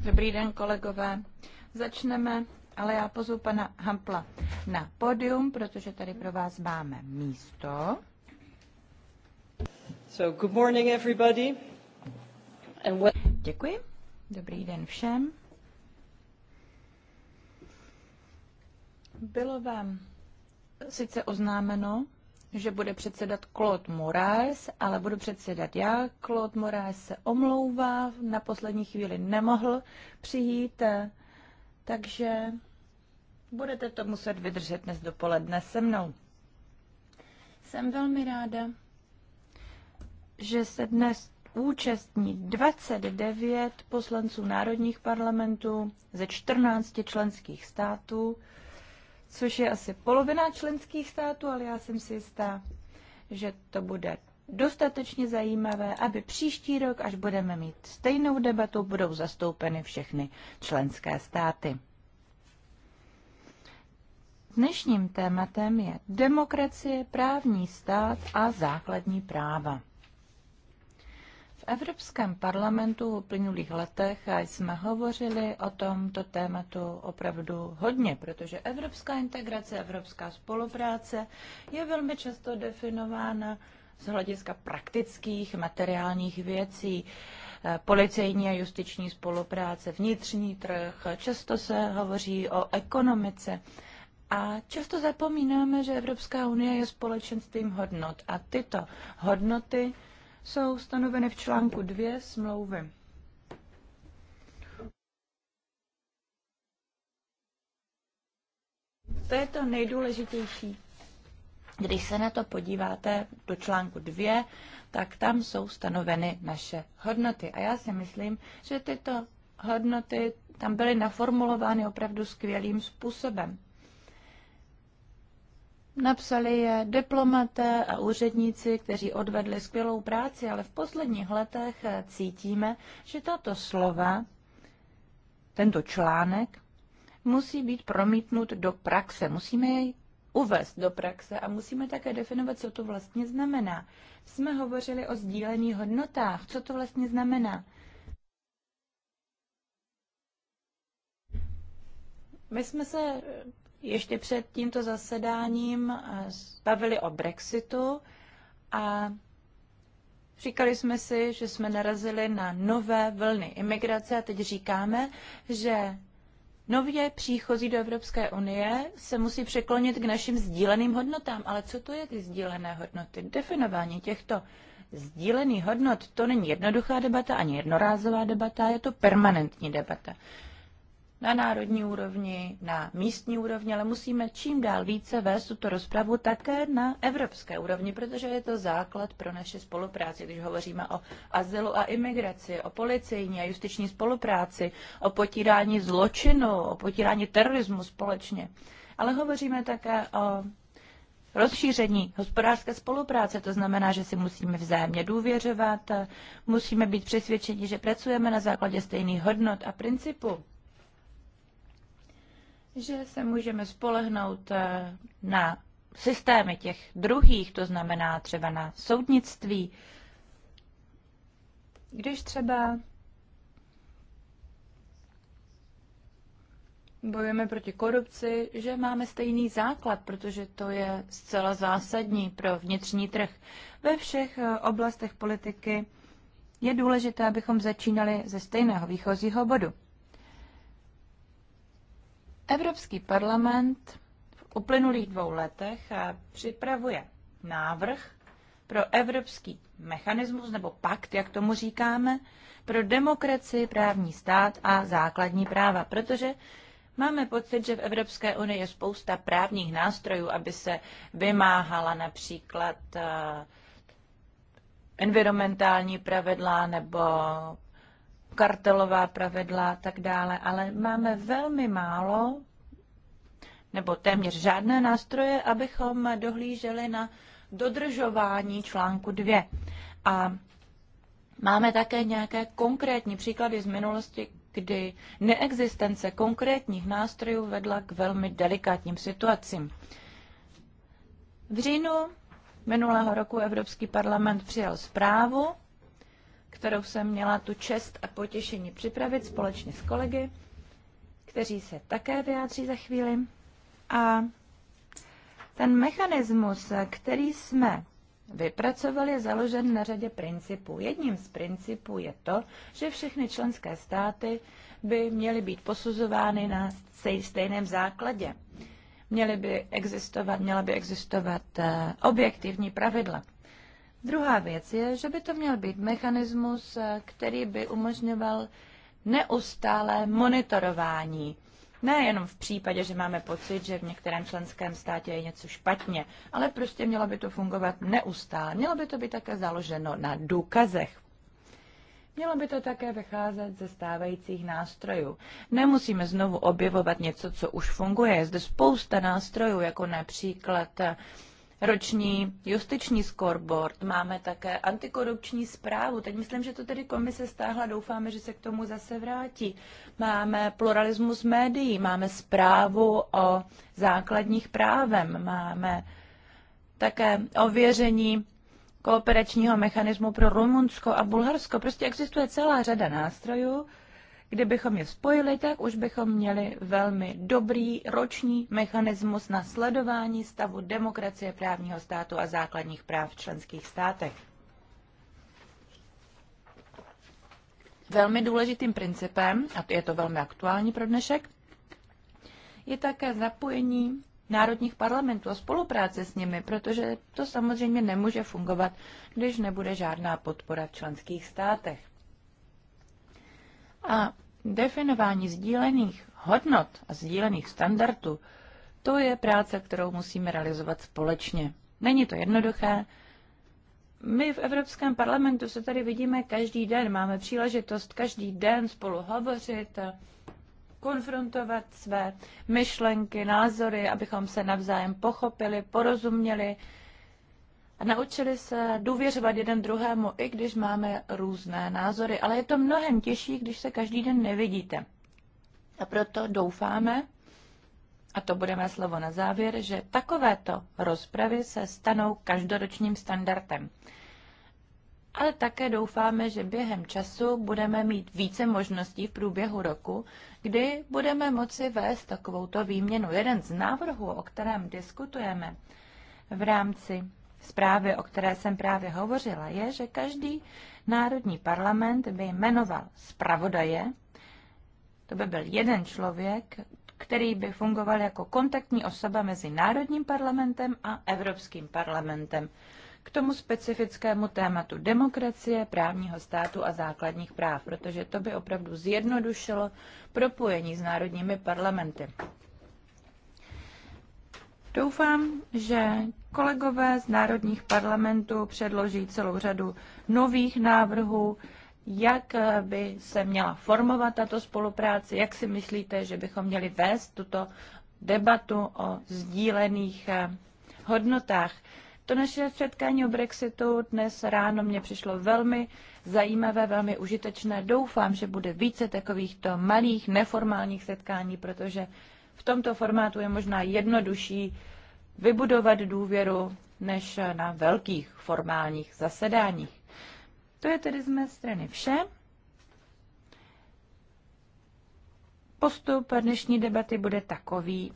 Dobrý den, kolegové. Začneme, ale já pozvu pana Hampla na podium, protože tady pro vás máme místo. So, good morning, everybody. And what... Děkuji. Dobrý den všem. Bylo vám sice oznámeno, že bude předsedat Claude Moraes, ale budu předsedat já. Claude Moraes se omlouvá, na poslední chvíli nemohl přijít, eh, takže budete to muset vydržet dnes dopoledne se mnou. Jsem velmi ráda, že se dnes účastní 29 poslanců národních parlamentů ze 14 členských států což je asi polovina členských států, ale já jsem si jistá, že to bude dostatečně zajímavé, aby příští rok, až budeme mít stejnou debatu, budou zastoupeny všechny členské státy. Dnešním tématem je demokracie, právní stát a základní práva. Evropském parlamentu v uplynulých letech jsme hovořili o tomto tématu opravdu hodně, protože evropská integrace, evropská spolupráce je velmi často definována z hlediska praktických materiálních věcí, eh, policejní a justiční spolupráce, vnitřní trh, často se hovoří o ekonomice. A často zapomínáme, že Evropská unie je společenstvím hodnot a tyto hodnoty jsou stanoveny v článku 2 smlouvy. To je to nejdůležitější. Když se na to podíváte do článku 2, tak tam jsou stanoveny naše hodnoty. A já si myslím, že tyto hodnoty tam byly naformulovány opravdu skvělým způsobem. Napsali je diplomaté a úředníci, kteří odvedli skvělou práci, ale v posledních letech cítíme, že tato slova, tento článek, musí být promítnut do praxe. Musíme jej uvést do praxe a musíme také definovat, co to vlastně znamená. Jsme hovořili o sdílení hodnotách. Co to vlastně znamená? My jsme se ještě před tímto zasedáním eh, bavili o Brexitu a říkali jsme si, že jsme narazili na nové vlny imigrace a teď říkáme, že nově příchozí do Evropské unie se musí překlonit k našim sdíleným hodnotám. Ale co to je ty sdílené hodnoty? Definování těchto sdílených hodnot, to není jednoduchá debata ani jednorázová debata, je to permanentní debata na národní úrovni, na místní úrovni, ale musíme čím dál více vést tuto rozpravu také na evropské úrovni, protože je to základ pro naše spolupráci. Když hovoříme o azylu a imigraci, o policejní a justiční spolupráci, o potírání zločinu, o potírání terorismu společně, ale hovoříme také o Rozšíření hospodářské spolupráce, to znamená, že si musíme vzájemně důvěřovat, musíme být přesvědčeni, že pracujeme na základě stejných hodnot a principů že se můžeme spolehnout eh, na systémy těch druhých, to znamená třeba na soudnictví. Když třeba bojujeme proti korupci, že máme stejný základ, protože to je zcela zásadní pro vnitřní trh. Ve všech eh, oblastech politiky je důležité, abychom začínali ze stejného výchozího bodu. Evropský parlament v uplynulých dvou letech eh, připravuje návrh pro evropský mechanismus nebo pakt, jak tomu říkáme, pro demokracii, právní stát a základní práva, protože Máme pocit, že v Evropské unii je spousta právních nástrojů, aby se vymáhala například eh, environmentální pravidla nebo kartelová pravidla a tak dále, ale máme velmi málo nebo téměř žádné nástroje, abychom dohlíželi na dodržování článku 2. A máme také nějaké konkrétní příklady z minulosti, kdy neexistence konkrétních nástrojů vedla k velmi delikátním situacím. V říjnu minulého roku Evropský parlament přijal zprávu, kterou jsem měla tu čest a potěšení připravit společně s kolegy, kteří se také vyjádří za chvíli. A ten mechanismus, který jsme vypracovali, je založen na řadě principů. Jedním z principů je to, že všechny členské státy by měly být posuzovány na stejném základě. Měly by existovat, měla by existovat eh, objektivní pravidla. Druhá věc je, že by to měl být mechanismus, eh, který by umožňoval neustálé monitorování Nejenom v případě, že máme pocit, že v některém členském státě je něco špatně, ale prostě mělo by to fungovat neustále. Mělo by to být také založeno na důkazech. Mělo by to také vycházet ze stávajících nástrojů. Nemusíme znovu objevovat něco, co už funguje. Je zde spousta nástrojů, jako například roční justiční scoreboard, máme také antikorupční zprávu. Teď myslím, že to tedy komise stáhla, doufáme, že se k tomu zase vrátí. Máme pluralismus médií, máme zprávu o základních právem, máme také ověření kooperačního mechanismu pro Rumunsko a Bulharsko. Prostě existuje celá řada nástrojů, Kdybychom je spojili, tak už bychom měli velmi dobrý roční mechanismus na sledování stavu demokracie, právního státu a základních práv v členských státech. Velmi důležitým principem, a je to velmi aktuální pro dnešek, je také zapojení národních parlamentů a spolupráce s nimi, protože to samozřejmě nemůže fungovat, když nebude žádná podpora v členských státech. A definování sdílených hodnot a sdílených standardů, to je práce, kterou musíme realizovat společně. Není to jednoduché. My v Evropském parlamentu se tady vidíme každý den, máme příležitost každý den spolu hovořit, a konfrontovat své myšlenky, názory, abychom se navzájem pochopili, porozuměli, a naučili se důvěřovat jeden druhému, i když máme různé názory. Ale je to mnohem těžší, když se každý den nevidíte. A proto doufáme, a to bude mé slovo na závěr, že takovéto rozpravy se stanou každoročním standardem. Ale také doufáme, že během času budeme mít více možností v průběhu roku, kdy budeme moci vést takovouto výměnu. Jeden z návrhů, o kterém diskutujeme v rámci zprávy, o které jsem právě hovořila, je, že každý národní parlament by jmenoval zpravodaje, to by byl jeden člověk, který by fungoval jako kontaktní osoba mezi Národním parlamentem a Evropským parlamentem k tomu specifickému tématu demokracie, právního státu a základních práv, protože to by opravdu zjednodušilo propojení s národními parlamenty. Doufám, že kolegové z národních parlamentů předloží celou řadu nových návrhů, jak by se měla formovat tato spolupráce, jak si myslíte, že bychom měli vést tuto debatu o sdílených eh, hodnotách. To naše setkání o Brexitu dnes ráno mě přišlo velmi zajímavé, velmi užitečné. Doufám, že bude více takovýchto malých neformálních setkání, protože v tomto formátu je možná jednodušší vybudovat důvěru než na velkých formálních zasedáních. To je tedy z mé strany vše. Postup dnešní debaty bude takový.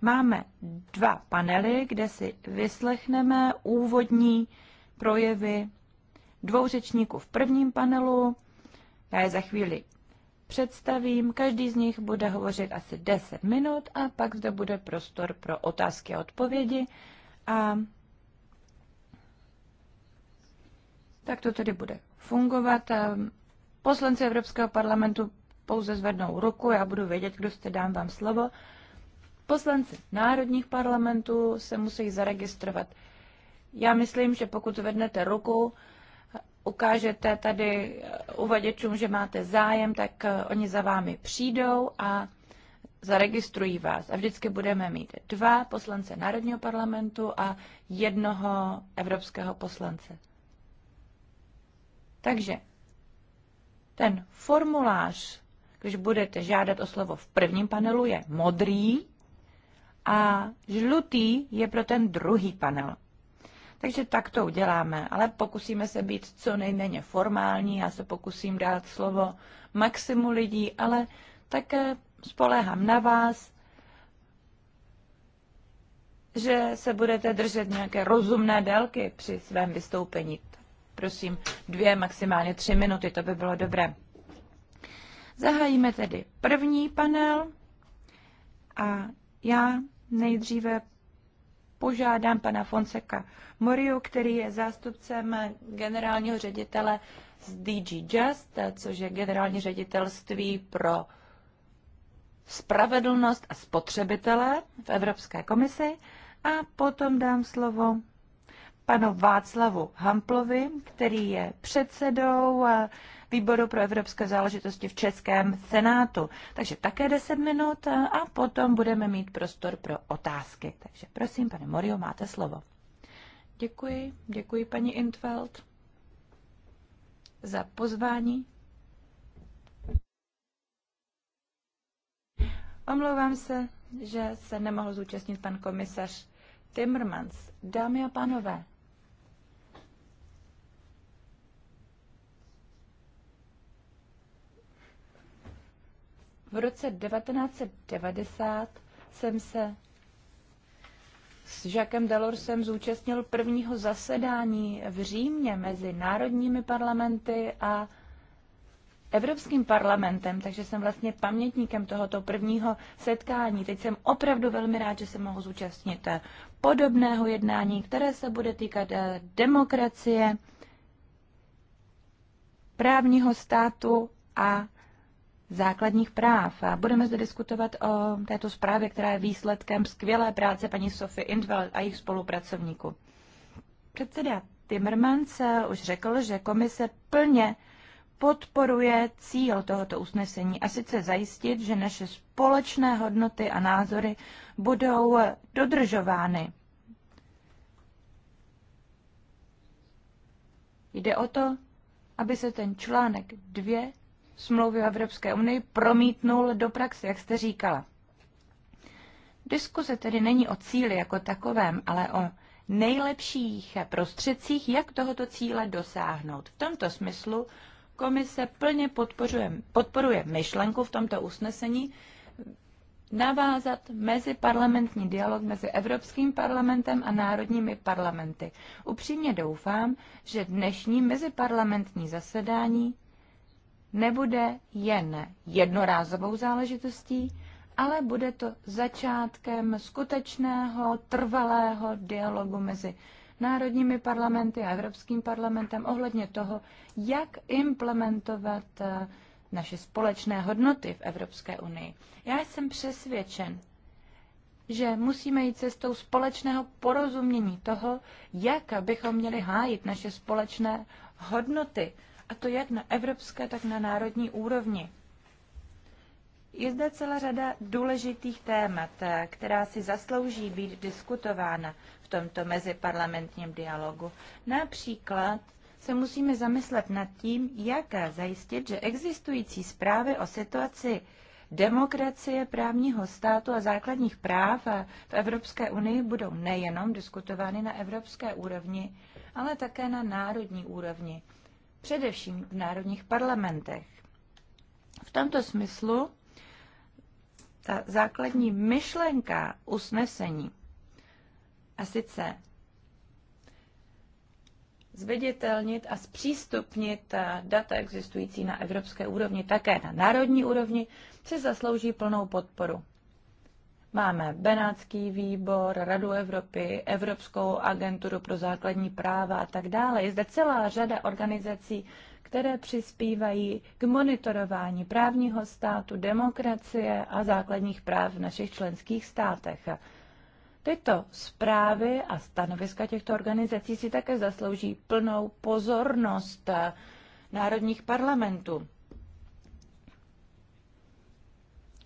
Máme dva panely, kde si vyslechneme úvodní projevy dvou řečníků v prvním panelu. Já je za chvíli představím. Každý z nich bude hovořit asi 10 minut a pak zde bude prostor pro otázky a odpovědi. A tak to tedy bude fungovat. Poslanci Evropského parlamentu pouze zvednou ruku, já budu vědět, kdo jste, dám vám slovo. Poslanci národních parlamentů se musí zaregistrovat. Já myslím, že pokud zvednete ruku, ukážete tady eh, uvaděčům, že máte zájem, tak eh, oni za vámi přijdou a zaregistrují vás. A vždycky budeme mít dva poslance Národního parlamentu a jednoho evropského poslance. Takže ten formulář, když budete žádat o slovo v prvním panelu, je modrý a žlutý je pro ten druhý panel. Takže tak to uděláme, ale pokusíme se být co nejméně formální, já se pokusím dát slovo maximu lidí, ale také spolehám na vás, že se budete držet nějaké rozumné délky při svém vystoupení. Prosím, dvě, maximálně tři minuty, to by bylo dobré. Zahájíme tedy první panel a já nejdříve požádám pana Fonseka Moriu, který je zástupcem generálního ředitele z DG Just, což je generální ředitelství pro spravedlnost a spotřebitele v Evropské komisi. A potom dám slovo panu Václavu Hamplovi, který je předsedou eh, výboru pro evropské záležitosti v Českém senátu. Takže také 10 minut a potom budeme mít prostor pro otázky. Takže prosím, pane Morio, máte slovo. Děkuji, děkuji paní Intveld za pozvání. Omlouvám se, že se nemohl zúčastnit pan komisař Timmermans. Dámy a pánové, V roce 1990 jsem se s Jacquem Delorsem zúčastnil prvního zasedání v Římě mezi národními parlamenty a Evropským parlamentem, takže jsem vlastně pamětníkem tohoto prvního setkání. Teď jsem opravdu velmi rád, že se mohu zúčastnit podobného jednání, které se bude týkat eh, demokracie, právního státu a základních práv. A budeme zde diskutovat o této zprávě, která je výsledkem skvělé práce paní Sophie Intveld a jejich spolupracovníků. Předseda Timmermans už řekl, že komise plně podporuje cíl tohoto usnesení a sice zajistit, že naše společné hodnoty a názory budou dodržovány. Jde o to, aby se ten článek 2 smlouvy o Evropské unii promítnul do praxe, jak jste říkala. Diskuze tedy není o cíli jako takovém, ale o nejlepších prostředcích, jak tohoto cíle dosáhnout. V tomto smyslu komise plně podporuje, podporuje myšlenku v tomto usnesení navázat mezi parlamentní dialog mezi Evropským parlamentem a národními parlamenty. Upřímně doufám, že dnešní meziparlamentní zasedání nebude jen jednorázovou záležitostí, ale bude to začátkem skutečného, trvalého dialogu mezi národními parlamenty a Evropským parlamentem ohledně toho, jak implementovat eh, naše společné hodnoty v Evropské unii. Já jsem přesvědčen, že musíme jít cestou společného porozumění toho, jak bychom měli hájit naše společné hodnoty a to jak na evropské, tak na národní úrovni. Je zde celá řada důležitých témat, eh, která si zaslouží být diskutována v tomto meziparlamentním dialogu. Například se musíme zamyslet nad tím, jak zajistit, že existující zprávy o situaci demokracie, právního státu a základních práv eh, v Evropské unii budou nejenom diskutovány na evropské úrovni, ale také na národní úrovni především v národních parlamentech. V tomto smyslu ta základní myšlenka usnesení, a sice zveditelnit a zpřístupnit data existující na evropské úrovni, také na národní úrovni, se zaslouží plnou podporu. Máme Benátský výbor, Radu Evropy, Evropskou agenturu pro základní práva a tak dále. Je zde celá řada organizací, které přispívají k monitorování právního státu, demokracie a základních práv v našich členských státech. Tyto zprávy a stanoviska těchto organizací si také zaslouží plnou pozornost národních parlamentů.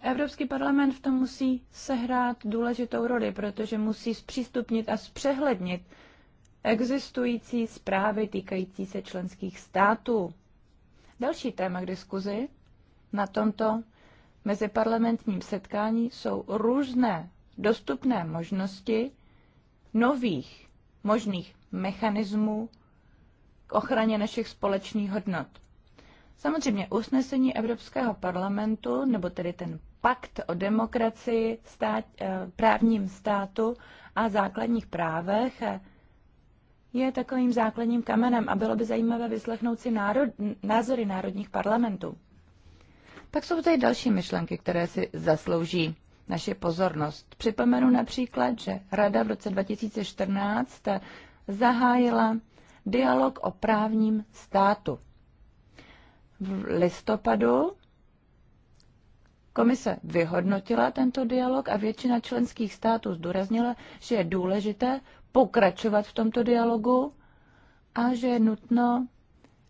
Evropský parlament v tom musí sehrát důležitou roli, protože musí zpřístupnit a zpřehlednit existující zprávy týkající se členských států. Další téma k diskuzi na tomto meziparlamentním setkání jsou různé dostupné možnosti nových možných mechanismů k ochraně našich společných hodnot. Samozřejmě usnesení Evropského parlamentu, nebo tedy ten pakt o demokracii, stát, eh, právním státu a základních právech eh, je takovým základním kamenem a bylo by zajímavé vyslechnout si národ, názory národních parlamentů. Pak jsou tady další myšlenky, které si zaslouží naše pozornost. Připomenu například, že Rada v roce 2014 eh, zahájila dialog o právním státu. V listopadu Komise vyhodnotila tento dialog a většina členských států zdůraznila, že je důležité pokračovat v tomto dialogu a že je nutno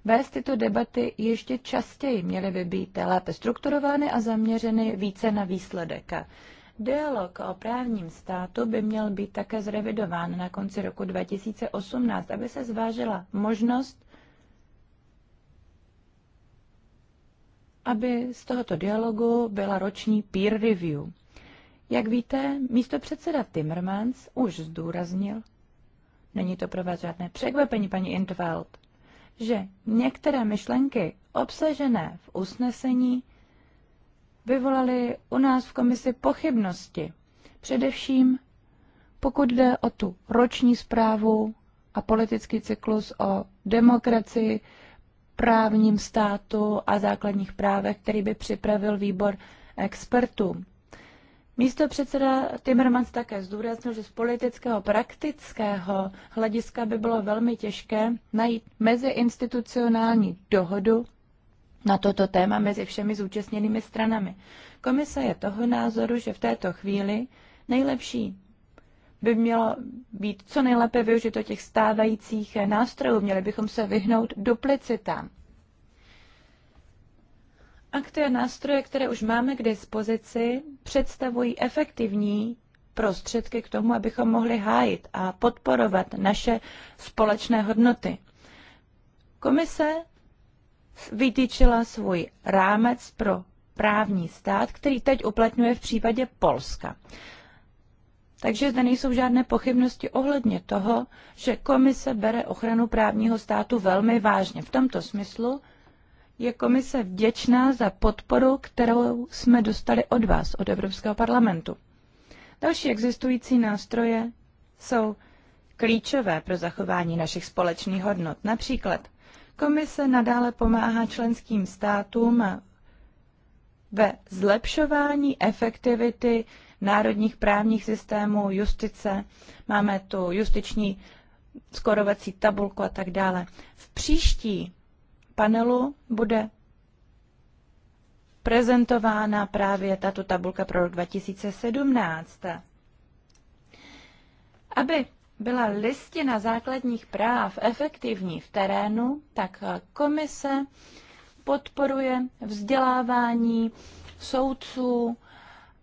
vést tyto debaty ještě častěji. Měly by být lépe strukturovány a zaměřeny více na výsledek. Dialog o právním státu by měl být také zrevidován na konci roku 2018, aby se zvážila možnost aby z tohoto dialogu byla roční peer review. Jak víte, místo předseda Timmermans už zdůraznil, není to pro vás žádné překvapení, paní Intveld, že některé myšlenky obsažené v usnesení vyvolaly u nás v komisi pochybnosti. Především pokud jde o tu roční zprávu a politický cyklus o demokracii, právním státu a základních právech, který by připravil výbor expertů. Místo předseda Timmermans také zdůraznil, že z politického praktického hlediska by bylo velmi těžké najít meziinstitucionální dohodu na toto téma mezi všemi zúčastněnými stranami. Komise je toho názoru, že v této chvíli nejlepší by mělo být co nejlépe využito těch stávajících nástrojů. Měli bychom se vyhnout duplicitám. Akty a nástroje, které už máme k dispozici, představují efektivní prostředky k tomu, abychom mohli hájit a podporovat naše společné hodnoty. Komise vytýčila svůj rámec pro právní stát, který teď uplatňuje v případě Polska. Takže zde nejsou žádné pochybnosti ohledně toho, že komise bere ochranu právního státu velmi vážně. V tomto smyslu je komise vděčná za podporu, kterou jsme dostali od vás, od Evropského parlamentu. Další existující nástroje jsou klíčové pro zachování našich společných hodnot. Například komise nadále pomáhá členským státům ve zlepšování efektivity národních právních systémů, justice, máme tu justiční skorovací tabulku a tak dále. V příští panelu bude prezentována právě tato tabulka pro rok 2017. Aby byla listina základních práv efektivní v terénu, tak komise podporuje vzdělávání soudců,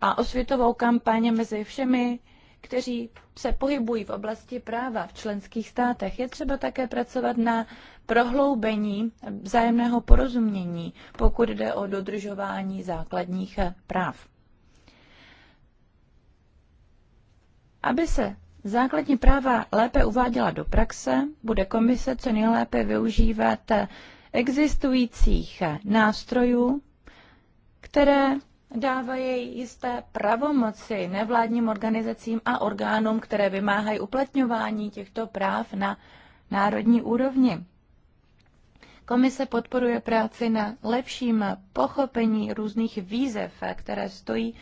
a osvětovou kampaň mezi všemi, kteří se pohybují v oblasti práva v členských státech. Je třeba také pracovat na prohloubení vzájemného porozumění, pokud jde o dodržování základních práv. Aby se základní práva lépe uváděla do praxe, bude komise co nejlépe využívat existujících nástrojů, které dávají jisté pravomoci nevládním organizacím a orgánům, které vymáhají uplatňování těchto práv na národní úrovni. Komise podporuje práci na lepším pochopení různých výzev, které stojí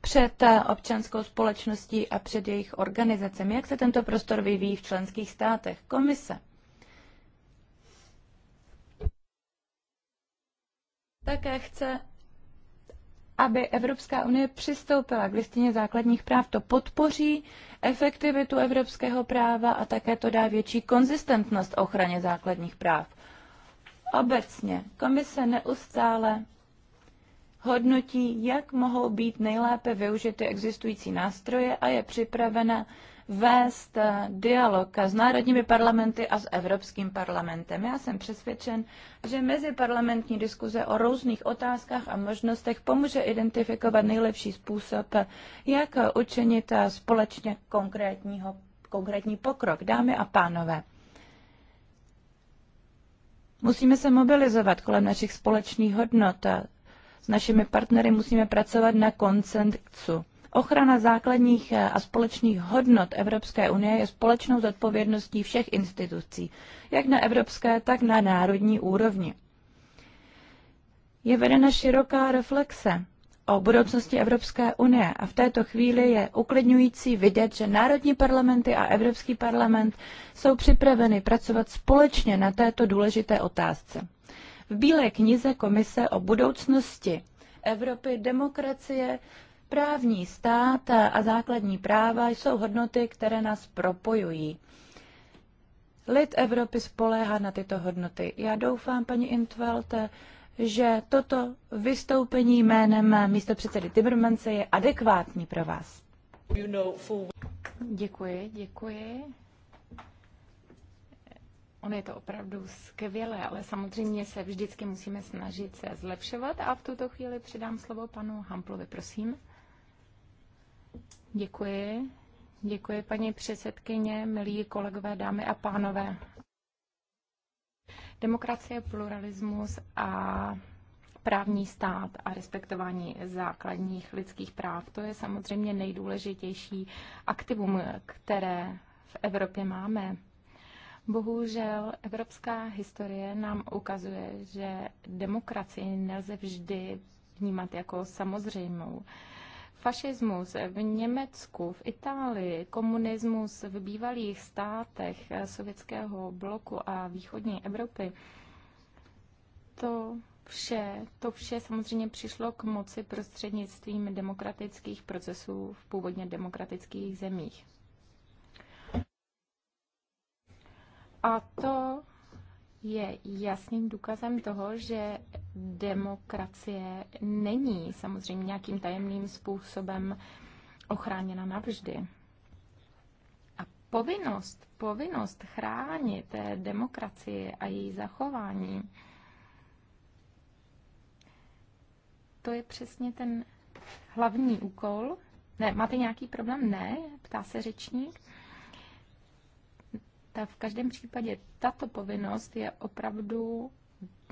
před občanskou společností a před jejich organizacemi. Jak se tento prostor vyvíjí v členských státech? Komise. Také chce aby Evropská unie přistoupila k listině základních práv. To podpoří efektivitu evropského práva a také to dá větší konzistentnost ochraně základních práv. Obecně komise neustále hodnotí, jak mohou být nejlépe využity existující nástroje a je připravena vést eh, dialog s národními parlamenty a s Evropským parlamentem. Já jsem přesvědčen, že meziparlamentní diskuze o různých otázkách a možnostech pomůže identifikovat nejlepší způsob, jak učinit eh, společně konkrétního, konkrétní pokrok. Dámy a pánové, musíme se mobilizovat kolem našich společných hodnot. S našimi partnery musíme pracovat na koncentru. Ochrana základních eh, a společných hodnot Evropské unie je společnou zodpovědností všech institucí, jak na evropské, tak na národní úrovni. Je vedena široká reflexe o budoucnosti Evropské unie a v této chvíli je uklidňující vidět, že národní parlamenty a Evropský parlament jsou připraveny pracovat společně na této důležité otázce. V Bílé knize Komise o budoucnosti Evropy demokracie Právní stát a základní práva jsou hodnoty, které nás propojují. Lid Evropy spoléhá na tyto hodnoty. Já doufám, paní Intveld, že toto vystoupení jménem místo předsedy Timmermanse je adekvátní pro vás. Děkuji, děkuji. Ono je to opravdu skvělé, ale samozřejmě se vždycky musíme snažit se zlepšovat a v tuto chvíli předám slovo panu Hamplovi, prosím. Děkuji. Děkuji, paní předsedkyně, milí kolegové, dámy a pánové. Demokracie, pluralismus a právní stát a respektování základních lidských práv, to je samozřejmě nejdůležitější aktivum, které v Evropě máme. Bohužel evropská historie nám ukazuje, že demokracii nelze vždy vnímat jako samozřejmou fašismus v Německu, v Itálii, komunismus v bývalých státech eh, sovětského bloku a východní Evropy, to vše, to vše samozřejmě přišlo k moci prostřednictvím demokratických procesů v původně demokratických zemích. A to je jasným důkazem toho, že demokracie není samozřejmě nějakým tajemným způsobem ochráněna navždy. A povinnost, povinnost chránit demokracie a její zachování, to je přesně ten hlavní úkol. Ne, máte nějaký problém? Ne, ptá se řečník tak v každém případě tato povinnost je opravdu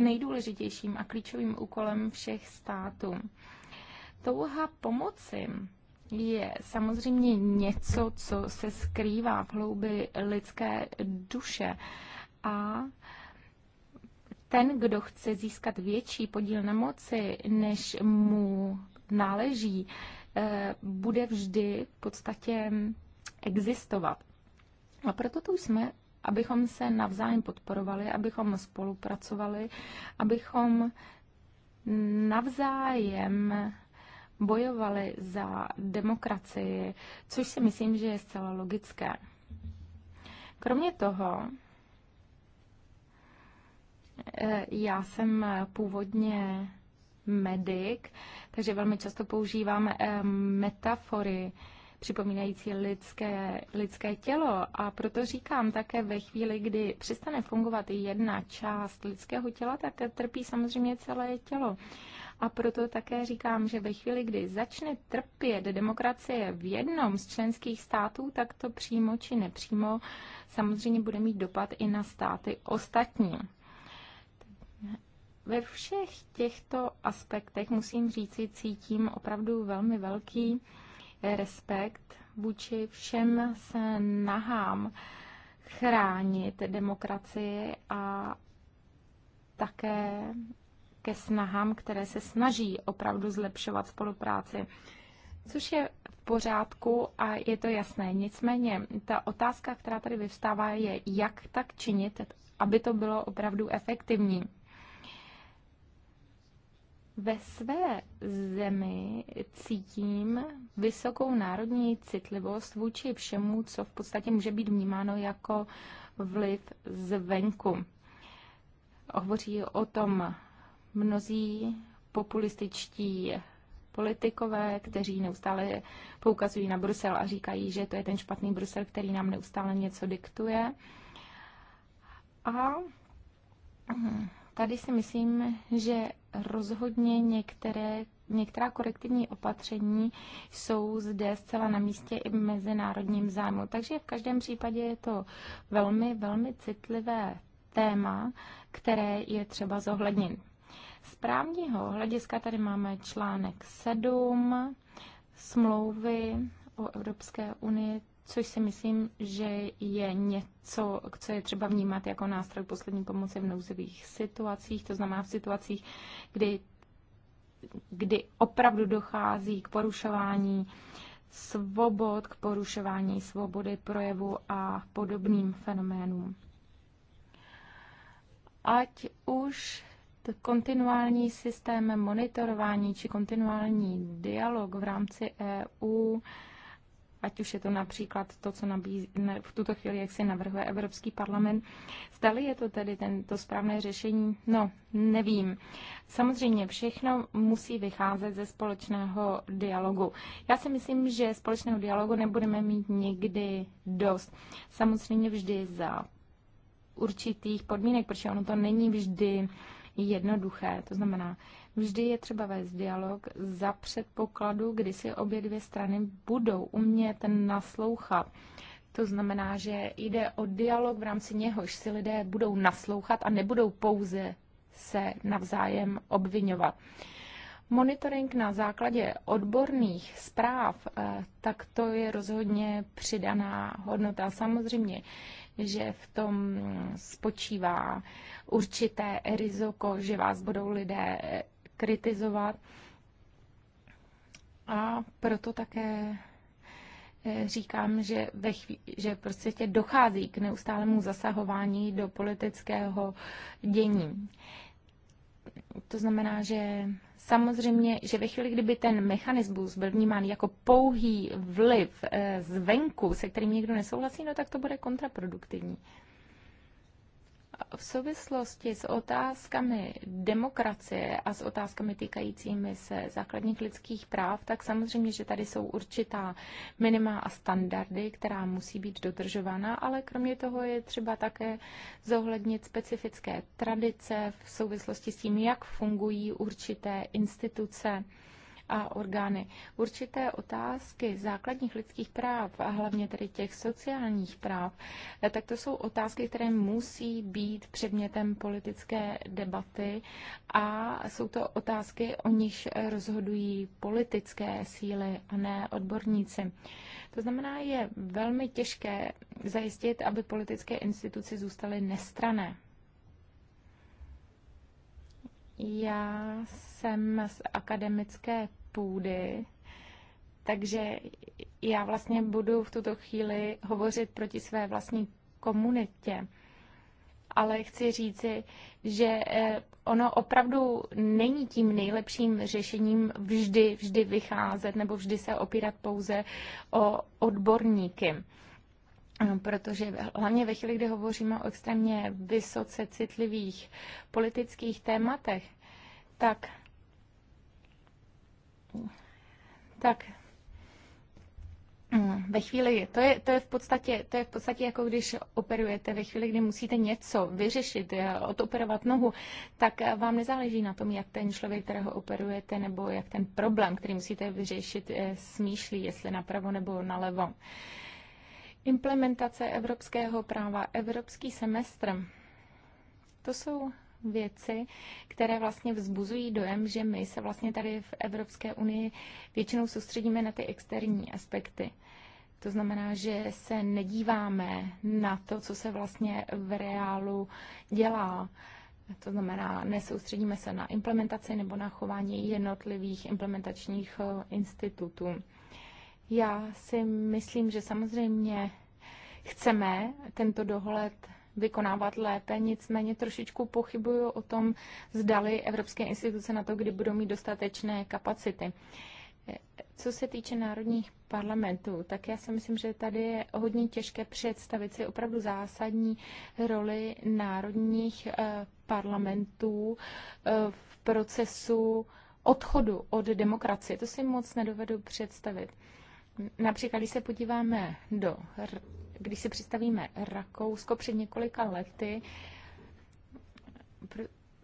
nejdůležitějším a klíčovým úkolem všech států. Touha pomoci je samozřejmě něco, co se skrývá v hloubi lidské duše a ten, kdo chce získat větší podíl na moci, než mu náleží, eh, bude vždy v podstatě existovat. A proto tu jsme, abychom se navzájem podporovali, abychom spolupracovali, abychom navzájem bojovali za demokracii, což si myslím, že je zcela logické. Kromě toho, eh, já jsem původně medic, takže velmi často používám eh, metafory, připomínající lidské, lidské tělo. A proto říkám také ve chvíli, kdy přestane fungovat jedna část lidského těla, tak trpí samozřejmě celé tělo. A proto také říkám, že ve chvíli, kdy začne trpět demokracie v jednom z členských států, tak to přímo či nepřímo samozřejmě bude mít dopad i na státy ostatní. Ve všech těchto aspektech musím říci, cítím opravdu velmi velký respekt vůči všem snahám chránit demokracii a také ke snahám, které se snaží opravdu zlepšovat spolupráci. Což je v pořádku a je to jasné. Nicméně ta otázka, která tady vyvstává, je, jak tak činit, aby to bylo opravdu efektivní ve své zemi cítím vysokou národní citlivost vůči všemu, co v podstatě může být vnímáno jako vliv zvenku. Hovoří o tom mnozí populističtí politikové, kteří neustále poukazují na Brusel a říkají, že to je ten špatný Brusel, který nám neustále něco diktuje. A tady si myslím, že rozhodně některé, některá korektivní opatření jsou zde zcela na místě i v mezinárodním zájmu. Takže v každém případě je to velmi, velmi citlivé téma, které je třeba zohlednit. Z právního hlediska tady máme článek 7 smlouvy o Evropské unii, což si myslím, že je něco, co je třeba vnímat jako nástroj poslední pomoci v nouzových situacích, to znamená v situacích, kdy, kdy opravdu dochází k porušování svobod, k porušování svobody projevu a podobným fenoménům. Ať už kontinuální systém monitorování či kontinuální dialog v rámci EU ať už je to například to, co nabízí, ne, v tuto chvíli, jak se navrhuje Evropský parlament. Zdali je to tedy tento správné řešení? No, nevím. Samozřejmě všechno musí vycházet ze společného dialogu. Já si myslím, že společného dialogu nebudeme mít nikdy dost. Samozřejmě vždy za určitých podmínek, protože ono to není vždy jednoduché. To znamená, Vždy je třeba vést dialog za předpokladu, kdy si obě dvě strany budou umět naslouchat. To znamená, že jde o dialog, v rámci něhož si lidé budou naslouchat a nebudou pouze se navzájem obvinovat. Monitoring na základě odborných zpráv, eh, tak to je rozhodně přidaná hodnota. Samozřejmě, že v tom spočívá určité riziko, že vás budou lidé kritizovat. A proto také eh, říkám, že, ve chví- že prostě tě dochází k neustálému zasahování do politického dění. To znamená, že samozřejmě, že ve chvíli, kdyby ten mechanismus byl vnímán jako pouhý vliv eh, zvenku, se kterým někdo nesouhlasí, no tak to bude kontraproduktivní v souvislosti s otázkami demokracie a s otázkami týkajícími se základních lidských práv, tak samozřejmě, že tady jsou určitá minima a standardy, která musí být dodržována, ale kromě toho je třeba také zohlednit specifické tradice v souvislosti s tím, jak fungují určité instituce a orgány. Určité otázky základních lidských práv a hlavně tedy těch sociálních práv, tak to jsou otázky, které musí být předmětem politické debaty a jsou to otázky, o nichž rozhodují politické síly a ne odborníci. To znamená, je velmi těžké zajistit, aby politické instituce zůstaly nestrané. Já jsem z akademické půdy. Takže já vlastně budu v tuto chvíli hovořit proti své vlastní komunitě. Ale chci říci, že eh, ono opravdu není tím nejlepším řešením vždy, vždy vycházet nebo vždy se opírat pouze o odborníky. No, protože hlavně ve chvíli, kdy hovoříme o extrémně vysoce citlivých politických tématech, tak tak. Mm, ve chvíli, to je, to, je v podstatě, to je v podstatě jako když operujete, ve chvíli, kdy musíte něco vyřešit, eh, odoperovat nohu, tak eh, vám nezáleží na tom, jak ten člověk, kterého operujete, nebo jak ten problém, který musíte vyřešit, eh, smýšlí, jestli napravo nebo nalevo. Implementace evropského práva, evropský semestr, to jsou věci, které vlastně vzbuzují dojem, že my se vlastně tady v Evropské unii většinou soustředíme na ty externí aspekty. To znamená, že se nedíváme na to, co se vlastně v reálu dělá. To znamená, nesoustředíme se na implementaci nebo na chování jednotlivých implementačních eh, institutů. Já si myslím, že samozřejmě chceme tento dohled vykonávat lépe, nicméně trošičku pochybuju o tom, zdali evropské instituce na to, kdy budou mít dostatečné kapacity. Co se týče národních parlamentů, tak já si myslím, že tady je hodně těžké představit si opravdu zásadní roli národních eh, parlamentů eh, v procesu odchodu od demokracie. To si moc nedovedu představit. Například, když se podíváme do, když si představíme Rakousko před několika lety,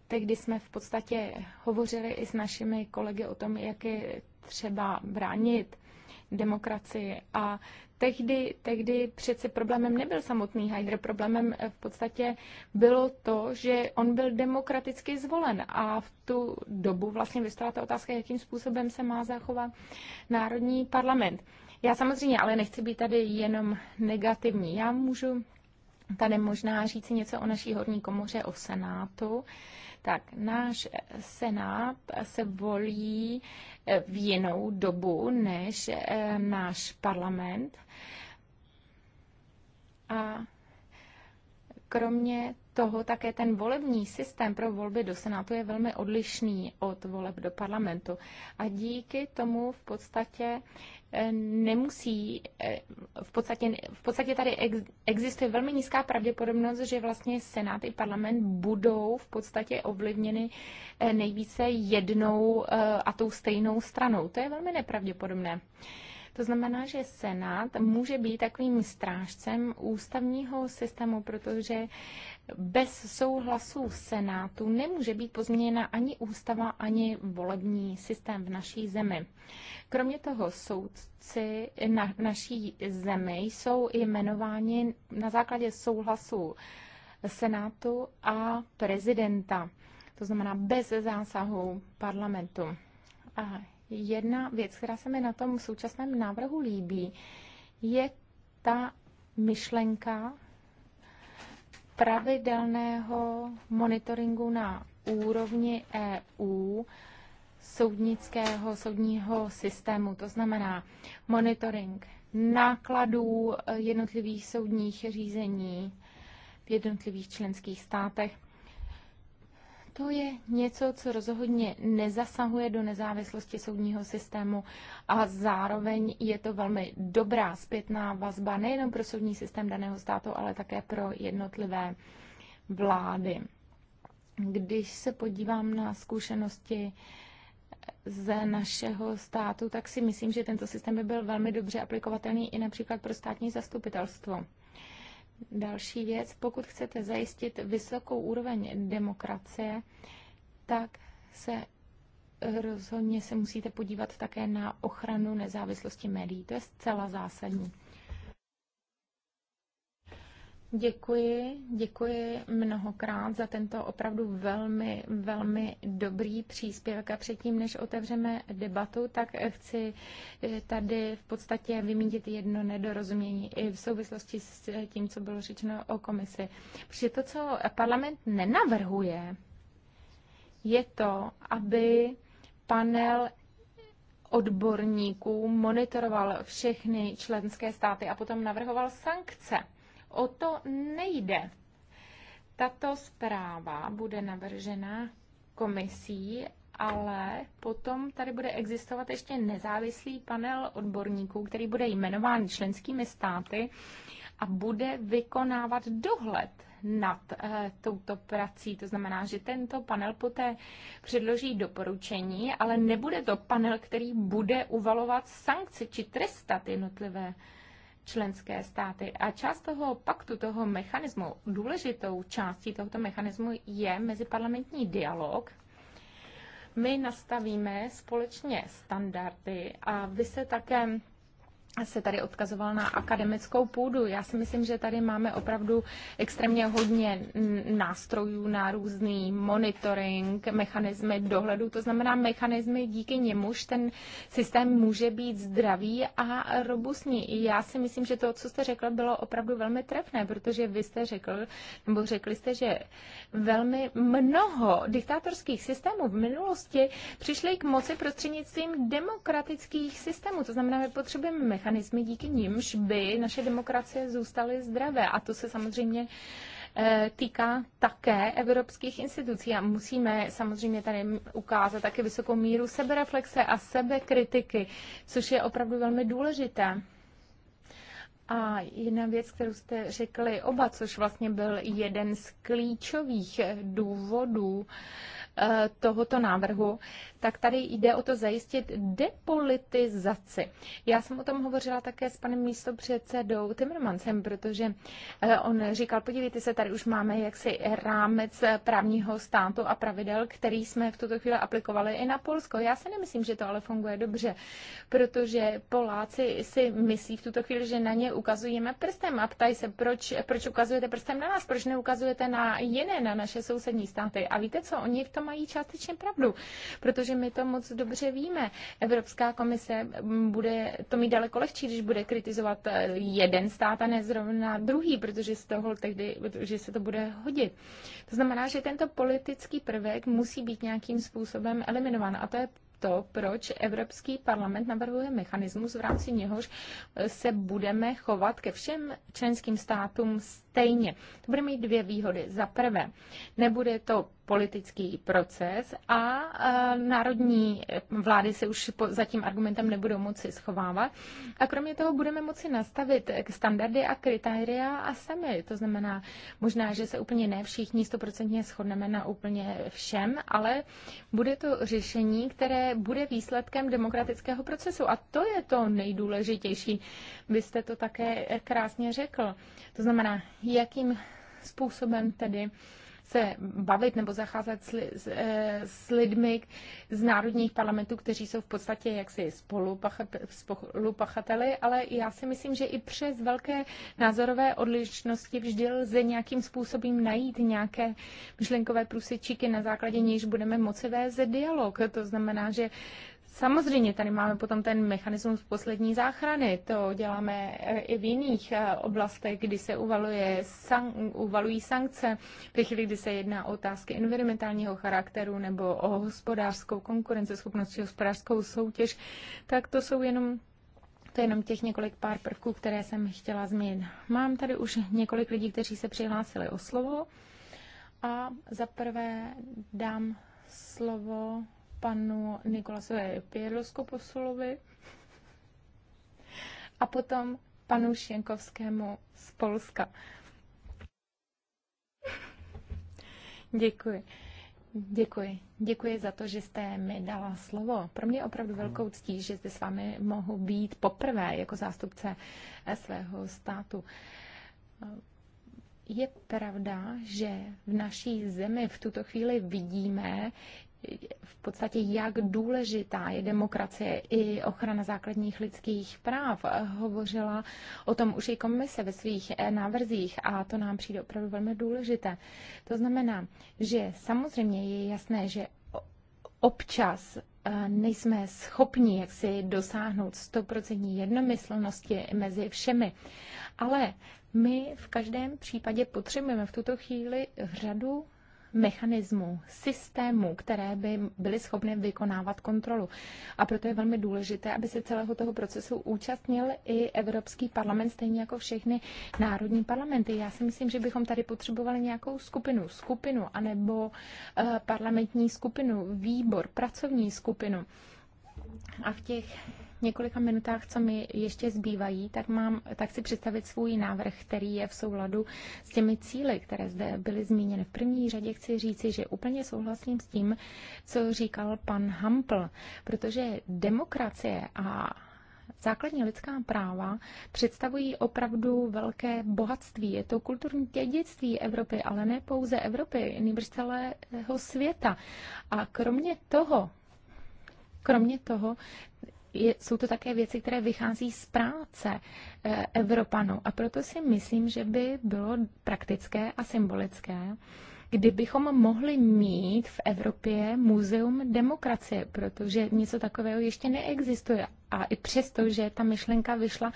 tehdy jsme v podstatě hovořili i s našimi kolegy o tom, jak je třeba bránit demokracii. A tehdy, tehdy přece problémem nebyl samotný Heider, problémem v podstatě bylo to, že on byl demokraticky zvolen a v tu dobu vlastně vystala ta otázka, jakým způsobem se má zachovat Národní parlament. Já samozřejmě, ale nechci být tady jenom negativní. Já můžu tady možná říct něco o naší horní komoře, o Senátu. Tak náš Senát se volí eh, v jinou dobu než eh, náš parlament. A Kromě toho také ten volební systém pro volby do Senátu je velmi odlišný od voleb do parlamentu. A díky tomu v podstatě eh, nemusí, eh, v podstatě, v podstatě tady existuje velmi nízká pravděpodobnost, že vlastně Senát i parlament budou v podstatě ovlivněny eh, nejvíce jednou a tou stejnou stranou. To je velmi nepravděpodobné. To znamená, že Senát může být takovým strážcem ústavního systému, protože bez souhlasu Senátu nemůže být pozměněna ani ústava, ani volební systém v naší zemi. Kromě toho soudci na, naší zemi jsou jmenováni na základě souhlasu Senátu a prezidenta, to znamená bez zásahu parlamentu. Aha jedna věc, která se mi na tom současném návrhu líbí, je ta myšlenka pravidelného monitoringu na úrovni EU soudnického soudního systému. To znamená monitoring nákladů eh, jednotlivých soudních řízení v jednotlivých členských státech to je něco, co rozhodně nezasahuje do nezávislosti soudního systému a zároveň je to velmi dobrá zpětná vazba nejenom pro soudní systém daného státu, ale také pro jednotlivé vlády. Když se podívám na zkušenosti ze našeho státu, tak si myslím, že tento systém by byl velmi dobře aplikovatelný i například pro státní zastupitelstvo. Další věc, pokud chcete zajistit vysokou úroveň demokracie, tak se eh, rozhodně se musíte podívat také na ochranu nezávislosti médií. To je zcela zásadní. Děkuji, děkuji mnohokrát za tento opravdu velmi, velmi dobrý příspěvek. A předtím, než otevřeme debatu, tak chci eh, tady v podstatě vymítit jedno nedorozumění i v souvislosti s tím, co bylo řečeno o komisi. Protože to, co parlament nenavrhuje, je to, aby panel odborníků monitoroval všechny členské státy a potom navrhoval sankce. O to nejde. Tato zpráva bude navržena komisí, ale potom tady bude existovat ještě nezávislý panel odborníků, který bude jmenován členskými státy a bude vykonávat dohled nad e, touto prací. To znamená, že tento panel poté předloží doporučení, ale nebude to panel, který bude uvalovat sankce či trestat jednotlivé členské státy. A část toho paktu, toho mechanismu, důležitou částí tohoto mechanismu je meziparlamentní dialog. My nastavíme společně standardy a vy se také se tady odkazoval na akademickou půdu. Já si myslím, že tady máme opravdu extrémně hodně nástrojů na různý monitoring, mechanismy dohledu, to znamená mechanismy, díky němuž ten systém může být zdravý a robustní. Já si myslím, že to, co jste řekl, bylo opravdu velmi trefné, protože vy jste řekl, nebo řekli jste, že velmi mnoho diktátorských systémů v minulosti přišly k moci prostřednictvím demokratických systémů. To znamená, že potřebujeme mechanismy, díky nimž by naše demokracie zůstaly zdravé. A to se samozřejmě eh, týká také evropských institucí a musíme samozřejmě tady ukázat také vysokou míru sebereflexe a sebekritiky, což je opravdu velmi důležité. A jedna věc, kterou jste řekli oba, což vlastně byl jeden z klíčových důvodů eh, tohoto návrhu, tak tady jde o to zajistit depolitizaci. Já jsem o tom hovořila také s panem místopředsedou Timmermansem, protože eh, on říkal, podívejte se, tady už máme jaksi rámec eh, právního státu a pravidel, který jsme v tuto chvíli aplikovali i na Polsko. Já si nemyslím, že to ale funguje dobře, protože Poláci si myslí v tuto chvíli, že na ně ukazujeme prstem a ptají se, proč, proč ukazujete prstem na nás, proč neukazujete na jiné, na naše sousední státy. A víte co, oni v tom mají částečně pravdu, protože protože my to moc dobře víme. Evropská komise bude to mít daleko lehčí, když bude kritizovat eh, jeden stát a ne zrovna druhý, protože, z toho tehdy, že se to bude hodit. To znamená, že tento politický prvek musí být nějakým způsobem eliminován a to je to, proč Evropský parlament navrhuje mechanismus, v rámci něhož eh, se budeme chovat ke všem členským státům stejně. To bude mít dvě výhody. Za prvé, nebude to politický proces a e, národní vlády se už za tím argumentem nebudou moci schovávat. A kromě toho budeme moci nastavit standardy a kritéria a sami. To znamená, možná, že se úplně ne všichni stoprocentně shodneme na úplně všem, ale bude to řešení, které bude výsledkem demokratického procesu. A to je to nejdůležitější. Vy jste to také krásně řekl. To znamená, jakým způsobem tedy se bavit nebo zacházet s, s, eh, s lidmi z národních parlamentů, kteří jsou v podstatě jaksi spolupachateli, ale já si myslím, že i přes velké názorové odlišnosti vždy lze nějakým způsobem najít nějaké myšlenkové průsečíky, na základě nějž budeme moci vést dialog. To znamená, že Samozřejmě tady máme potom ten mechanismus poslední záchrany. To děláme eh, i v jiných eh, oblastech, kdy se uvaluje san- uvalují sankce, ve chvíli, kdy se jedná o otázky environmentálního charakteru nebo o hospodářskou konkurenceschopnost či hospodářskou soutěž, tak to jsou jenom to je jenom těch několik pár prvků, které jsem chtěla změnit. Mám tady už několik lidí, kteří se přihlásili o slovo. A za prvé dám slovo panu Nikolasové Nikolasovi Pěrloskoposulovi a potom panu Šenkovskému z Polska. Děkuji. Děkuji. Děkuji za to, že jste mi dala slovo. Pro mě je opravdu velkou ctí, že zde s vámi mohu být poprvé jako zástupce svého státu. Je pravda, že v naší zemi v tuto chvíli vidíme, v podstatě, jak důležitá je demokracie i ochrana základních lidských práv. Hovořila o tom už i komise ve svých eh, návrzích a to nám přijde opravdu velmi důležité. To znamená, že samozřejmě je jasné, že občas eh, nejsme schopni jak si dosáhnout stoprocentní jednomyslnosti mezi všemi. Ale my v každém případě potřebujeme v tuto chvíli řadu mechanismů, systémů, které by byly schopny vykonávat kontrolu. A proto je velmi důležité, aby se celého toho procesu účastnil i Evropský parlament, stejně jako všechny národní parlamenty. Já si myslím, že bychom tady potřebovali nějakou skupinu, skupinu anebo eh, parlamentní skupinu, výbor, pracovní skupinu. A v těch několika minutách, co mi ještě zbývají, tak, mám, tak si představit svůj návrh, který je v souladu s těmi cíly, které zde byly zmíněny. V první řadě chci říci, že úplně souhlasím s tím, co říkal pan Hampl, protože demokracie a Základní lidská práva představují opravdu velké bohatství. Je to kulturní dědictví Evropy, ale ne pouze Evropy, nýbrž celého světa. A kromě toho, kromě toho, je, jsou to také věci, které vychází z práce eh, Evropanů. A proto si myslím, že by bylo praktické a symbolické, kdybychom mohli mít v Evropě muzeum demokracie, protože něco takového ještě neexistuje a i přesto, že ta myšlenka vyšla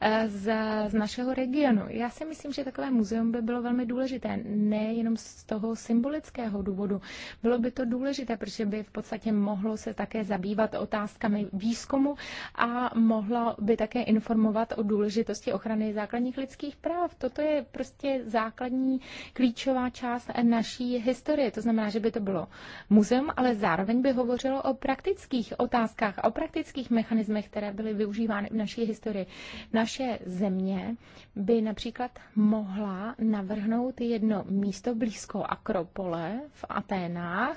eh, z, z našeho regionu. Já si myslím, že takové muzeum by bylo velmi důležité, nejenom z toho symbolického důvodu. Bylo by to důležité, protože by v podstatě mohlo se také zabývat otázkami výzkumu a mohlo by také informovat o důležitosti ochrany základních lidských práv. Toto je prostě základní klíčová část naší historie. To znamená, že by to bylo muzeum, ale zároveň by hovořilo o praktických otázkách, o praktických mechanismech mechanismech, které byly využívány v naší historii. Naše země by například mohla navrhnout jedno místo blízko Akropole v Aténách,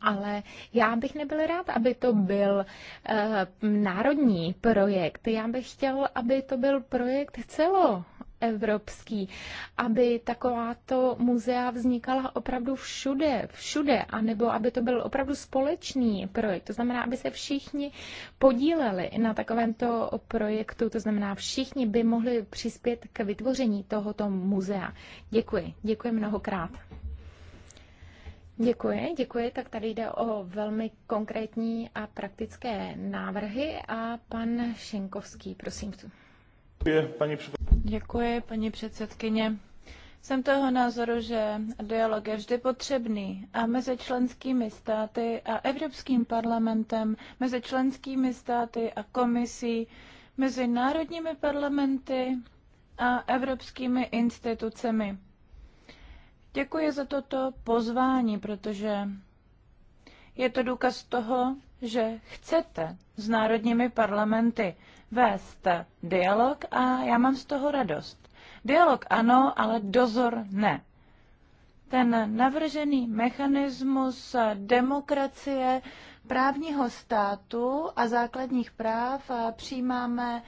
ale já bych nebyl rád, aby to byl e, národní projekt. Já bych chtěl, aby to byl projekt celo evropský, aby takováto muzea vznikala opravdu všude, všude, anebo aby to byl opravdu společný projekt. To znamená, aby se všichni podíleli na takovémto projektu, to znamená, všichni by mohli přispět k vytvoření tohoto muzea. Děkuji, děkuji mnohokrát. Děkuji, děkuji. Tak tady jde o velmi konkrétní a praktické návrhy a pan Šenkovský, prosím. Děkuji, paní Děkuji, paní předsedkyně. Jsem toho názoru, že dialog je vždy potřebný a mezi členskými státy a Evropským parlamentem, mezi členskými státy a komisí, mezi národními parlamenty a evropskými institucemi. Děkuji za toto pozvání, protože je to důkaz toho, že chcete s národními parlamenty vést dialog a já mám z toho radost. Dialog ano, ale dozor ne. Ten navržený mechanismus demokracie, právního státu a základních práv přijímáme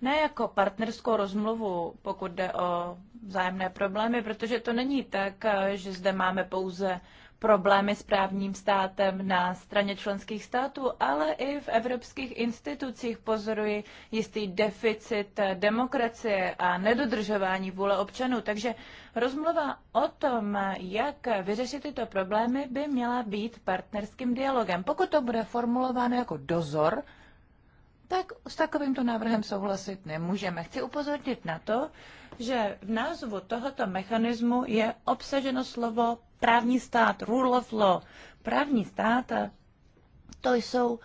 ne jako partnerskou rozmluvu, pokud jde o vzájemné problémy, protože to není tak, že zde máme pouze problémy s právním státem na straně členských států, ale i v evropských institucích pozoruji jistý deficit demokracie a nedodržování vůle občanů. Takže rozmluva o tom, jak vyřešit tyto problémy, by měla být partnerským dialogem. Pokud to bude formulováno jako dozor, tak s takovýmto návrhem souhlasit nemůžeme. Chci upozornit na to, že v názvu tohoto mechanismu je obsaženo slovo právní stát, rule of law. Právní stát, eh, to jsou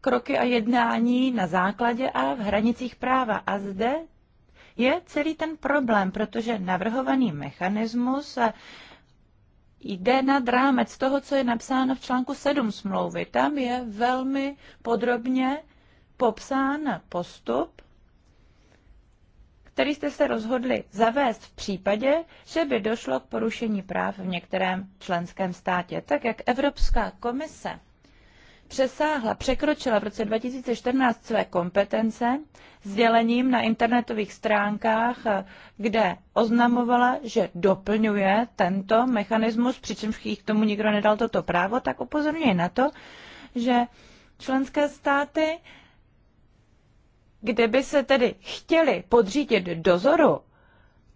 kroky a jednání na základě a v hranicích práva. A zde je celý ten problém, protože navrhovaný mechanismus eh, jde nad rámec toho, co je napsáno v článku 7 smlouvy. Tam je velmi podrobně popsán postup, který jste se rozhodli zavést v případě, že by došlo k porušení práv v některém členském státě. Tak jak Evropská komise přesáhla, překročila v roce 2014 své kompetence sdělením na internetových stránkách, kde oznamovala, že doplňuje tento mechanismus, přičemž jich tomu nikdo nedal toto právo, tak upozorňuje na to, že členské státy kde by se tedy chtěli podřídit dozoru,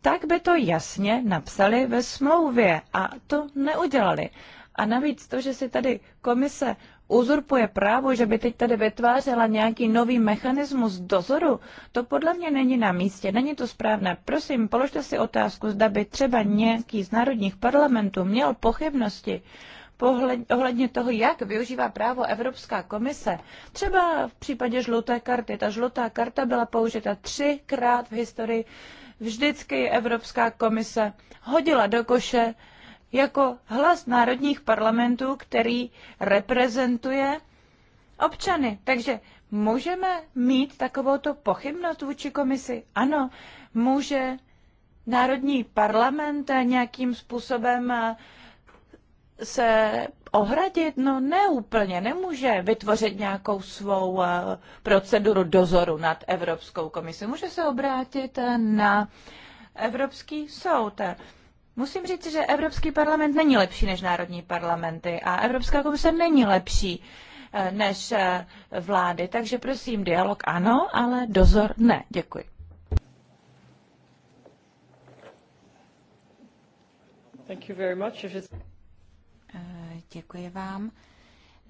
tak by to jasně napsali ve smlouvě a to neudělali. A navíc to, že si tady komise uzurpuje právo, že by teď tady vytvářela nějaký nový mechanismus dozoru, to podle mě není na místě, není to správné. Prosím, položte si otázku, zda by třeba nějaký z národních parlamentů měl pochybnosti ohledně toho, jak využívá právo Evropská komise. Třeba v případě žluté karty. Ta žlutá karta byla použita třikrát v historii. Vždycky Evropská komise hodila do koše jako hlas národních parlamentů, který reprezentuje občany. Takže můžeme mít takovouto pochybnost vůči komisi? Ano, může národní parlament nějakým způsobem eh, se ohradit? No ne úplně, nemůže vytvořit nějakou svou eh, proceduru dozoru nad Evropskou komisi. Může se obrátit eh, na Evropský soud. Musím říct, že Evropský parlament není lepší než národní parlamenty a Evropská komise není lepší eh, než vlády. Takže prosím, dialog ano, ale dozor ne. Děkuji. Thank you very much. Eh, děkuji vám.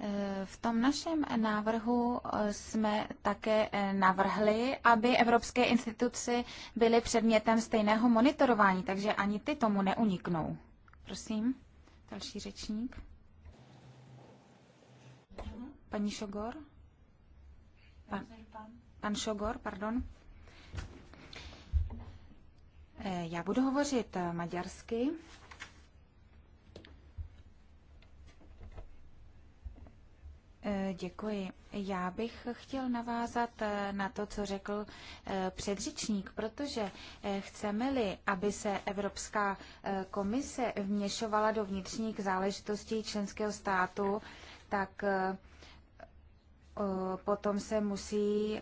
Eh, v tom našem návrhu eh, jsme také navrhli, aby evropské instituci byly předmětem stejného monitorování, takže ani ty tomu neuniknou. Prosím, další řečník. Paní Šogor? Pan, pan Šogor, pardon. Já budu hovořit maďarsky. Eh, děkuji. Já bych chtěl navázat eh, na to, co řekl eh, předřečník, protože chceme-li, aby se Evropská komise vměšovala do vnitřních záležitostí členského státu, tak potom se musí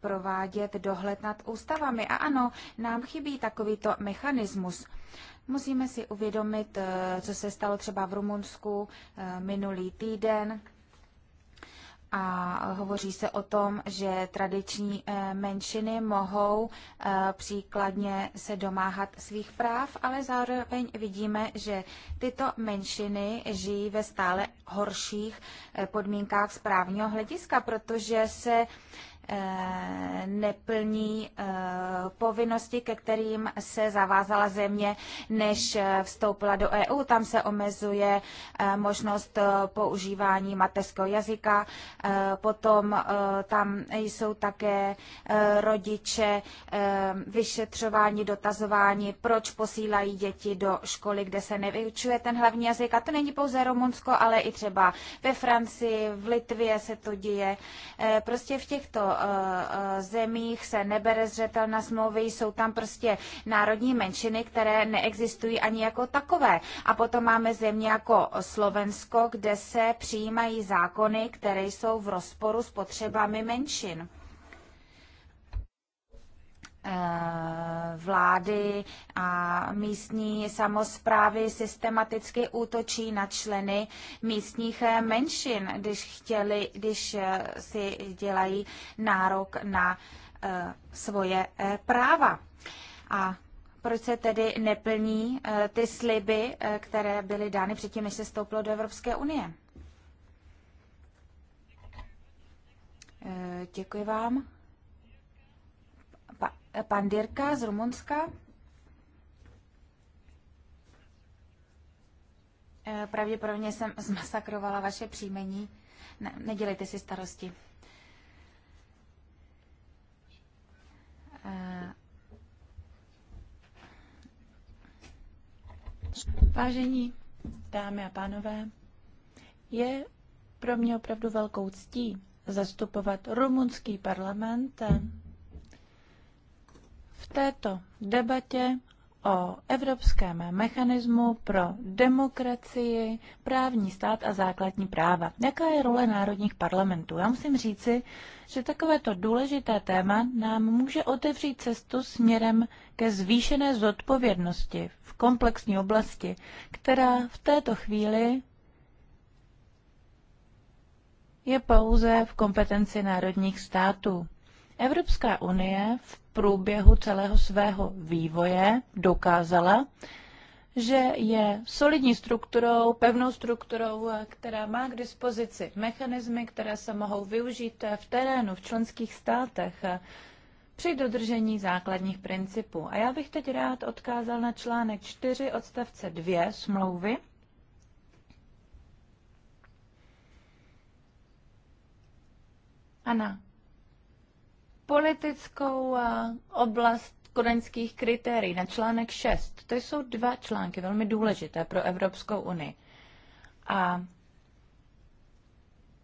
provádět dohled nad ústavami. A ano, nám chybí takovýto mechanismus. Musíme si uvědomit, co se stalo třeba v Rumunsku minulý týden, a hovoří se o tom, že tradiční eh, menšiny mohou eh, příkladně se domáhat svých práv, ale zároveň vidíme, že tyto menšiny žijí ve stále horších eh, podmínkách správního hlediska, protože se Eh, neplní eh, povinnosti, ke kterým se zavázala země, než eh, vstoupila do EU. Tam se omezuje možnost používání mateřského jazyka. Potom tam jsou také rodiče vyšetřování, dotazování, proč posílají děti do školy, kde se nevyučuje ten hlavní jazyk. A to není pouze Rumunsko, ale i třeba ve Francii, v Litvě se to děje. Prostě v těchto Eh, eh, zemích se nebere zřetel na smlouvy, jsou tam prostě národní menšiny, které neexistují ani jako takové. A potom máme země jako Slovensko, kde se přijímají zákony, které jsou v rozporu s potřebami menšin. Eh, vlády a místní samozprávy systematicky útočí na členy místních menšin, když, chtěli, když eh, si dělají nárok na eh, svoje práva. A proč se tedy neplní ty sliby, které byly dány předtím, než se stouplo do Evropské unie? Děkuji vám. Pan Dirka z Rumunska. Eh, pravděpodobně jsem zmasakrovala vaše příjmení. Ne, nedělejte si starosti. Eh, vážení dámy a pánové, je pro mě opravdu velkou ctí zastupovat rumunský parlament eh, této debatě o evropském mechanismu pro demokracii, právní stát a základní práva. Jaká je role národních parlamentů? Já musím říci, že takovéto důležité téma nám může otevřít cestu směrem ke zvýšené zodpovědnosti v komplexní oblasti, která v této chvíli je pouze v kompetenci národních států. Evropská unie v průběhu celého svého vývoje dokázala, že je solidní strukturou, pevnou strukturou, která má k dispozici mechanismy, které se mohou využít v terénu, v členských státech při dodržení základních principů. A já bych teď rád odkázal na článek 4 odstavce 2 smlouvy, a na politickou eh, oblast kodaňských kritérií na článek 6. To jsou dva články velmi důležité pro Evropskou unii. A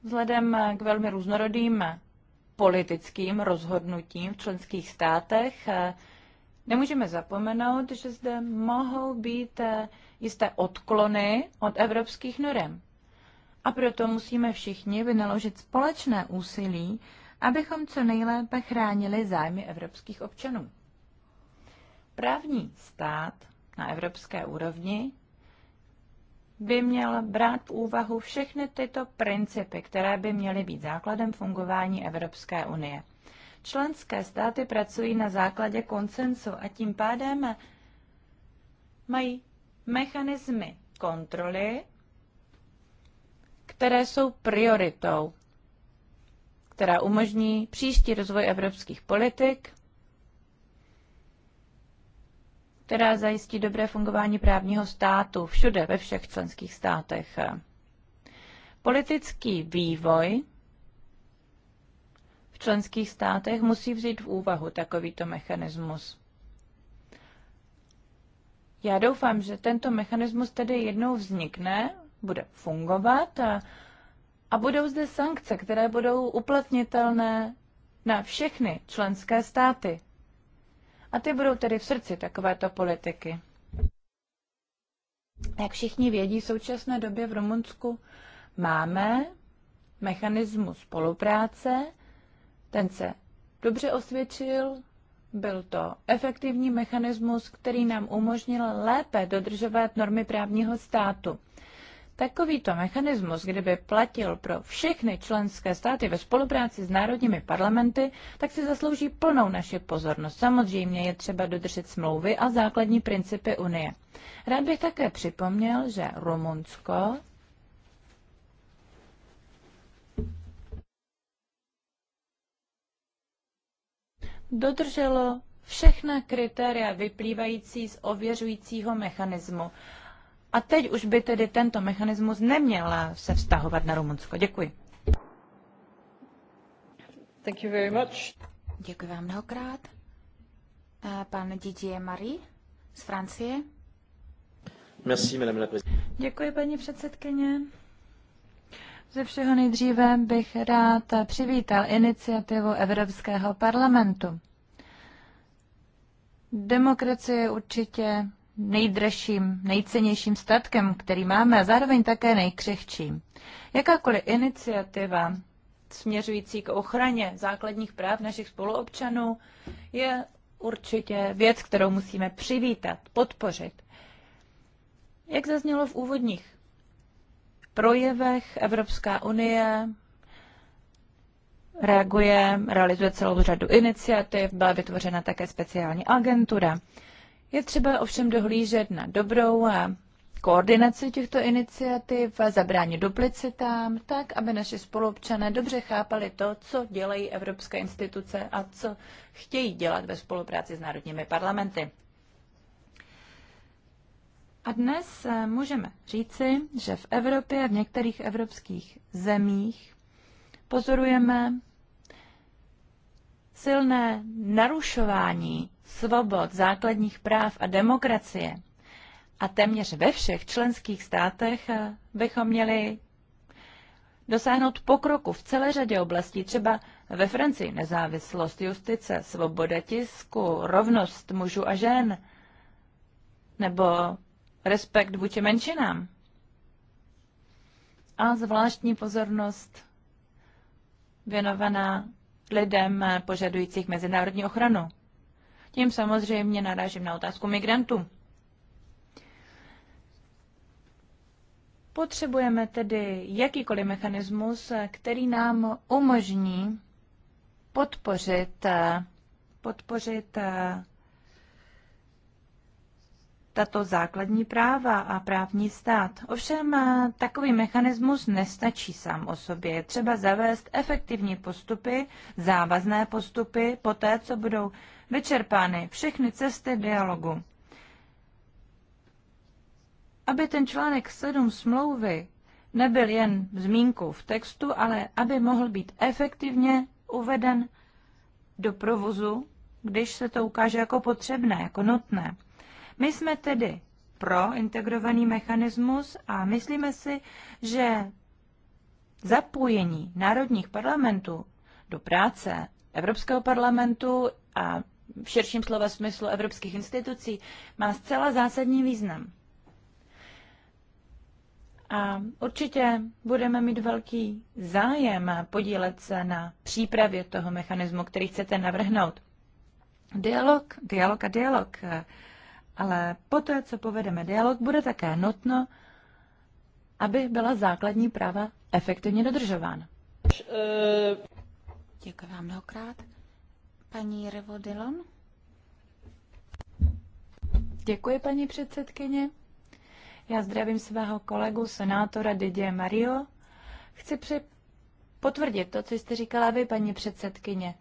vzhledem eh, k velmi různorodým eh, politickým rozhodnutím v členských státech nemůžeme zapomenout, že zde mohou být jisté odklony od evropských norem. A proto musíme všichni vynaložit společné úsilí, abychom co nejlépe chránili zájmy evropských občanů. Právní stát na evropské úrovni by měl brát v úvahu všechny tyto principy, které by měly být základem fungování Evropské unie. Členské státy pracují na základě konsensu a tím pádem mají mechanismy kontroly, které jsou prioritou která umožní příští rozvoj evropských politik, která zajistí dobré fungování právního státu všude, ve všech členských státech. Politický vývoj v členských státech musí vzít v úvahu takovýto mechanismus. Já doufám, že tento mechanismus tedy jednou vznikne, bude fungovat a a budou zde sankce, které budou uplatnitelné na všechny členské státy. A ty budou tedy v srdci takovéto politiky. Jak všichni vědí, v současné době v Rumunsku máme mechanismus spolupráce. Ten se dobře osvědčil, byl to efektivní mechanismus, který nám umožnil lépe dodržovat normy právního státu. Takovýto mechanismus, kdyby platil pro všechny členské státy ve spolupráci s národními parlamenty, tak si zaslouží plnou naši pozornost. Samozřejmě je třeba dodržet smlouvy a základní principy Unie. Rád bych také připomněl, že Rumunsko dodrželo všechna kritéria vyplývající z ověřujícího mechanismu a teď už by tedy tento mechanismus neměl se vztahovat na Rumunsko. Děkuji. Thank you very much. Děkuji vám mnohokrát. A pan Didier Marie z Francie. Merci, madame la Děkuji, paní předsedkyně. Ze všeho nejdříve bych rád přivítal iniciativu Evropského parlamentu. Demokracie je určitě nejdražším, nejcennějším statkem, který máme a zároveň také nejkřehčím. Jakákoliv iniciativa směřující k ochraně základních práv našich spoluobčanů je určitě věc, kterou musíme přivítat, podpořit. Jak zaznělo v úvodních projevech, Evropská unie reaguje, realizuje celou řadu iniciativ, byla vytvořena také speciální agentura. Je třeba ovšem dohlížet na dobrou eh, koordinaci těchto iniciativ, a zabránit duplicitám, tak, aby naši spoluobčané dobře chápali to, co dělají evropské instituce a co chtějí dělat ve spolupráci s národními parlamenty. A dnes eh, můžeme říci, že v Evropě a v některých evropských zemích pozorujeme silné narušování svobod, základních práv a demokracie a téměř ve všech členských státech eh, bychom měli dosáhnout pokroku v celé řadě oblastí, třeba ve Francii nezávislost justice, svoboda tisku, rovnost mužů a žen nebo respekt vůči menšinám. A zvláštní pozornost věnovaná lidem požadujících mezinárodní ochranu. Tím samozřejmě narážím na otázku migrantů. Potřebujeme tedy jakýkoliv mechanismus, který nám umožní podpořit, podpořit tato základní práva a právní stát. Ovšem takový mechanismus nestačí sám o sobě. Je třeba zavést efektivní postupy, závazné postupy, poté co budou vyčerpány všechny cesty dialogu. Aby ten článek 7 smlouvy nebyl jen zmínkou v textu, ale aby mohl být efektivně uveden do provozu, když se to ukáže jako potřebné, jako nutné. My jsme tedy pro integrovaný mechanismus a myslíme si, že zapojení národních parlamentů do práce Evropského parlamentu a v širším slova smyslu evropských institucí, má zcela zásadní význam. A určitě budeme mít velký zájem podílet se na přípravě toho mechanismu, který chcete navrhnout. Dialog, dialog a dialog. Ale po to, co povedeme dialog, bude také nutno, aby byla základní práva efektivně dodržována. Děkuji vám mnohokrát. Paní Revodilon. Děkuji, paní předsedkyně. Já zdravím svého kolegu, senátora Didier Mario. Chci při potvrdit to, co jste říkala vy, paní předsedkyně,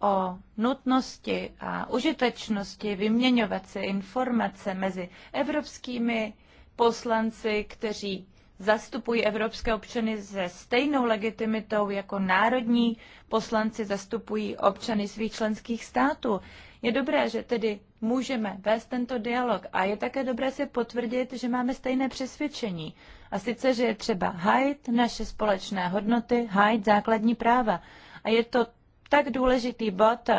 o nutnosti a užitečnosti vyměňovat se informace mezi evropskými poslanci, kteří zastupují evropské občany se stejnou legitimitou jako národní poslanci zastupují občany svých členských států. Je dobré, že tedy můžeme vést tento dialog a je také dobré si potvrdit, že máme stejné přesvědčení. A sice, že je třeba hájit naše společné hodnoty, hájit základní práva. A je to tak důležitý bod,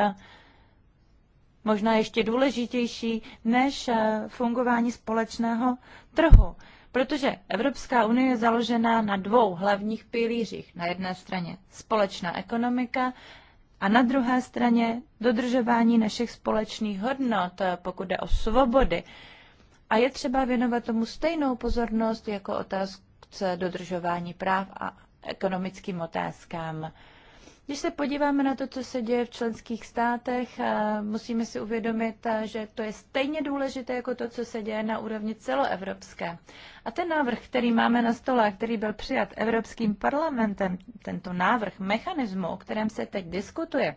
možná ještě důležitější než fungování společného trhu. Protože Evropská unie je založená na dvou hlavních pilířích. Na jedné straně společná ekonomika a na druhé straně dodržování našich společných hodnot, eh, pokud jde o svobody. A je třeba věnovat tomu stejnou pozornost jako otázce dodržování práv a ekonomickým otázkám. Když se podíváme na to, co se děje v členských státech, eh, musíme si uvědomit, eh, že to je stejně důležité jako to, co se děje na úrovni celoevropské. A ten návrh, který máme na stole, který byl přijat Evropským parlamentem, tento návrh mechanismu, o kterém se teď diskutuje,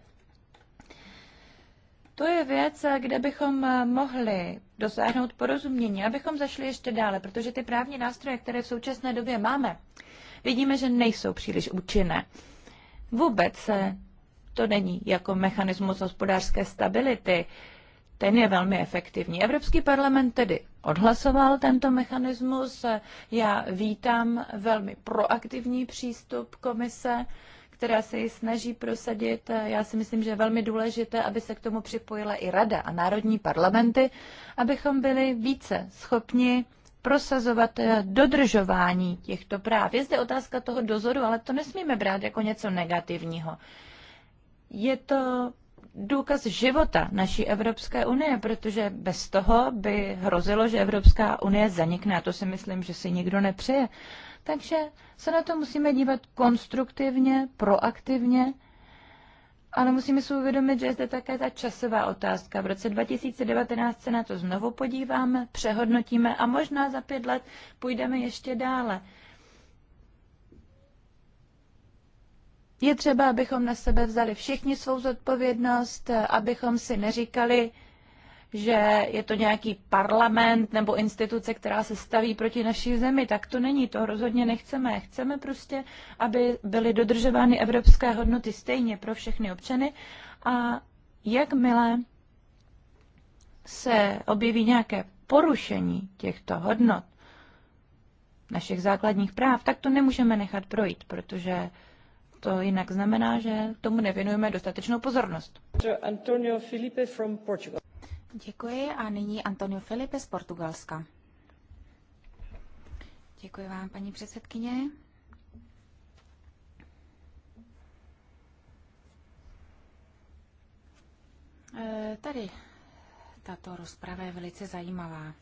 to je věc, eh, kde bychom mohli dosáhnout porozumění, abychom zašli ještě dále, protože ty právní nástroje, které v současné době máme, vidíme, že nejsou příliš účinné. Vůbec to není jako mechanismus hospodářské stability. Ten je velmi efektivní. Evropský parlament tedy odhlasoval tento mechanismus. Já vítám velmi proaktivní přístup komise, která se ji snaží prosadit. Já si myslím, že je velmi důležité, aby se k tomu připojila i rada a národní parlamenty, abychom byli více schopni prosazovat eh, dodržování těchto práv. Je zde otázka toho dozoru, ale to nesmíme brát jako něco negativního. Je to důkaz života naší Evropské unie, protože bez toho by hrozilo, že Evropská unie zanikne. A to si myslím, že si nikdo nepřeje. Takže se na to musíme dívat konstruktivně, proaktivně ale musíme si uvědomit, že je zde také ta časová otázka. V roce 2019 se na to znovu podíváme, přehodnotíme a možná za pět let půjdeme ještě dále. Je třeba, abychom na sebe vzali všichni svou zodpovědnost, abychom si neříkali, že je to nějaký parlament nebo instituce, která se staví proti naší zemi, tak to není, to rozhodně nechceme. Chceme prostě, aby byly dodržovány evropské hodnoty stejně pro všechny občany a jakmile se objeví nějaké porušení těchto hodnot, našich základních práv, tak to nemůžeme nechat projít, protože to jinak znamená, že tomu nevěnujeme dostatečnou pozornost. Antonio Felipe from Portugal. Děkuji a nyní Antonio Felipe z Portugalska. Děkuji vám, paní předsedkyně. Eh, tady tato rozprava je velice zajímavá.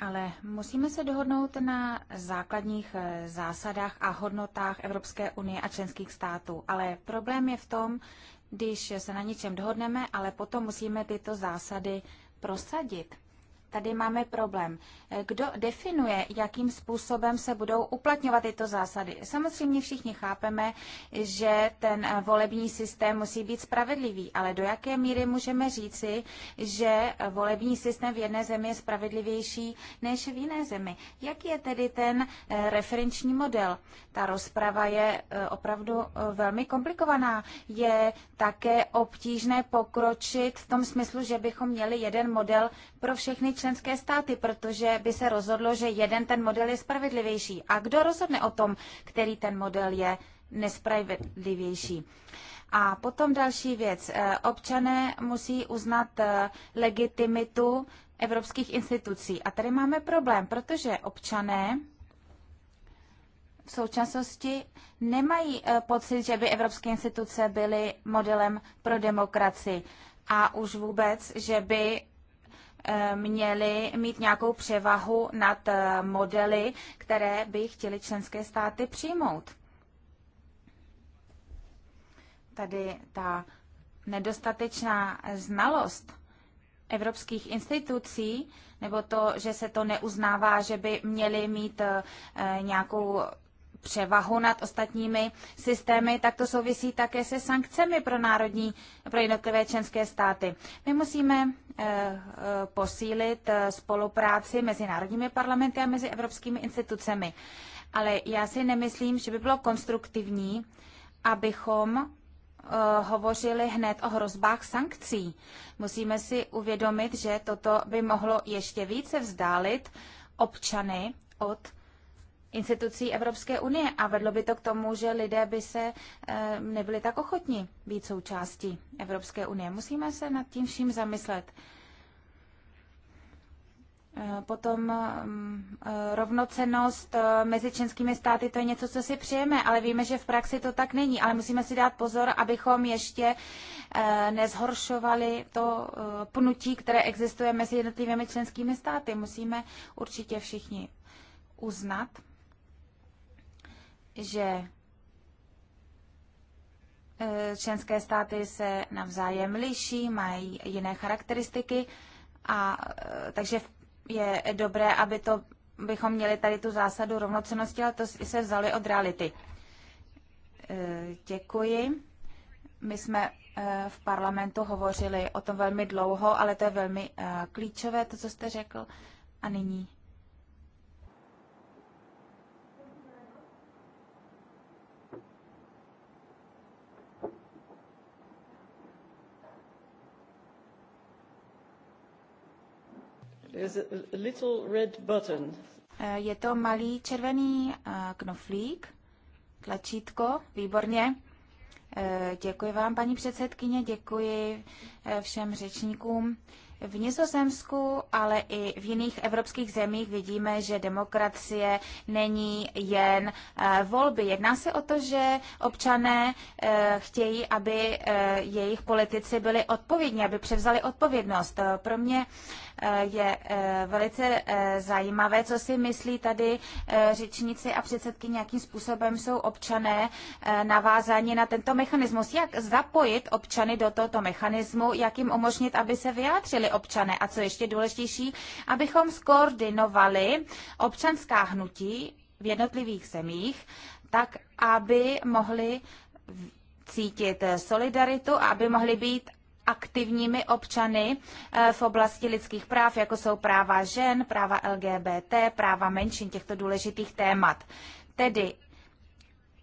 Ale musíme se dohodnout na základních eh, zásadách a hodnotách Evropské unie a členských států. Ale problém je v tom, když se na něčem dohodneme, ale potom musíme tyto zásady prosadit tady máme problém. Eh, kdo definuje, jakým způsobem se budou uplatňovat tyto zásady? Samozřejmě všichni chápeme, že ten eh, volební systém musí být spravedlivý, ale do jaké míry můžeme říci, že eh, volební systém v jedné zemi je spravedlivější než v jiné zemi? Jak je tedy ten referenční model? Ta rozprava je opravdu velmi komplikovaná. Je také obtížné pokročit v tom smyslu, že bychom měli jeden model pro všechny členy členské státy, protože by se rozhodlo, že jeden ten model je spravedlivější. A kdo rozhodne o tom, který ten model je nespravedlivější? A potom další věc. Eh, občané musí uznat eh, legitimitu evropských institucí. A tady máme problém, protože občané v současnosti nemají eh, pocit, že by evropské instituce byly modelem pro demokracii a už vůbec, že by měly mít nějakou převahu nad eh, modely, které by chtěly členské státy přijmout. Tady ta nedostatečná znalost evropských institucí, nebo to, že se to neuznává, že by měly mít eh, nějakou převahu nad ostatními systémy, tak to souvisí také se sankcemi pro národní, pro jednotlivé členské státy. My musíme eh, eh, posílit eh, spolupráci mezi národními parlamenty a mezi evropskými institucemi. Ale já si nemyslím, že by bylo konstruktivní, abychom hovořili hned o hrozbách sankcí. Musíme si uvědomit, že toto by mohlo ještě více vzdálit občany od institucí Evropské unie a vedlo by to k tomu, že lidé by se eh, nebyli tak ochotní být součástí Evropské unie. Musíme se nad tím vším zamyslet. Eh, potom mm, eh, rovnocenost mezi členskými státy, to je něco, co si přejeme, ale víme, že v praxi to tak není. Ale musíme si dát pozor, abychom ještě nezhoršovali to pnutí, které existuje mezi jednotlivými členskými státy. Musíme určitě všichni uznat, že e, členské státy se navzájem liší, mají jiné charakteristiky, a e, takže je dobré, aby to, bychom měli tady tu zásadu rovnocenosti, ale to se vzali od reality. E, děkuji. My jsme v parlamentu hovořili o tom velmi dlouho, ale to je velmi klíčové, to, co jste řekl. A nyní Eh, je to malý červený eh, knoflík, tlačítko, výborně. Eh, děkuji vám, paní předsedkyně, děkuji všem řečníkům. V Nizozemsku, ale i v jiných evropských zemích vidíme, že demokracie není jen volby. Jedná se o to, že občané chtějí, aby jejich politici byli odpovědní, aby převzali odpovědnost. Pro mě je eh, velice eh, zajímavé, co si myslí tady eh, řečníci a předsedky, nějakým způsobem jsou občané navázáni na tento mechanismus. Jak zapojit občany do tohoto mechanismu, jak jim umožnit, aby se vyjádřili občané a co ještě důležitější, abychom skoordinovali občanská hnutí v jednotlivých zemích, tak aby mohli cítit solidaritu a aby mohli být aktivními občany eh, v oblasti lidských práv, jako jsou práva žen, práva LGBT, práva menšin, těchto důležitých témat. Tedy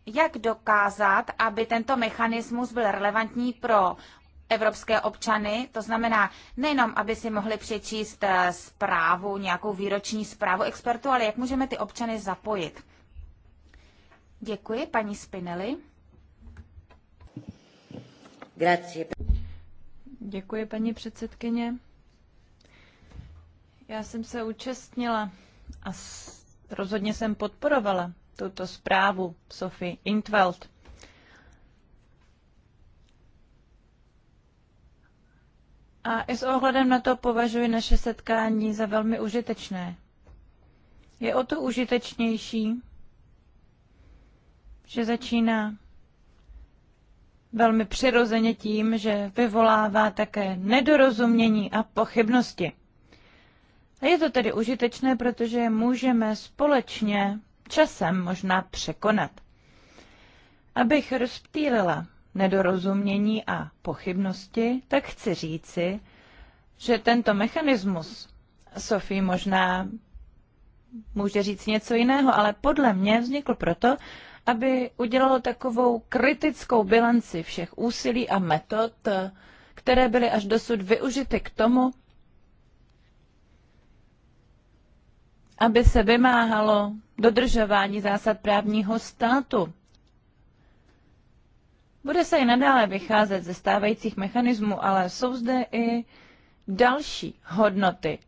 jak dokázat, aby tento mechanismus byl relevantní pro evropské občany, to znamená nejenom, aby si mohli přečíst eh, zprávu, nějakou výroční zprávu expertů, ale jak můžeme ty občany zapojit. Děkuji, paní Spinelli. Grazie, Děkuji, paní předsedkyně. Já jsem se účastnila a rozhodně jsem podporovala tuto zprávu Sophie Intveld. A i s ohledem na to považuji naše setkání za velmi užitečné. Je o to užitečnější, že začíná velmi přirozeně tím, že vyvolává také nedorozumění a pochybnosti. A je to tedy užitečné, protože je můžeme společně časem možná překonat. Abych rozptýlila nedorozumění a pochybnosti, tak chci říci, že tento mechanismus, Sofie možná může říct něco jiného, ale podle mě vznikl proto, aby udělalo takovou kritickou bilanci všech úsilí a metod, které byly až dosud využity k tomu, aby se vymáhalo dodržování zásad právního státu. Bude se i nadále vycházet ze stávajících mechanismů, ale jsou zde i další hodnoty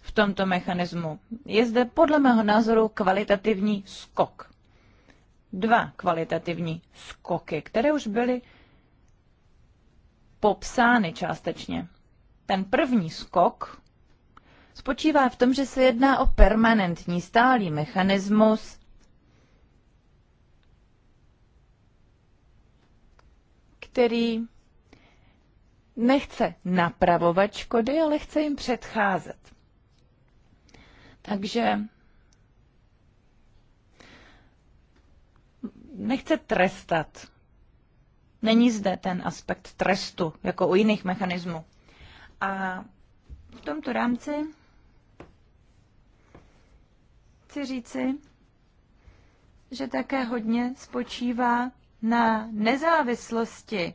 v tomto mechanismu. Je zde podle mého názoru kvalitativní skok dva kvalitativní skoky, které už byly popsány částečně. Ten první skok spočívá v tom, že se jedná o permanentní stálý mechanismus který nechce napravovat škody, ale chce jim předcházet. Takže nechce trestat. Není zde ten aspekt trestu, jako u jiných mechanismů. A v tomto rámci chci říci, že také hodně spočívá na nezávislosti,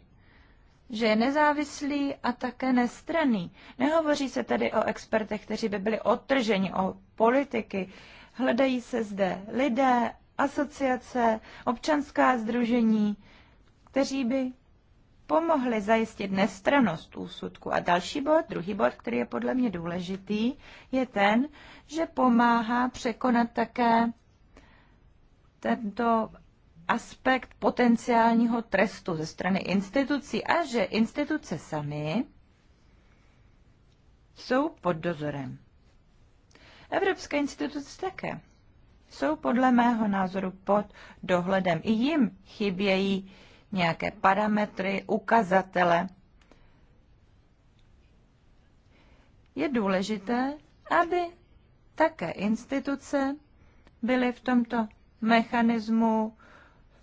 že je nezávislý a také nestraný. Nehovoří se tady o expertech, kteří by byli odtrženi o politiky. Hledají se zde lidé asociace, občanská združení, kteří by pomohli zajistit nestranost úsudku. A další bod, druhý bod, který je podle mě důležitý, je ten, že pomáhá překonat také tento aspekt potenciálního trestu ze strany institucí a že instituce samy jsou pod dozorem. Evropské instituce také jsou podle mého názoru pod dohledem. I jim chybějí nějaké parametry, ukazatele. Je důležité, aby také instituce byly v tomto mechanismu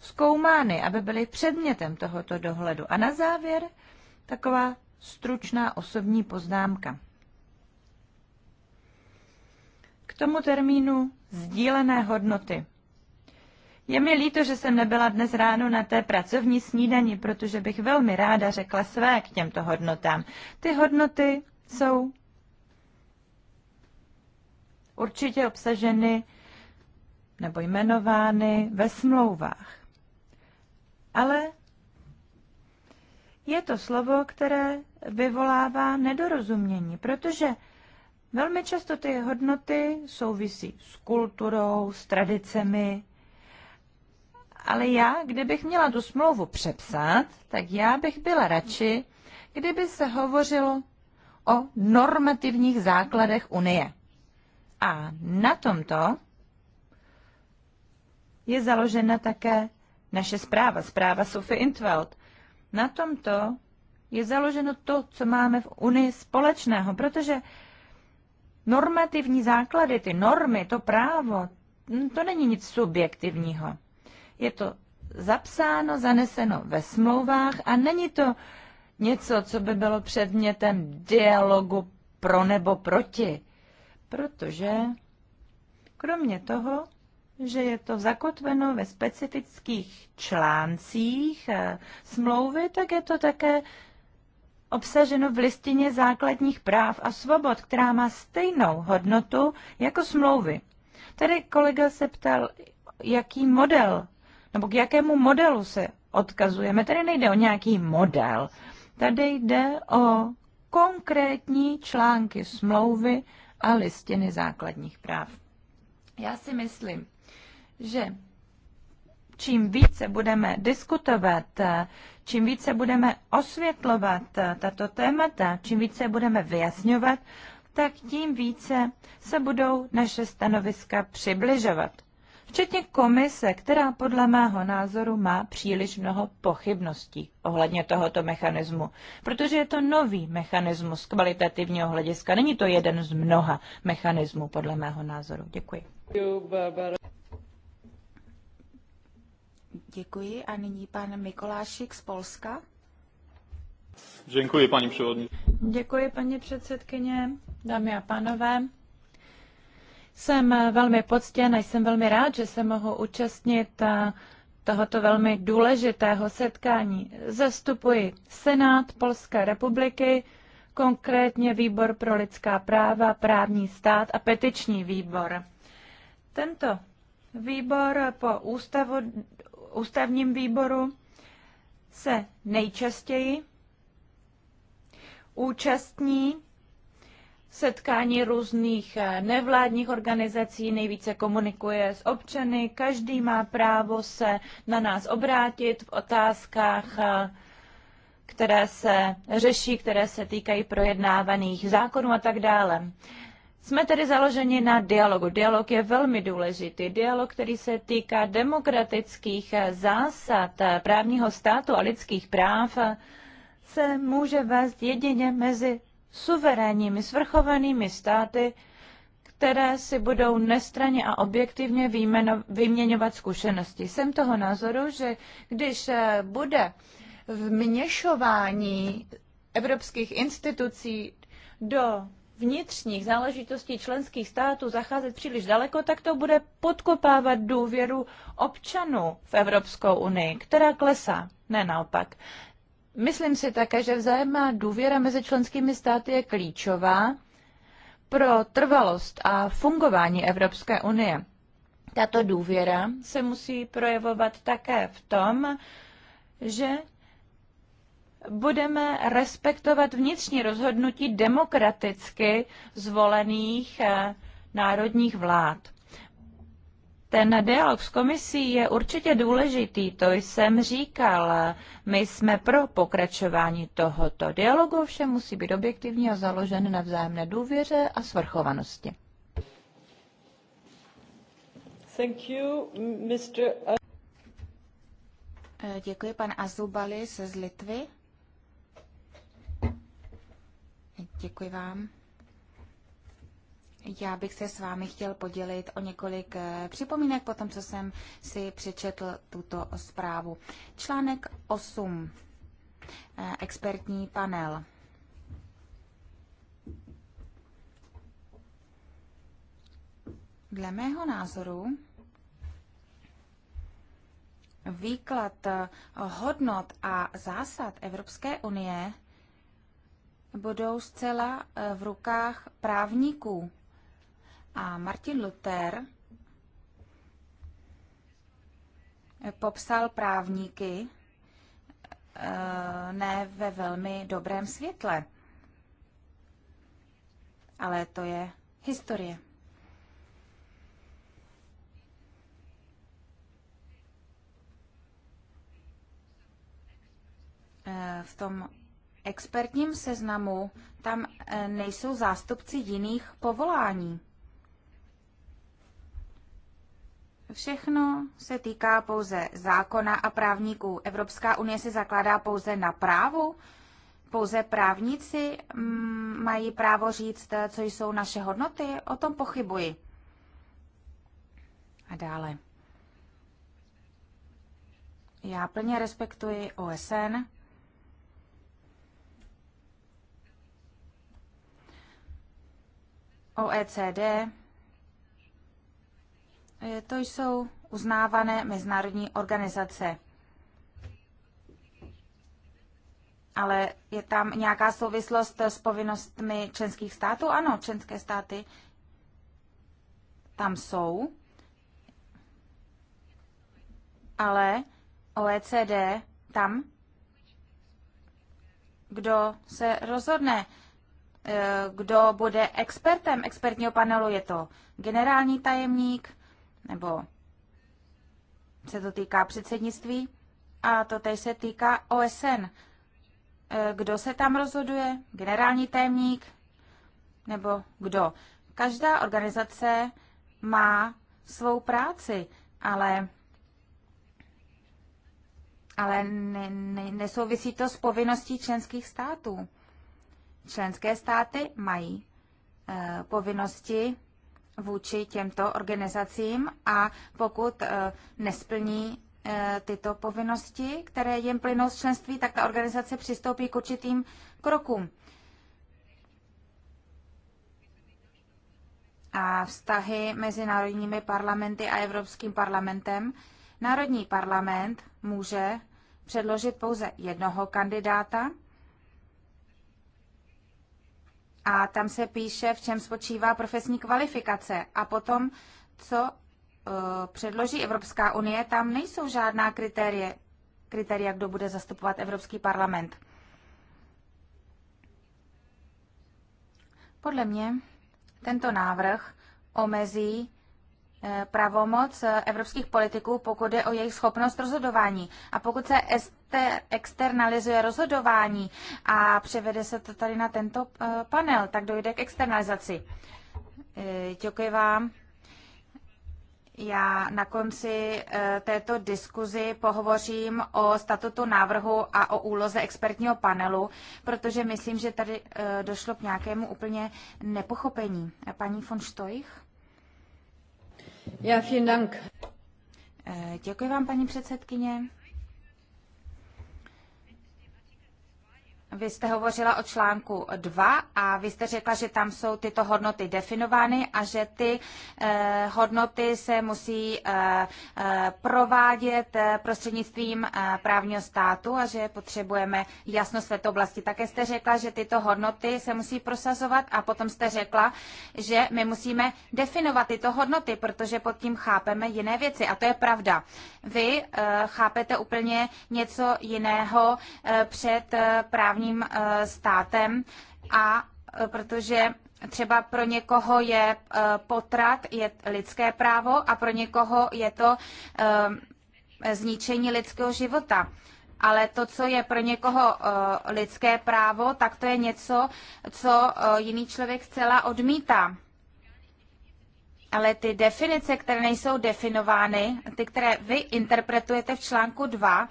zkoumány, aby byly předmětem tohoto dohledu. A na závěr taková stručná osobní poznámka. K tomu termínu sdílené hodnoty. Je mi líto, že jsem nebyla dnes ráno na té pracovní snídani, protože bych velmi ráda řekla své k těmto hodnotám. Ty hodnoty jsou určitě obsaženy nebo jmenovány ve smlouvách. Ale je to slovo, které vyvolává nedorozumění, protože Velmi často ty hodnoty souvisí s kulturou, s tradicemi, ale já, kdybych měla tu smlouvu přepsat, tak já bych byla radši, kdyby se hovořilo o normativních základech Unie. A na tomto je založena také naše zpráva, zpráva Sophie Intveld. Na tomto je založeno to, co máme v Unii společného, protože normativní základy, ty normy, to právo, mm, to není nic subjektivního. Je to zapsáno, zaneseno ve smlouvách a není to něco, co by bylo předmětem dialogu pro nebo proti. Protože kromě toho, že je to zakotveno ve specifických článcích eh, smlouvy, tak je to také obsaženo v listině základních práv a svobod, která má stejnou hodnotu jako smlouvy. Tady kolega se ptal, jaký model, nebo k jakému modelu se odkazujeme. Tady nejde o nějaký model, tady jde o konkrétní články smlouvy a listiny základních práv. Já si myslím, že čím více budeme diskutovat, čím více budeme osvětlovat tato témata, čím více budeme vyjasňovat, tak tím více se budou naše stanoviska přibližovat. Včetně komise, která podle mého názoru má příliš mnoho pochybností ohledně tohoto mechanismu, protože je to nový mechanismus kvalitativního hlediska. Není to jeden z mnoha mechanismů podle mého názoru. Děkuji. Děkuji a nyní pan Mikolášik z Polska. Děkuji, paní předsedkyně. Děkuji, paní předsedkyně, dámy a pánové. Jsem velmi poctěn a jsem velmi rád, že se mohu účastnit eh, tohoto velmi důležitého setkání. Zastupuji Senát Polské republiky, konkrétně Výbor pro lidská práva, právní stát a petiční výbor. Tento výbor po ústavu ústavním výboru se nejčastěji účastní setkání různých eh, nevládních organizací, nejvíce komunikuje s občany, každý má právo se na nás obrátit v otázkách, eh, které se řeší, které se týkají projednávaných zákonů a tak dále. Jsme tedy založeni na dialogu. Dialog je velmi důležitý. Dialog, který se týká demokratických zásad právního státu a lidských práv, se může vést jedině mezi suverénními, svrchovanými státy, které si budou nestraně a objektivně výjmeno, vyměňovat zkušenosti. Jsem toho názoru, že když bude vměšování evropských institucí do vnitřních záležitostí členských států zacházet příliš daleko, tak to bude podkopávat důvěru občanů v Evropskou unii, která klesá, ne naopak. Myslím si také, že vzájemná důvěra mezi členskými státy je klíčová pro trvalost a fungování Evropské unie. Tato důvěra se musí projevovat také v tom, že budeme respektovat vnitřní rozhodnutí demokraticky zvolených eh, národních vlád. Ten dialog s komisí je určitě důležitý, to jsem říkal. My jsme pro pokračování tohoto dialogu, všem musí být objektivní a založen na vzájemné důvěře a svrchovanosti. Thank you, Mr. Eh, děkuji, pan Azubali se z Litvy. Děkuji vám. Já bych se s vámi chtěl podělit o několik eh, připomínek po tom, co jsem si přečetl tuto zprávu. Článek 8. Eh, expertní panel. Dle mého názoru výklad eh, hodnot a zásad Evropské unie budou zcela eh, v rukách právníků. A Martin Luther eh, popsal právníky eh, ne ve velmi dobrém světle. Ale to je historie. V tom expertním seznamu tam eh, nejsou zástupci jiných povolání. Všechno se týká pouze zákona a právníků. Evropská unie se zakládá pouze na právu. Pouze právníci mm, mají právo říct, eh, co jsou naše hodnoty. O tom pochybuji. A dále. Já plně respektuji OSN OECD, to jsou uznávané mezinárodní organizace. Ale je tam nějaká souvislost s povinnostmi členských států? Ano, členské státy tam jsou, ale OECD tam, kdo se rozhodne, Eh, kdo bude expertem expertního panelu. Je to generální tajemník nebo se to týká předsednictví a to tež se týká OSN. Eh, kdo se tam rozhoduje? Generální tajemník nebo kdo? Každá organizace má svou práci, ale ale ne, ne, nesouvisí to s povinností členských států. Členské státy mají eh, povinnosti vůči těmto organizacím a pokud eh, nesplní eh, tyto povinnosti, které jim plynou z členství, tak ta organizace přistoupí k určitým krokům. A vztahy mezi národními parlamenty a Evropským parlamentem. Národní parlament může předložit pouze jednoho kandidáta a tam se píše, v čem spočívá profesní kvalifikace. A potom, co e, předloží Evropská unie, tam nejsou žádná kritérie, kritéria, kdo bude zastupovat Evropský parlament. Podle mě tento návrh omezí e, pravomoc e, evropských politiků, pokud je o jejich schopnost rozhodování. A pokud se externalizuje rozhodování a převede se to tady na tento eh, panel, tak dojde k externalizaci. Eh, děkuji vám. Já na konci eh, této diskuzi pohovořím o statutu návrhu a o úloze expertního panelu, protože myslím, že tady došlo k nějakému úplně nepochopení. Paní von Stoich? Já, ja, vielen Dank. Děkuji vám, paní předsedkyně. Vy jste hovořila o článku 2 a vy jste řekla, že tam jsou tyto hodnoty definovány a že ty eh, hodnoty se musí eh, eh provádět eh, prostřednictvím eh, právního státu a že potřebujeme jasnost v této oblasti. Také jste řekla, že tyto hodnoty se musí prosazovat a potom jste řekla, že my musíme definovat tyto hodnoty, protože pod tím chápeme jiné věci a to je pravda. Vy eh, chápete úplně něco jiného eh, před eh, právním právním eh, státem a eh, protože třeba pro někoho je eh, potrat, je lidské právo a pro někoho je to zničení lidského života. Ale to, co je pro někoho lidské právo, tak to je něco, co jiný člověk zcela odmítá. Ale ty definice, které nejsou definovány, ty, které vy interpretujete v článku 2,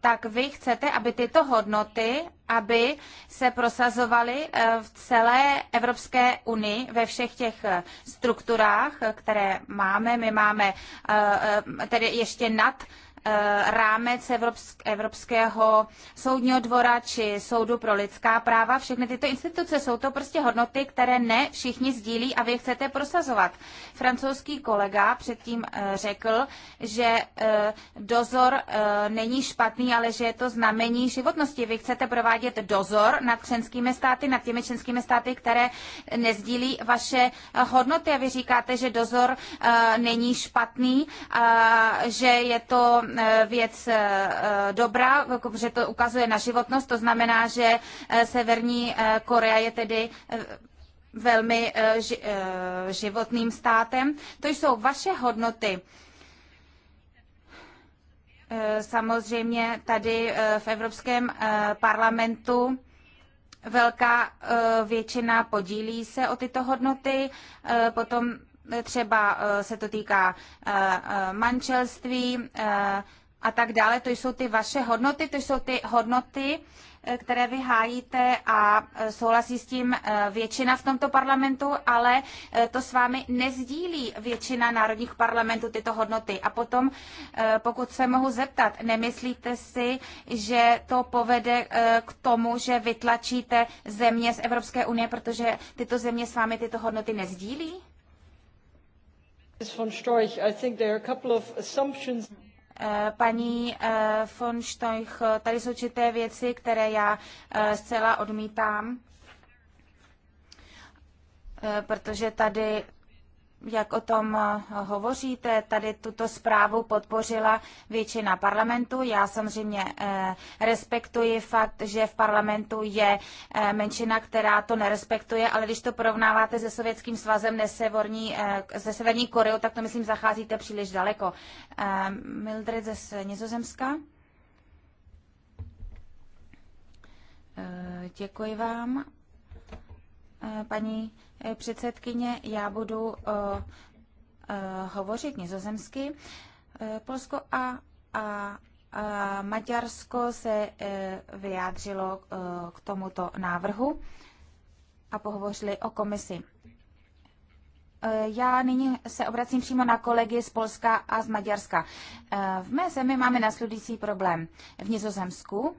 tak vy chcete, aby tyto hodnoty, aby se prosazovaly eh, v celé Evropské unii, ve všech těch eh, strukturách, které máme. My máme eh, tedy ještě nad Eh, rámec Evropského soudního dvora či soudu pro lidská práva. Všechny tyto instituce jsou to prostě hodnoty, které ne všichni sdílí a vy chcete prosazovat. Francouzský kolega předtím eh, řekl, že eh, dozor není špatný, ale že je to znamení životnosti. Vy chcete provádět dozor nad členskými státy, nad těmi členskými státy, které nezdílí vaše hodnoty a vy říkáte, že dozor není špatný, že je to Eh, věc eh, dobrá, protože to ukazuje na životnost, to znamená, že eh, Severní Korea je tedy velmi životným státem. To jsou vaše hodnoty. Samozřejmě tady v Evropském parlamentu velká většina podílí se o tyto hodnoty. Potom třeba eh, se to týká eh, eh, manželství a tak dále. To jsou ty vaše hodnoty, to jsou ty hodnoty, které vy hájíte a souhlasí s tím většina v tomto parlamentu, ale to s vámi nezdílí většina národních parlamentů tyto hodnoty. A potom, pokud se mohu zeptat, nemyslíte si, že to povede k tomu, že vytlačíte země z Evropské unie, protože tyto země s vámi tyto hodnoty nezdílí? Paní von Storch, tady jsou určité věci, které já eh, zcela odmítám, eh, protože tady jak o tom eh, hovoříte, tady tuto zprávu podpořila většina parlamentu. Já samozřejmě eh, respektuji fakt, že v parlamentu je eh, menšina, která to nerespektuje, ale když to porovnáváte se Sovětským svazem neseverní, ze Severní Koreou, tak to myslím zacházíte příliš daleko. Mildred ze Nizozemska. Děkuji vám, paní Eh, předsedkyně, já budu eh, eh, hovořit nizozemsky. Polsko a, a, a Maďarsko se vyjádřilo k tomuto návrhu a pohovořili o komisi. Já nyní se obracím přímo na kolegy z Polska a z Maďarska. V mé zemi máme následující problém. V Nizozemsku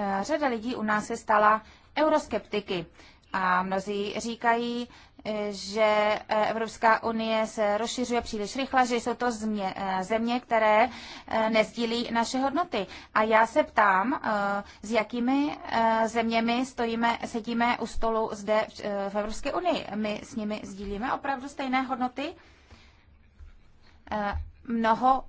Eh, řada lidí u nás se stala euroskeptiky a mnozí říkají, eh, že eh, Evropská unie se rozšiřuje příliš rychle, že jsou to země, země, které nezdílí naše hodnoty. A já se ptám, s jakými zeměmi stojíme, sedíme u stolu zde v Evropské unii. My s nimi sdílíme opravdu stejné hodnoty. Mnoho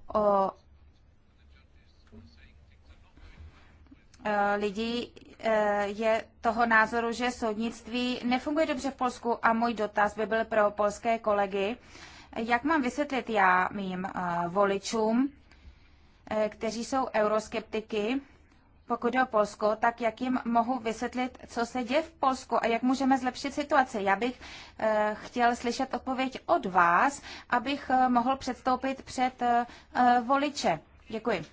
Eh, lidí eh, je toho názoru, že soudnictví nefunguje dobře v Polsku a můj dotaz by byl pro polské kolegy, jak mám vysvětlit já mým eh, voličům, kteří jsou euroskeptiky, pokud jde o Polsko, tak jak jim mohu vysvětlit, co se děje v Polsku a jak můžeme zlepšit situaci? Já bych chtěl slyšet odpověď od vás, abych mohl předstoupit před voliče. Děkuji.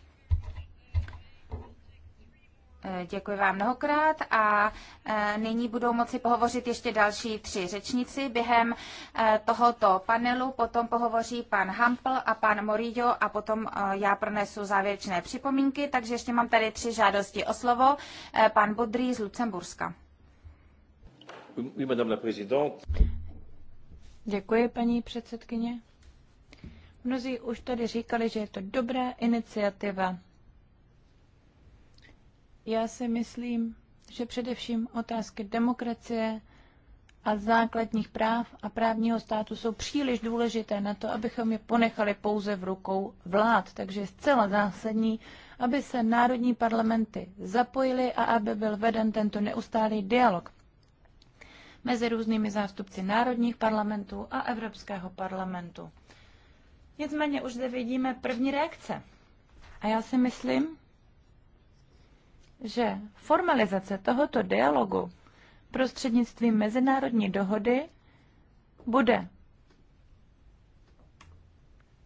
Děkuji vám mnohokrát a e, nyní budou moci pohovořit ještě další tři řečníci. Během e, tohoto panelu potom pohovoří pan Hampl a pan Morillo a potom e, já pronesu závěrečné připomínky, takže ještě mám tady tři žádosti o slovo. Pan Bodrý z Lucemburska. Děkuji, paní předsedkyně. Mnozí už tady říkali, že je to dobrá iniciativa já si myslím, že především otázky demokracie a základních práv a právního státu jsou příliš důležité na to, abychom je ponechali pouze v rukou vlád. Takže je zcela zásadní, aby se národní parlamenty zapojily a aby byl veden tento neustálý dialog mezi různými zástupci národních parlamentů a Evropského parlamentu. Nicméně už zde vidíme první reakce. A já si myslím, že formalizace tohoto dialogu prostřednictvím mezinárodní dohody bude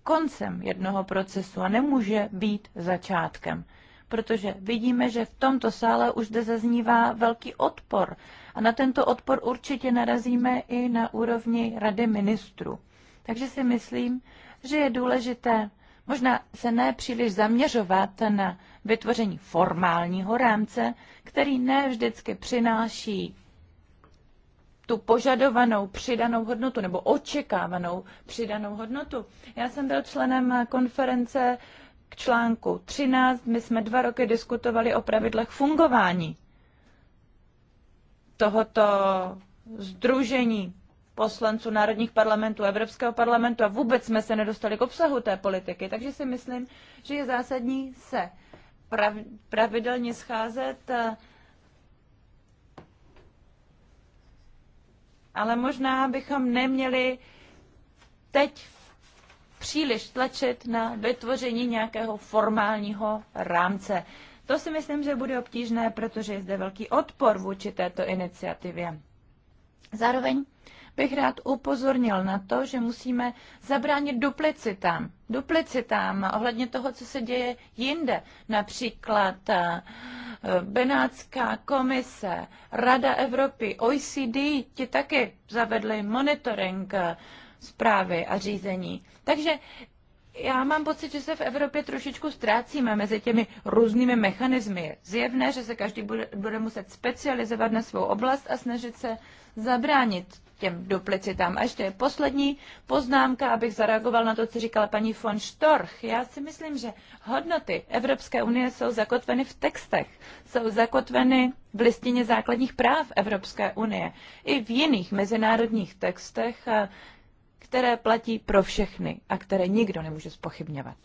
koncem jednoho procesu a nemůže být začátkem. Protože vidíme, že v tomto sále už zde zaznívá velký odpor. A na tento odpor určitě narazíme i na úrovni Rady ministrů. Takže si myslím, že je důležité možná se ne příliš zaměřovat na vytvoření formálního rámce, který ne vždycky přináší tu požadovanou přidanou hodnotu nebo očekávanou přidanou hodnotu. Já jsem byl členem konference k článku 13. My jsme dva roky diskutovali o pravidlech fungování tohoto združení poslanců národních parlamentů, Evropského parlamentu a vůbec jsme se nedostali k obsahu té politiky. Takže si myslím, že je zásadní se prav, pravidelně scházet, eh, ale možná bychom neměli teď příliš tlačit na vytvoření nějakého formálního rámce. To si myslím, že bude obtížné, protože je zde velký odpor vůči této iniciativě. Zároveň bych rád upozornil na to, že musíme zabránit duplicitám duplicitám ohledně toho, co se děje jinde. Například eh, Benátská komise, Rada Evropy, OECD, ti taky zavedli monitoring eh, zprávy a řízení. Takže já mám pocit, že se v Evropě trošičku ztrácíme mezi těmi různými mechanismy. Zjevné, že se každý bude, bude muset specializovat na svou oblast a snažit se zabránit těm duplicitám. A ještě poslední poznámka, abych zareagoval na to, co říkala paní von Storch. Já si myslím, že hodnoty Evropské unie jsou zakotveny v textech, jsou zakotveny v listině základních práv Evropské unie i v jiných mezinárodních textech, eh, které platí pro všechny a které nikdo nemůže spochybňovat.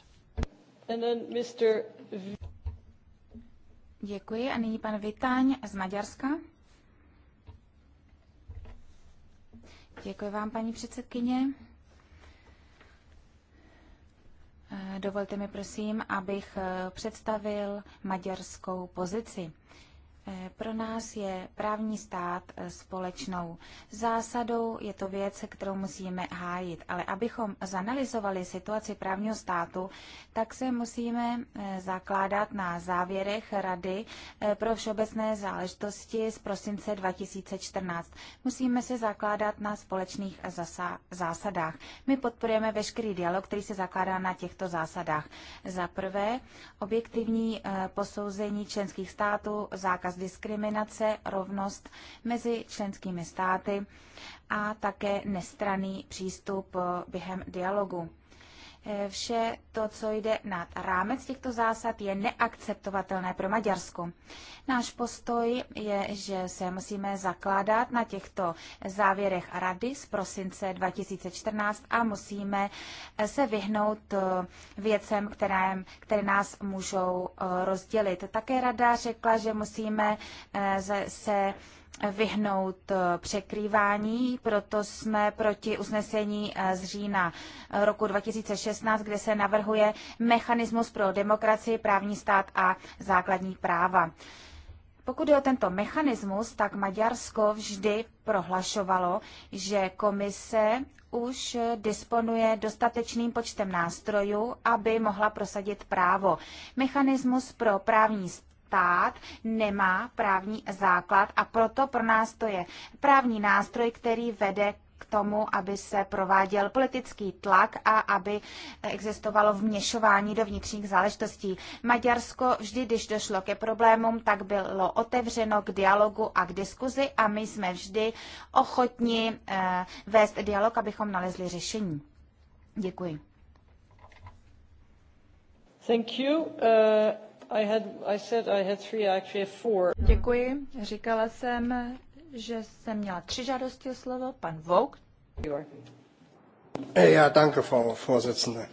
Děkuji a nyní pan Vitáň z Maďarska. Děkuji vám, paní předsedkyně. Dovolte mi prosím, abych představil maďarskou pozici Eh, pro nás je právní stát eh, společnou zásadou, je to věc, kterou musíme hájit. Ale abychom zanalizovali situaci právního státu, tak se musíme eh, zakládat na závěrech Rady pro všeobecné záležitosti z prosince 2014. Musíme se zakládat na společných zásadách. My podporujeme veškerý dialog, který se zakládá na těchto zásadách. Za prvé, objektivní posouzení členských států, zákaz zákaz diskriminace, rovnost mezi členskými státy a také nestraný přístup eh, během dialogu. Eh, vše to, co jde nad rámec těchto zásad, je neakceptovatelné pro Maďarsko. Náš postoj je, že se musíme zakládat na těchto závěrech Rady z prosince 2014 a musíme eh, se vyhnout eh, věcem, které, které nás můžou rozdělit. Také Rada řekla, že musíme se vyhnout eh, překrývání, proto jsme proti usnesení eh, z října eh, roku 2016, kde se navrhuje mechanismus pro demokracii, právní stát a základní práva. Pokud je o tento mechanismus, tak Maďarsko vždy prohlašovalo, že komise už disponuje dostatečným počtem nástrojů, aby mohla prosadit právo. Mechanismus pro právní stát stát nemá právní základ a proto pro nás to je právní nástroj, který vede k tomu, aby se prováděl politický tlak a aby existovalo vměšování do vnitřních záležitostí. Maďarsko vždy, když došlo ke problémům, tak bylo otevřeno k dialogu a k diskuzi a my jsme vždy ochotni eh, vést dialog, abychom nalezli řešení. Děkuji. Thank you. Uh, Děkuji. Říkala jsem, že jsem měla tři žádosti o slovo. Pan Vogt. Ja, danke, Frau Vorsitzende.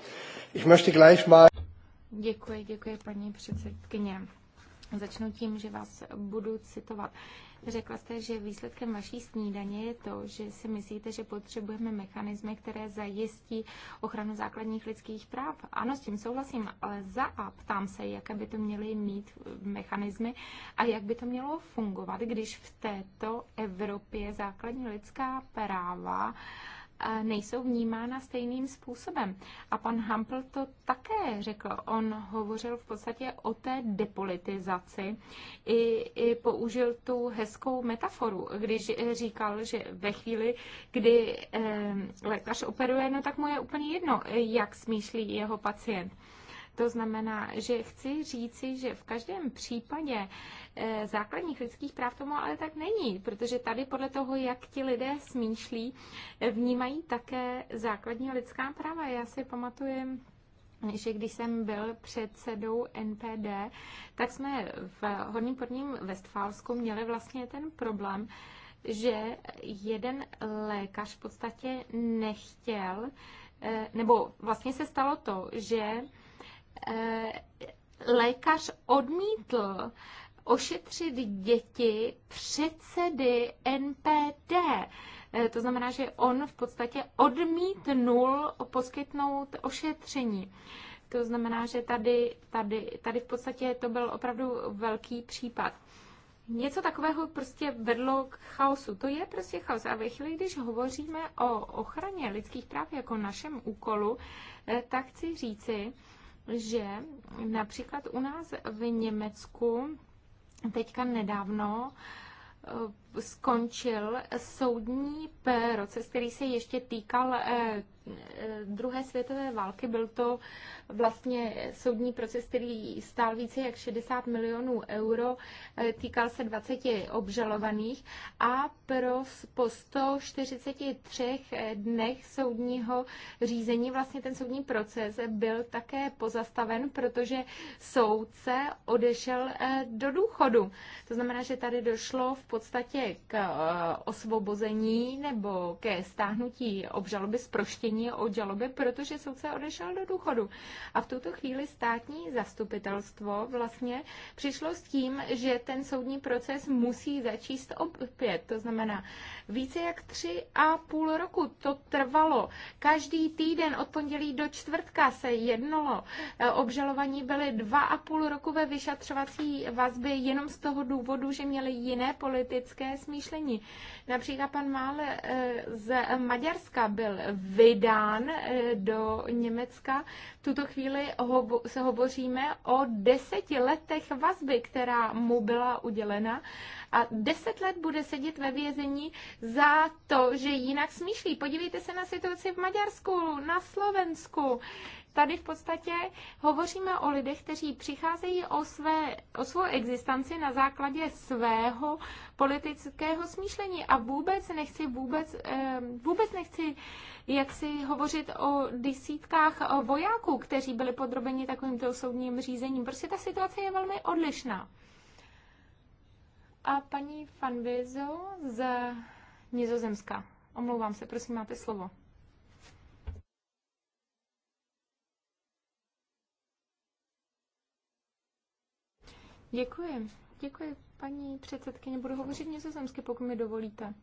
Ich möchte gleich mal... Děkuji, děkuji, paní předsedkyně. Začnu tím, že vás budu citovat. Řekla jste, že výsledkem vaší snídaně je to, že si myslíte, že potřebujeme mechanismy, které zajistí ochranu základních lidských práv. Ano, s tím souhlasím, ale za a ptám se, jaké by to měly mít mechanismy a jak by to mělo fungovat, když v této Evropě základní lidská práva nejsou vnímána stejným způsobem. A pan Hampel to také řekl. On hovořil v podstatě o té depolitizaci i, i použil tu hezkou metaforu, když říkal, že ve chvíli, kdy eh, lékař operuje, no tak mu je úplně jedno, jak smýšlí jeho pacient. To znamená, že chci říci, že v každém případě eh, základních lidských práv tomu ale tak není, protože tady podle toho, jak ti lidé smýšlí, eh, vnímají také základní lidská práva. Já si pamatuju, že když jsem byl předsedou NPD, tak jsme v Horním podním Vestfálsku měli vlastně ten problém, že jeden lékař v podstatě nechtěl, eh, nebo vlastně se stalo to, že Eh, lékař odmítl ošetřit děti předsedy NPD. Eh, to znamená, že on v podstatě odmítnul poskytnout ošetření. To znamená, že tady, tady, tady v podstatě to byl opravdu velký případ. Něco takového prostě vedlo k chaosu. To je prostě chaos. A ve chvíli, když hovoříme o ochraně lidských práv jako našem úkolu, eh, tak chci říci, že například u nás v Německu teďka nedávno eh, skončil soudní proces, který se ještě týkal eh, eh, druhé světové války. Byl to vlastně soudní proces, který stál více jak 60 milionů euro, eh, týkal se 20 obžalovaných a pro, po 143 dnech soudního řízení vlastně ten soudní proces byl také pozastaven, protože soudce odešel do důchodu. To znamená, že tady došlo v podstatě dojde k eh, osvobození nebo ke stáhnutí obžaloby, zproštění od žaloby, protože soudce odešel do důchodu. A v tuto chvíli státní zastupitelstvo vlastně přišlo s tím, že ten soudní proces musí začíst opět. To znamená, více jak tři a půl roku to trvalo. Každý týden od pondělí do čtvrtka se jednalo. Eh, obžalovaní byly dva a půl roku ve vyšetřovací vazby jenom z toho důvodu, že měli jiné politické smýšlení. Například pan Mále eh, z Maďarska byl vydán eh, do Německa. V tuto chvíli se hovoříme o deseti letech vazby, která mu byla udělena a deset let bude sedět ve vězení za to, že jinak smýšlí. Podívejte se na situaci v Maďarsku, na Slovensku tady v podstatě hovoříme o lidech, kteří přicházejí o, své, o svou existenci na základě svého politického smýšlení a vůbec nechci vůbec, vůbec nechci jak si hovořit o desítkách vojáků, kteří byli podrobeni takovýmto soudním řízením. Prostě ta situace je velmi odlišná. A paní Fanvizo z Nizozemska. Omlouvám se, prosím, máte slovo. Děkuji. Děkuji, paní předsedkyně. Budu hovořit nizozemsky, pokud mi dovolíte.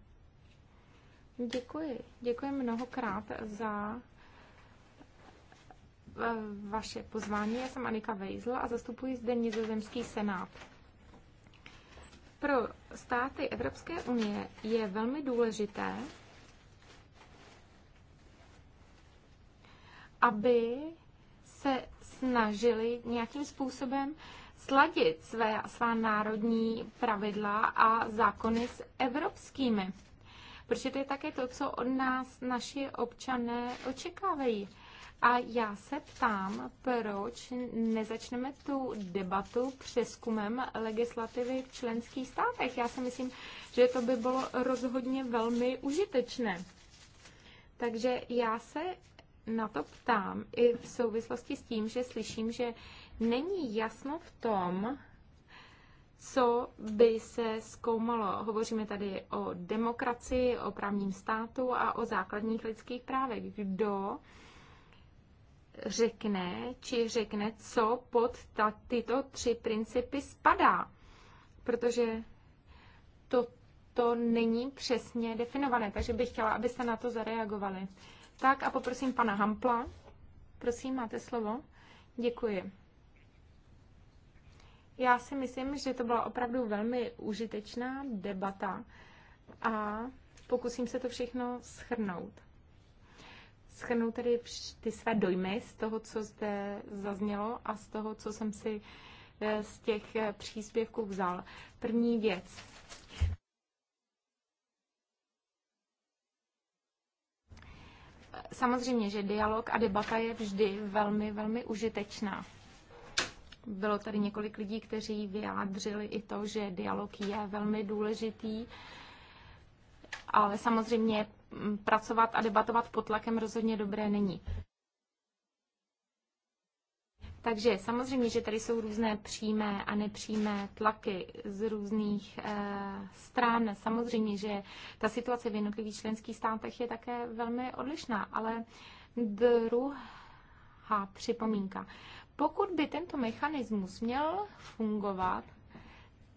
Děkuji. Děkuji mnohokrát za eh, vaše pozvání. Já jsem Anika Vejzl a zastupuji zde nizozemský senát. Pro státy Evropské unie je velmi důležité, aby se snažili nějakým způsobem sladit své, svá národní pravidla a zákony s evropskými. Protože to je také to, co od nás naši občané očekávají. A já se ptám, proč nezačneme tu debatu přeskumem legislativy v členských státech. Já si myslím, že to by bylo rozhodně velmi užitečné. Takže já se na to ptám i v souvislosti s tím, že slyším, že není jasno v tom, co by se zkoumalo. Hovoříme tady o demokracii, o právním státu a o základních lidských právech. Kdo řekne, či řekne, co pod ta, tyto tři principy spadá. Protože to, to není přesně definované, takže bych chtěla, abyste na to zareagovali. Tak a poprosím pana Hampla. Prosím, máte slovo. Děkuji. Já si myslím, že to byla opravdu velmi užitečná debata a pokusím se to všechno schrnout. Schrnout tedy ty své dojmy z toho, co zde zaznělo a z toho, co jsem si eh, z těch eh, příspěvků vzal. První věc. Samozřejmě, že dialog a debata je vždy velmi, velmi užitečná. Bylo tady několik lidí, kteří vyjádřili i to, že dialog je velmi důležitý, ale samozřejmě pracovat a debatovat pod tlakem rozhodně dobré není. Takže samozřejmě, že tady jsou různé přímé a nepřímé tlaky z různých e, stran. Samozřejmě, že ta situace v jednotlivých členských státech je také velmi odlišná, ale druhá připomínka. E, pokud by tento mechanismus měl fungovat,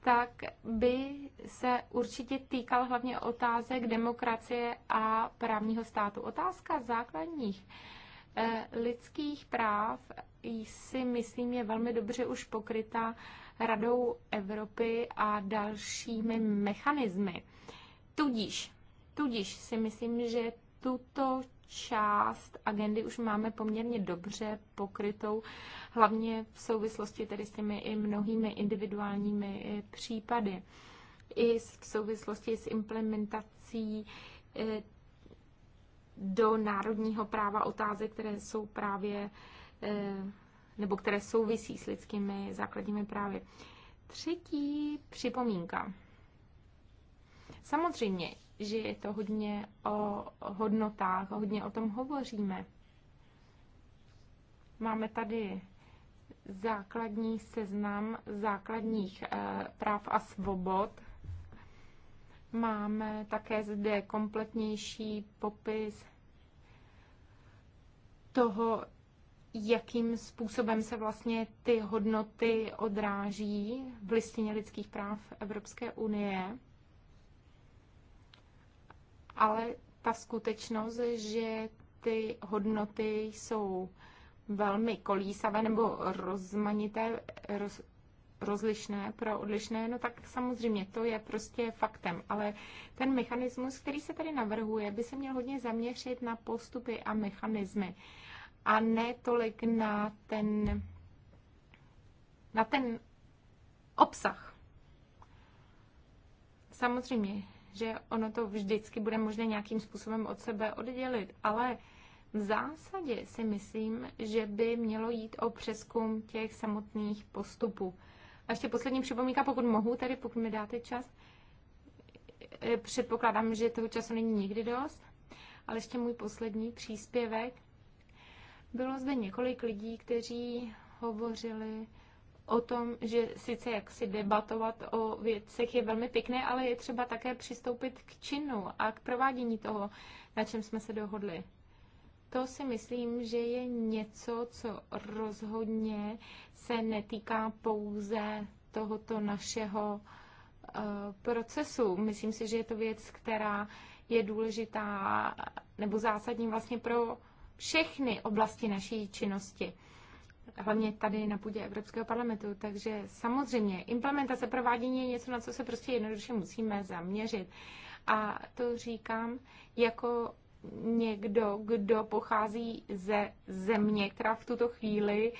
tak by se určitě týkal hlavně otázek demokracie a právního státu. Otázka základních eh, lidských práv si myslím je velmi dobře už pokryta Radou Evropy a dalšími mechanismy. Tudíž, tudíž si myslím, že tuto část agendy už máme poměrně dobře pokrytou, hlavně v souvislosti tedy s těmi i mnohými individuálními eh, případy. I v souvislosti s implementací eh, do národního práva otázek, které jsou právě eh, nebo které souvisí s lidskými základními právy. Třetí připomínka. Samozřejmě že je to hodně o hodnotách, hodně o tom hovoříme. Máme tady základní seznam základních eh, práv a svobod. Máme také zde kompletnější popis toho, jakým způsobem se vlastně ty hodnoty odráží v listině lidských práv Evropské unie ale ta skutečnost, že ty hodnoty jsou velmi kolísavé nebo rozmanité, roz, rozlišné pro odlišné, no tak samozřejmě to je prostě faktem. Ale ten mechanismus, který se tady navrhuje, by se měl hodně zaměřit na postupy a mechanismy a ne tolik na ten, na ten obsah. Samozřejmě, že ono to vždycky bude možné nějakým způsobem od sebe oddělit, ale v zásadě si myslím, že by mělo jít o přeskum těch samotných postupů. A ještě poslední připomínka, pokud mohu, tedy pokud mi dáte čas. E, předpokládám, že toho času není nikdy dost, ale ještě můj poslední příspěvek. Bylo zde několik lidí, kteří hovořili o tom, že sice jak si debatovat o věcech je velmi pěkné, ale je třeba také přistoupit k činu a k provádění toho, na čem jsme se dohodli. To si myslím, že je něco, co rozhodně se netýká pouze tohoto našeho eh, procesu. Myslím si, že je to věc, která je důležitá nebo zásadní vlastně pro všechny oblasti naší činnosti hlavně tady na půdě Evropského parlamentu. Takže samozřejmě implementace provádění je něco, na co se prostě jednoduše musíme zaměřit. A to říkám jako někdo, kdo pochází ze země, která v tuto chvíli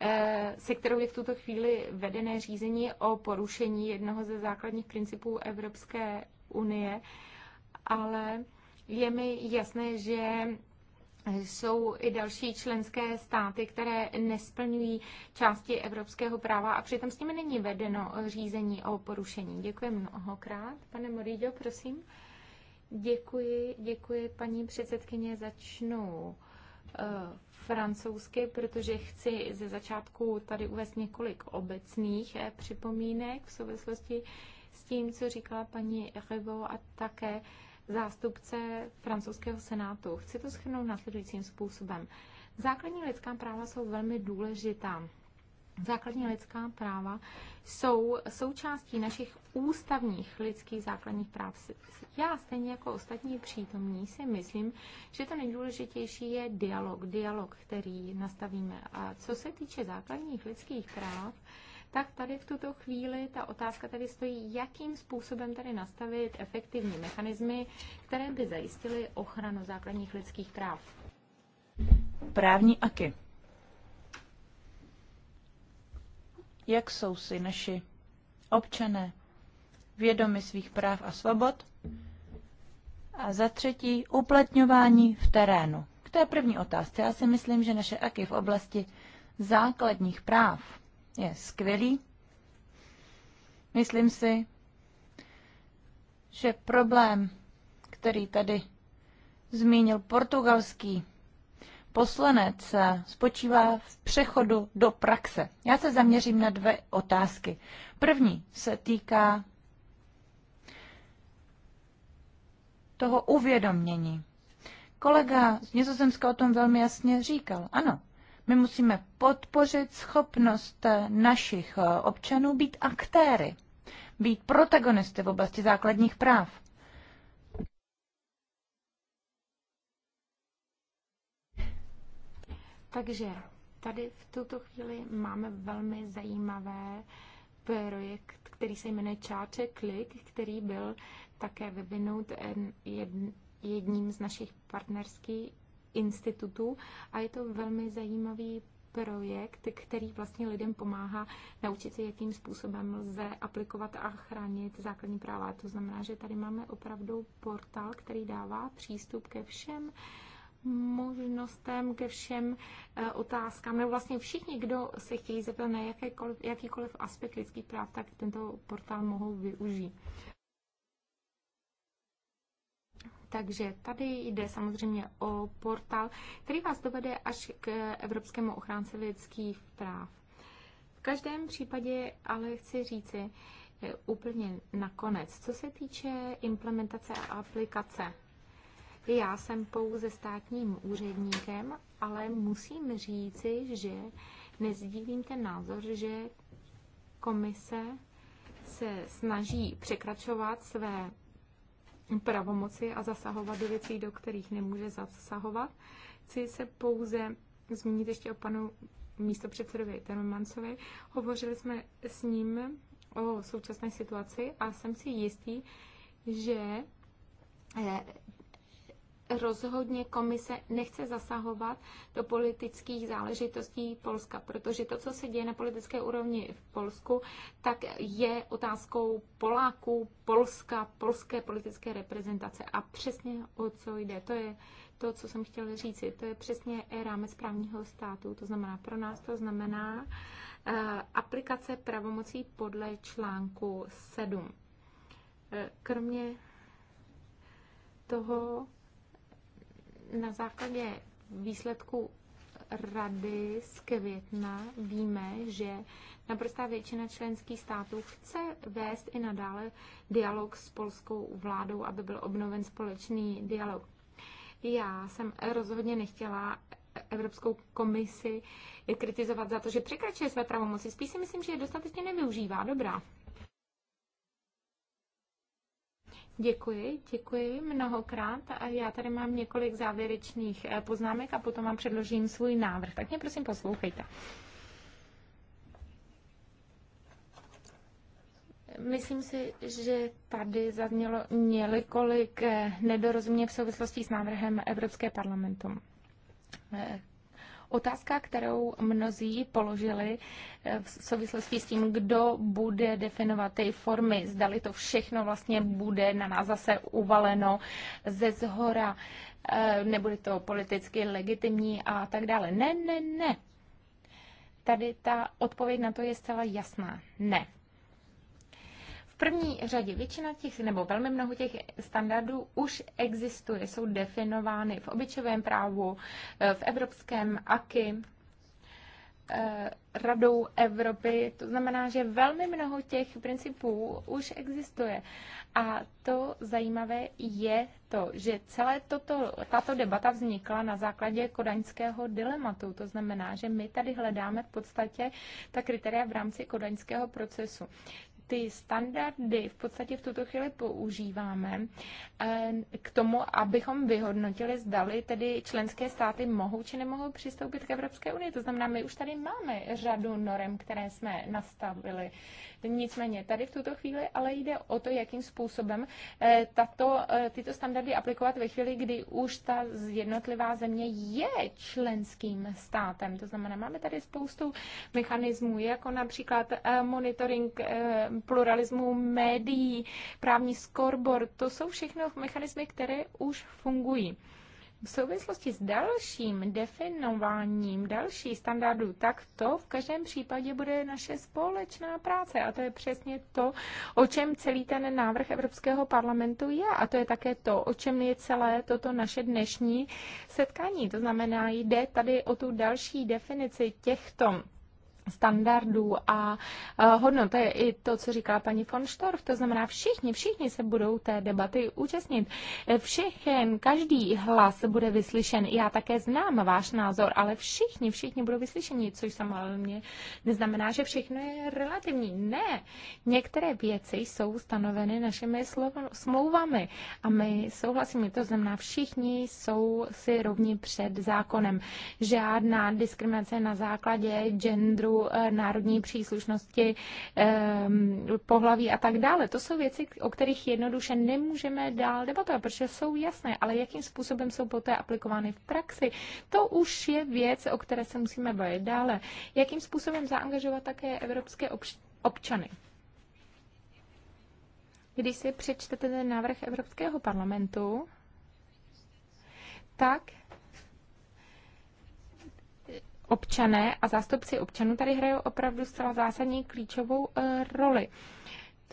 eh, se kterou je v tuto chvíli vedené řízení o porušení jednoho ze základních principů Evropské unie, ale je mi jasné, že jsou i další členské státy, které nesplňují části evropského práva a přitom s nimi není vedeno řízení o porušení. Děkuji mnohokrát. Pane Morido, prosím. Děkuji, děkuji paní předsedkyně. Začnu eh, francouzsky, protože chci ze začátku tady uvést několik obecných eh, připomínek v souvislosti s tím, co říkala paní Revo, a také zástupce francouzského senátu. Chci to schrnout následujícím způsobem. Základní lidská práva jsou velmi důležitá. Základní lidská práva jsou součástí našich ústavních lidských základních práv. Já stejně jako ostatní přítomní si myslím, že to nejdůležitější je dialog, dialog, který nastavíme. A co se týče základních lidských práv, tak tady v tuto chvíli ta otázka tady stojí, jakým způsobem tady nastavit efektivní mechanismy, které by zajistily ochranu základních lidských práv. Právní aky. Jak jsou si naši občané vědomi svých práv a svobod? A za třetí, uplatňování v terénu. K té první otázce já si myslím, že naše aky v oblasti základních práv je skvělý. Myslím si, že problém, který tady zmínil portugalský poslanec, spočívá v přechodu do praxe. Já se zaměřím na dvě otázky. První se týká toho uvědomění. Kolega z Nizozemska o tom velmi jasně říkal. Ano, my musíme podpořit schopnost eh, našich eh, občanů být aktéry, být protagonisty v oblasti základních práv. Takže tady v tuto chvíli máme velmi zajímavé projekt, který se jmenuje Čáče Klik, který byl také vyvinut jedním z našich partnerských Institutu a je to velmi zajímavý projekt, který vlastně lidem pomáhá naučit se, jakým způsobem lze aplikovat a chránit základní práva. To znamená, že tady máme opravdu portál, který dává přístup ke všem možnostem, ke všem eh, otázkám, nebo vlastně všichni, kdo se chtějí zeptat na jakýkoliv aspekt lidských práv, tak tento portál mohou využít. Takže tady jde samozřejmě o portál, který vás dovede až k Evropskému ochránci lidských práv. V každém případě ale chci říci eh, úplně nakonec, co se týče implementace a aplikace. Já jsem pouze státním úředníkem, ale musím říci, že nezdílím ten názor, že komise se snaží překračovat své pravomoci a zasahovat do věcí, do kterých nemůže zasahovat. Chci se pouze zmínit ještě o panu místopředsedovi Termancovi. Hovořili jsme s ním o současné situaci a jsem si jistý, že eh, rozhodně komise nechce zasahovat do politických záležitostí Polska, protože to, co se děje na politické úrovni v Polsku, tak je otázkou Poláků, Polska, polské politické reprezentace. A přesně o co jde, to je to, co jsem chtěla říci, to je přesně rámec právního státu, to znamená pro nás to znamená eh, aplikace pravomocí podle článku 7. Eh, kromě toho na základě výsledku rady z května víme, že naprostá většina členských států chce vést i nadále dialog s polskou vládou, aby byl obnoven společný dialog. Já jsem rozhodně nechtěla Evropskou komisi kritizovat za to, že překračuje své pravomoci. Spíš si myslím, že je dostatečně nevyužívá. Dobrá. Děkuji, děkuji mnohokrát. A já tady mám několik závěrečných eh, poznámek a potom vám předložím svůj návrh. Tak mě prosím poslouchejte. Myslím si, že tady zaznělo několik eh, nedorozumění v souvislosti s návrhem Evropské parlamentu eh, Otázka, kterou mnozí položili eh, v souvislosti s tím, kdo bude definovat ty formy, zdali to všechno vlastně bude na nás zase uvaleno ze zhora, eh, nebude to politicky legitimní a tak dále. Ne, ne, ne. Tady ta odpověď na to je zcela jasná. Ne první řadě většina těch, nebo velmi mnoho těch standardů už existuje, jsou definovány v obyčejovém právu, eh, v evropském AKI, eh, Radou Evropy. To znamená, že velmi mnoho těch principů už existuje. A to zajímavé je to, že celé toto, tato debata vznikla na základě kodaňského dilematu. To znamená, že my tady hledáme v podstatě ta kritéria v rámci kodaňského procesu ty standardy v podstatě v tuto chvíli používáme eh, k tomu, abychom vyhodnotili, zdali tedy členské státy mohou či nemohou přistoupit k Evropské unii. To znamená, my už tady máme řadu norem, které jsme nastavili. Nicméně tady v tuto chvíli ale jde o to, jakým způsobem eh, tato, eh, tyto standardy aplikovat ve chvíli, kdy už ta jednotlivá země je členským státem. To znamená, máme tady spoustu mechanismů, jako například monitoring pluralismu médií, právní scoreboard, to jsou všechno mechanismy, které už fungují. V souvislosti s dalším definováním dalších standardů, tak to v každém případě bude naše společná práce. A to je přesně to, o čem celý ten návrh Evropského parlamentu je. A to je také to, o čem je celé toto naše dnešní setkání. To znamená, jde tady o tu další definici těchto standardů a e, hodnot. To je i to, co říkala paní von Storff, to znamená všichni, všichni se budou té debaty účastnit. E, Všechen, každý hlas bude vyslyšen. Já také znám váš názor, ale všichni, všichni budou vyslyšeni, což samozřejmě neznamená, že všechno je relativní. Ne, některé věci jsou stanoveny našimi smlouvami a my souhlasíme, to znamená všichni jsou si rovni před zákonem. Žádná diskriminace na základě genderu, Eh, národní příslušnosti, pohlaví a tak dále. To jsou věci, o kterých jednoduše nemůžeme dál debatovat, protože jsou jasné, ale jakým způsobem jsou poté aplikovány v praxi, to už je věc, o které se musíme bavit dále. Jakým způsobem zaangažovat také evropské občany? Když si přečtete ten návrh Evropského parlamentu, tak občané a zástupci občanů tady hrají opravdu zcela zásadní klíčovou eh, roli.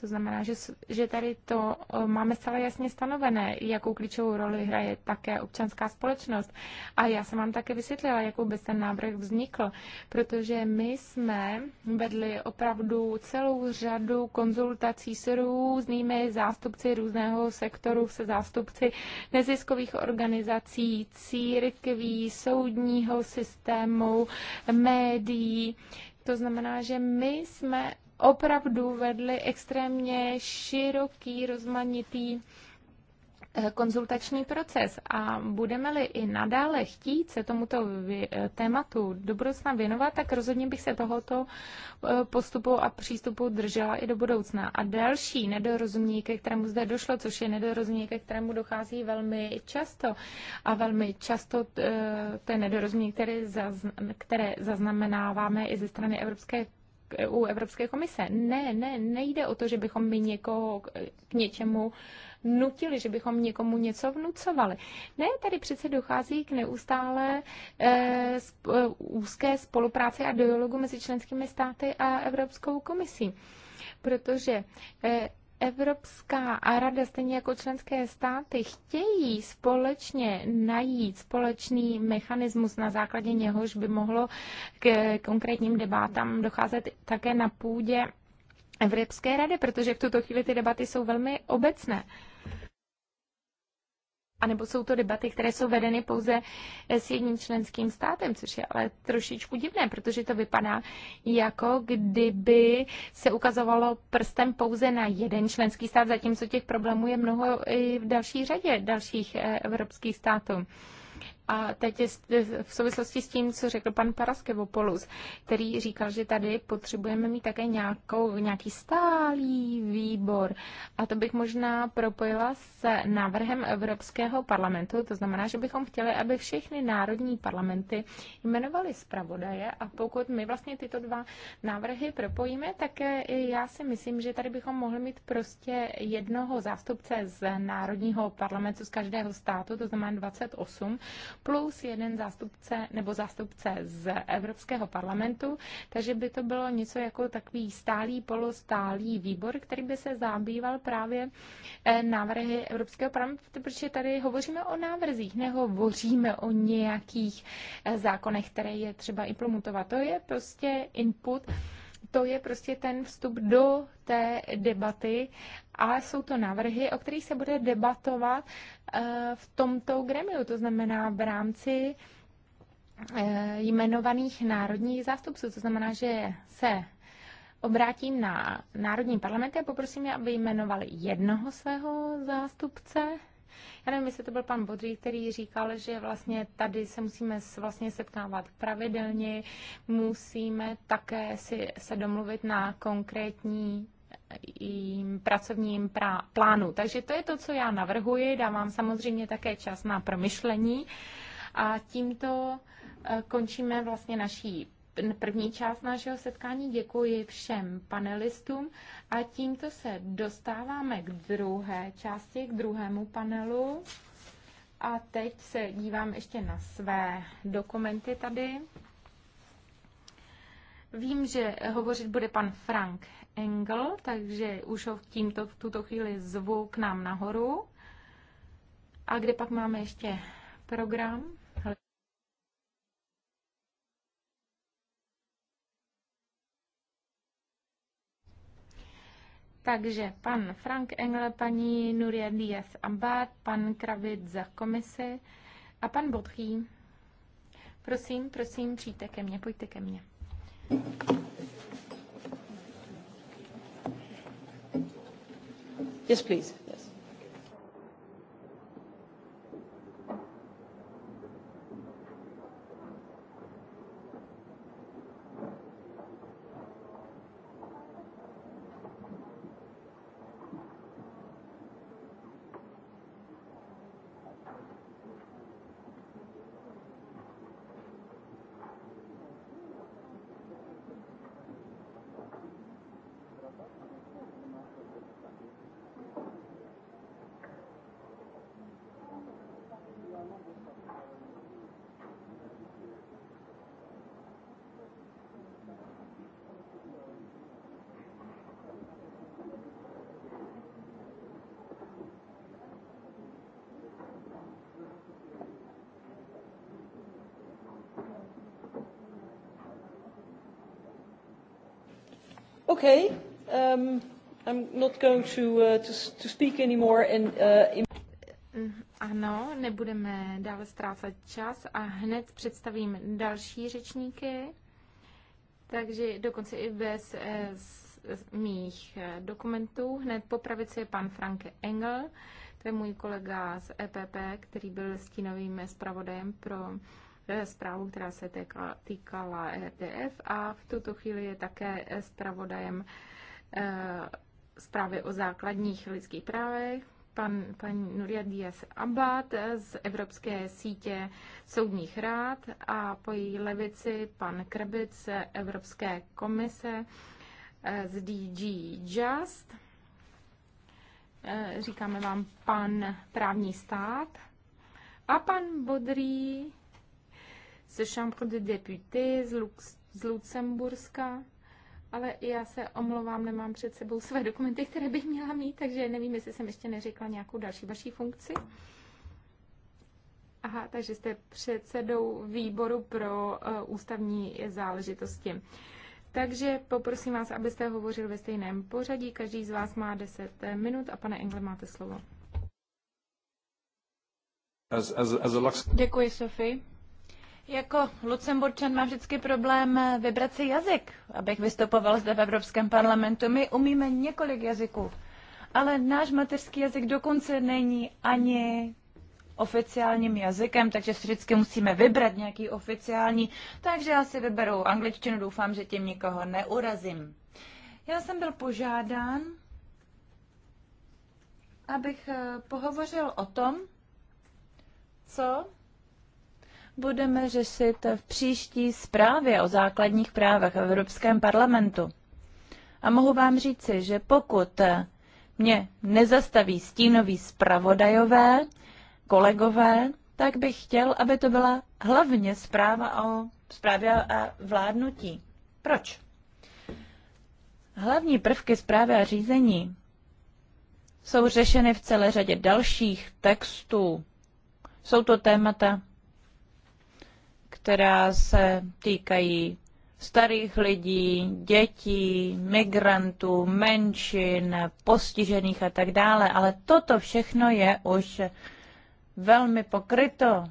To znamená, že, že tady to eh, máme celé jasně stanovené, jakou klíčovou roli hraje také občanská společnost. A já jsem vám také vysvětlila, jak vůbec ten návrh vznikl, protože my jsme vedli opravdu celou řadu konzultací s různými zástupci různého sektoru, se zástupci neziskových organizací, církví, soudního systému, médií. To znamená, že my jsme opravdu vedli extrémně široký, rozmanitý eh, konzultační proces a budeme-li i nadále chtít se tomuto eh, tématu do budoucna věnovat, tak rozhodně bych se tohoto eh, postupu a přístupu držela i do budoucna. A další nedorozumění, ke kterému zde došlo, což je nedorozumění, ke kterému dochází velmi často a velmi často to je nedorozumění, které, které zaznamenáváme i ze strany Evropské u Evropské komise. Ne, ne, nejde o to, že bychom my někoho k něčemu nutili, že bychom někomu něco vnucovali. Ne, tady přece dochází k neustále eh, eh úzké spolupráci a dialogu mezi členskými státy a Evropskou komisí. Protože eh, Evropská rada, stejně jako členské státy, chtějí společně najít společný mechanismus, na základě něhož by mohlo k konkrétním debatám docházet také na půdě Evropské rady, protože v tuto chvíli ty debaty jsou velmi obecné anebo jsou to debaty, které jsou vedeny pouze eh, s jedním členským státem, což je ale trošičku divné, protože to vypadá, jako kdyby se ukazovalo prstem pouze na jeden členský stát, zatímco těch problémů je mnoho i v další řadě dalších eh, evropských států. A teď je v souvislosti s tím, co řekl pan Paraskevopoulos, který říkal, že tady potřebujeme mít také nějakou, nějaký stálý výbor. A to bych možná propojila s návrhem Evropského parlamentu. To znamená, že bychom chtěli, aby všechny národní parlamenty jmenovaly zpravodaje. A pokud my vlastně tyto dva návrhy propojíme, tak eh, já si myslím, že tady bychom mohli mít prostě jednoho zástupce z národního parlamentu z každého státu, to znamená 28 plus jeden zástupce nebo zástupce z Evropského parlamentu, takže by to bylo něco jako takový stálý, polostálý výbor, který by se zabýval právě eh, návrhy Evropského parlamentu, protože tady hovoříme o návrzích, nehovoříme o nějakých eh, zákonech, které je třeba implementovat. To je prostě input, to je prostě ten vstup do té debaty a jsou to návrhy, o kterých se bude debatovat eh, v tomto gremiu, to znamená v rámci eh, jmenovaných národních zástupců. To znamená, že se obrátím na národní parlamenty a poprosím je, aby jmenovali jednoho svého zástupce já nevím, jestli to byl pan Bodrý, který říkal, že vlastně tady se musíme vlastně setkávat pravidelně, musíme také si se domluvit na konkrétní pracovním plánu. Takže to je to, co já navrhuji. Dávám samozřejmě také čas na promyšlení. A tímto eh, končíme vlastně naší první část našeho setkání. Děkuji všem panelistům a tímto se dostáváme k druhé části, k druhému panelu. A teď se dívám ještě na své dokumenty tady. Vím, že hovořit bude pan Frank Engel, takže už ho tímto v tuto chvíli zvu k nám nahoru. A kde pak máme ještě program? Takže pan Frank Engel, paní Nuria Díaz Ambát, pan Kravit za komisi a pan Bodchý. Prosím, prosím, přijďte ke mně, pojďte ke mně. Yes, please. Okay. Um, I'm not going to, uh, to, to speak anymore and, uh, in... Mm, ano, nebudeme dále ztrácet čas a hned představím další řečníky. Takže dokonce i bez eh, z, z mých eh, dokumentů. Hned po pravici je pan Frank Engel, to je můj kolega z EPP, který byl stínovým zpravodajem pro eh, zprávu, která se týkala, e týkala RDF a v tuto chvíli je také zpravodajem eh, zprávy o základních lidských právech pan, paní Nuria Díaz Abad z Evropské sítě soudních rád a po její levici pan Krbic z Evropské komise eh, z DG Just. Eh, říkáme vám pan právní stát a pan Bodrý ze Chambre de député z, Lux, z Lucemburska, ale já se omlouvám, nemám před sebou své dokumenty, které bych měla mít, takže nevím, jestli jsem ještě neřekla nějakou další vaší funkci. Aha, takže jste předsedou výboru pro uh, ústavní záležitosti. Takže poprosím vás, abyste hovořil ve stejném pořadí. Každý z vás má 10 eh, minut a pane Engle, máte slovo. As, as, as a... Děkuji, Sofie. Jako Lucemburčan má vždycky problém eh, vybrat si jazyk, abych vystupoval zde v Evropském parlamentu. My umíme několik jazyků, ale náš mateřský jazyk dokonce není ani oficiálním jazykem, takže si vždycky musíme vybrat nějaký oficiální, takže já si vyberu angličtinu, doufám, že tím nikoho neurazím. Já jsem byl požádán, abych eh, pohovořil o tom, co budeme řešit v příští zprávě o základních právech v Evropském parlamentu. A mohu vám říci, že pokud mě nezastaví stínoví zpravodajové, kolegové, tak bych chtěl, aby to byla hlavně zpráva o zprávě a vládnutí. Proč? Hlavní prvky zprávy a řízení jsou řešeny v celé řadě dalších textů. Jsou to témata, která se týkají starých lidí, dětí, migrantů, menšin, postižených a tak dále. Ale toto všechno je už velmi pokryto.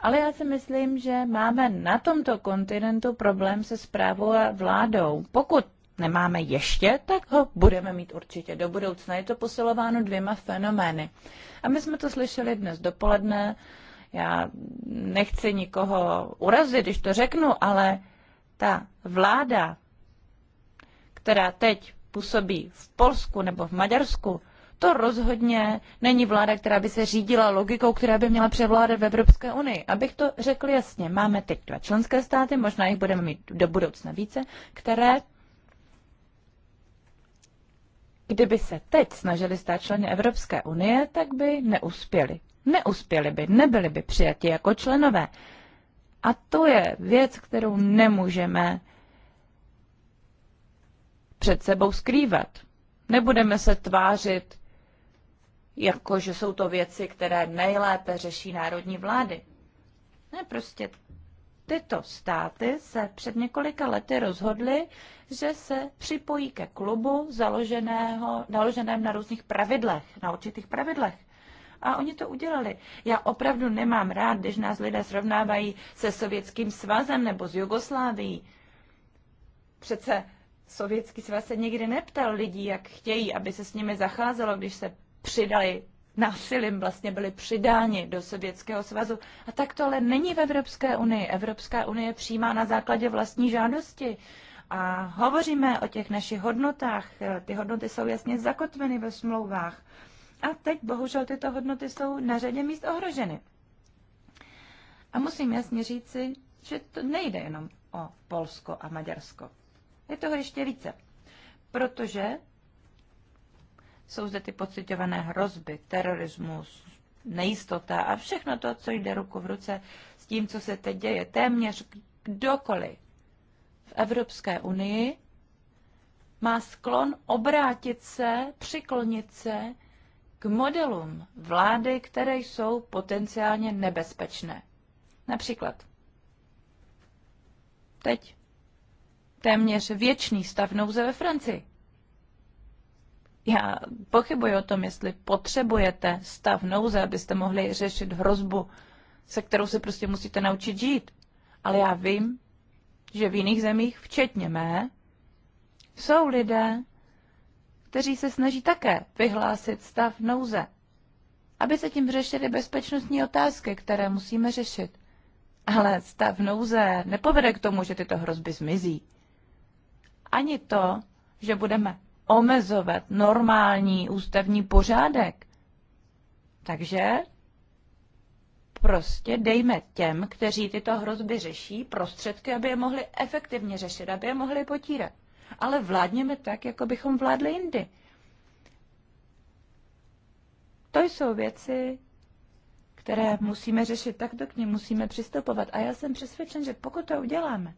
Ale já si myslím, že máme na tomto kontinentu problém se zprávou a vládou. Pokud nemáme ještě, tak ho budeme mít určitě do budoucna. Je to posilováno dvěma fenomény. A my jsme to slyšeli dnes dopoledne já nechci nikoho urazit, když to řeknu, ale ta vláda, která teď působí v Polsku nebo v Maďarsku, to rozhodně není vláda, která by se řídila logikou, která by měla převládat v Evropské unii. Abych to řekl jasně, máme teď dva členské státy, možná jich budeme mít do budoucna více, které kdyby se teď snažili stát členy Evropské unie, tak by neuspěli neuspěli by, nebyli by přijati jako členové. A to je věc, kterou nemůžeme před sebou skrývat. Nebudeme se tvářit, jako že jsou to věci, které nejlépe řeší národní vlády. Ne, prostě tyto státy se před několika lety rozhodly, že se připojí ke klubu založeného, založeném na různých pravidlech, na určitých pravidlech. A oni to udělali. Já opravdu nemám rád, když nás lidé srovnávají se Sovětským svazem nebo s Jugoslávií. Přece Sovětský svaz se nikdy neptal lidí, jak chtějí, aby se s nimi zacházelo, když se přidali násilím vlastně byli přidáni do Sovětského svazu. A tak to ale není v Evropské unii. Evropská unie přijímá na základě vlastní žádosti. A hovoříme o těch našich hodnotách. Ty hodnoty jsou jasně zakotveny ve smlouvách. A teď bohužel tyto hodnoty jsou na řadě míst ohroženy. A musím jasně říci, že to nejde jenom o Polsko a Maďarsko. Je toho ještě více. Protože jsou zde ty pocitované hrozby, terorismus, nejistota a všechno to, co jde ruku v ruce s tím, co se teď děje. Téměř kdokoliv v Evropské unii má sklon obrátit se, přiklonit se k modelům vlády, které jsou potenciálně nebezpečné. Například teď téměř věčný stav nouze ve Francii. Já pochybuji o tom, jestli potřebujete stav nouze, abyste mohli řešit hrozbu, se kterou se prostě musíte naučit žít. Ale já vím, že v jiných zemích, včetně mé, jsou lidé, kteří se snaží také vyhlásit stav nouze, aby se tím řešily bezpečnostní otázky, které musíme řešit. Ale stav nouze nepovede k tomu, že tyto hrozby zmizí. Ani to, že budeme omezovat normální ústavní pořádek. Takže prostě dejme těm, kteří tyto hrozby řeší, prostředky, aby je mohli efektivně řešit, aby je mohli potírat ale vládněme tak, jako bychom vládli jindy. To jsou věci, které musíme řešit, takto k ním musíme přistupovat. A já jsem přesvědčen, že pokud to uděláme,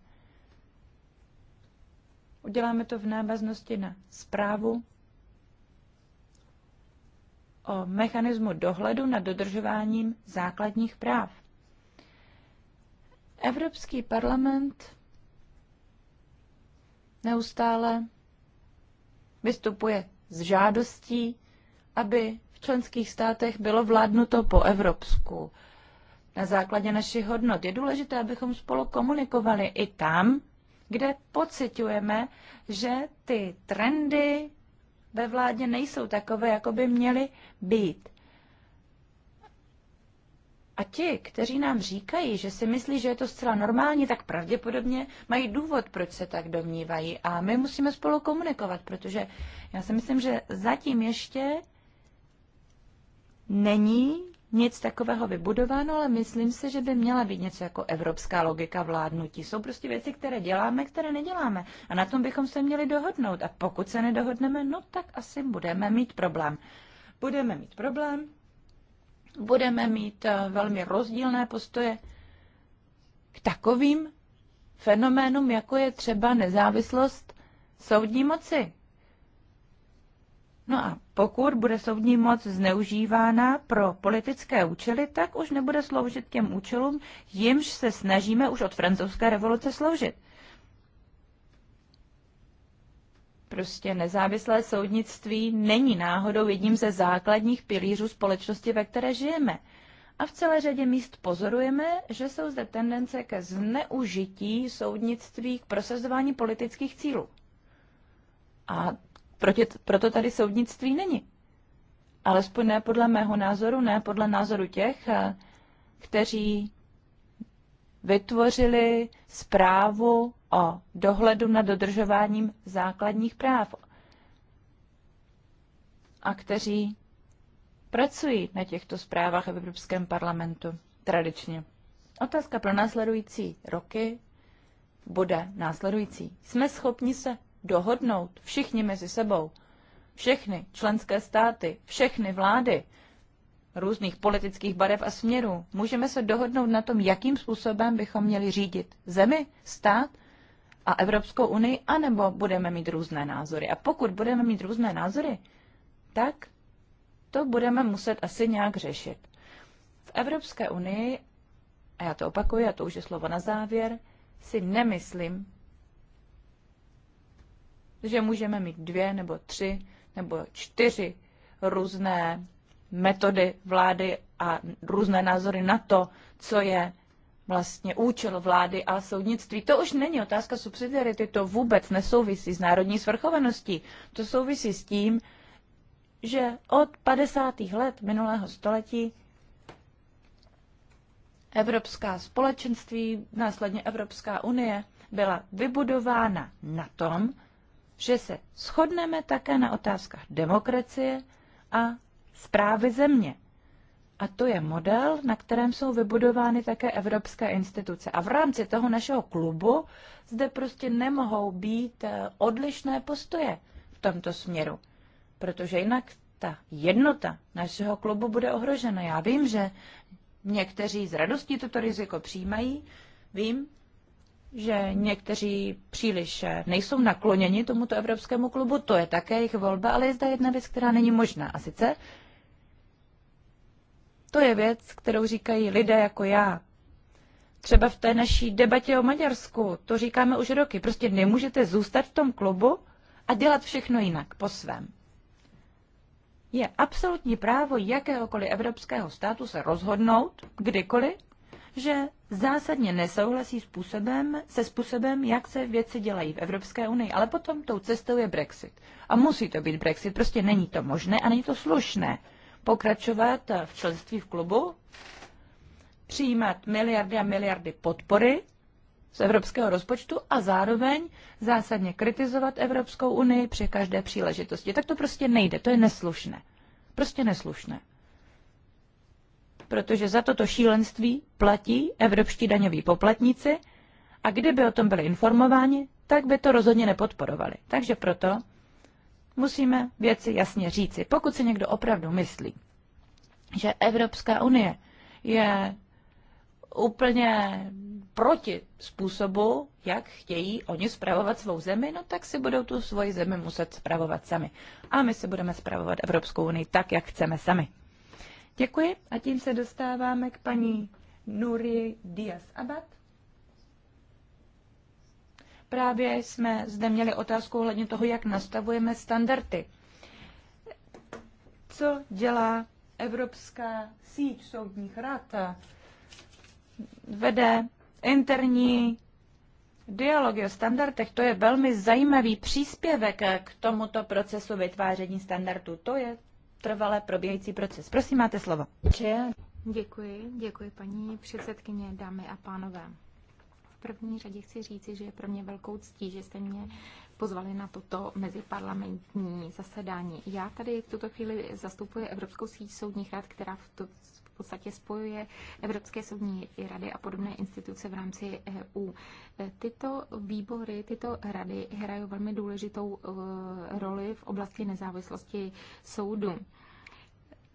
uděláme to v návaznosti na zprávu o mechanismu dohledu nad dodržováním základních práv. Evropský parlament neustále vystupuje s žádostí, aby v členských státech bylo vládnuto po evropsku. Na základě našich hodnot je důležité, abychom spolu komunikovali i tam, kde pocitujeme, že ty trendy ve vládě nejsou takové, jako by měly být. A ti, kteří nám říkají, že si myslí, že je to zcela normální, tak pravděpodobně mají důvod, proč se tak domnívají. A my musíme spolu komunikovat, protože já si myslím, že zatím ještě není nic takového vybudováno, ale myslím si, že by měla být něco jako evropská logika vládnutí. Jsou prostě věci, které děláme, které neděláme. A na tom bychom se měli dohodnout. A pokud se nedohodneme, no tak asi budeme mít problém. Budeme mít problém, budeme mít eh, velmi rozdílné postoje k takovým fenoménům, jako je třeba nezávislost soudní moci. No a pokud bude soudní moc zneužívána pro politické účely, tak už nebude sloužit těm účelům, jimž se snažíme už od francouzské revoluce sloužit. Prostě nezávislé soudnictví není náhodou jedním ze základních pilířů společnosti, ve které žijeme. A v celé řadě míst pozorujeme, že jsou zde tendence ke zneužití soudnictví k prosazování politických cílů. A proti, proto tady soudnictví není. Alespoň ne podle mého názoru, ne podle názoru těch, eh, kteří vytvořili zprávu o dohledu nad dodržováním základních práv a kteří pracují na těchto zprávách v Evropském parlamentu tradičně. Otázka pro následující roky bude následující. Jsme schopni se dohodnout všichni mezi sebou, všechny členské státy, všechny vlády různých politických barev a směrů. Můžeme se dohodnout na tom, jakým způsobem bychom měli řídit zemi, stát a Evropskou unii, anebo budeme mít různé názory. A pokud budeme mít různé názory, tak to budeme muset asi nějak řešit. V Evropské unii, a já to opakuji, a to už je slovo na závěr, si nemyslím, že můžeme mít dvě nebo tři nebo čtyři různé metody vlády a různé názory na to, co je vlastně účel vlády a soudnictví. To už není otázka subsidiarity, to vůbec nesouvisí s národní svrchovaností. To souvisí s tím, že od 50. let minulého století Evropská společenství, následně Evropská unie, byla vybudována na tom, že se shodneme také na otázkách demokracie a zprávy země. A to je model, na kterém jsou vybudovány také evropské instituce. A v rámci toho našeho klubu zde prostě nemohou být eh, odlišné postoje v tomto směru, protože jinak ta jednota našeho klubu bude ohrožena. Já vím, že někteří z radostí toto riziko přijímají, vím, že někteří příliš eh, nejsou nakloněni tomuto Evropskému klubu, to je také jejich volba, ale je zde jedna věc, která není možná. A sice, to je věc, kterou říkají lidé jako já. Třeba v té naší debatě o Maďarsku, to říkáme už roky, prostě nemůžete zůstat v tom klubu a dělat všechno jinak po svém. Je absolutní právo jakéhokoliv evropského státu se rozhodnout kdykoliv, že zásadně nesouhlasí způsobem, se způsobem, jak se věci dělají v Evropské unii, ale potom tou cestou je Brexit. A musí to být Brexit, prostě není to možné a není to slušné pokračovat v členství v klubu, přijímat miliardy a miliardy podpory z evropského rozpočtu a zároveň zásadně kritizovat Evropskou unii při každé příležitosti. Tak to prostě nejde, to je neslušné. Prostě neslušné. Protože za toto šílenství platí evropští daňoví poplatníci a kdyby o tom byli informováni, tak by to rozhodně nepodporovali. Takže proto musíme věci jasně říci. Pokud si někdo opravdu myslí, že Evropská unie je úplně proti způsobu, jak chtějí oni spravovat svou zemi, no tak si budou tu svoji zemi muset spravovat sami. A my si budeme spravovat Evropskou unii tak, jak chceme sami. Děkuji a tím se dostáváme k paní Nuri Diaz Abad. Právě jsme zde měli otázku ohledně toho, jak nastavujeme standardy. Co dělá Evropská síť soudních rad? Vede interní dialogy o standardech. To je velmi zajímavý příspěvek k tomuto procesu vytváření standardů. To je trvalé probíhající proces. Prosím, máte slovo. Děkuji, děkuji paní předsedkyně, dámy a pánové první řadě chci říci, že je pro mě velkou ctí, že jste mě pozvali na toto meziparlamentní zasedání. Já tady v tuto chvíli zastupuji Evropskou síť soudních rad, která v, to, v podstatě spojuje Evropské soudní rady a podobné instituce v rámci EU. Tyto výbory, tyto rady hrají velmi důležitou e, roli v oblasti nezávislosti soudu.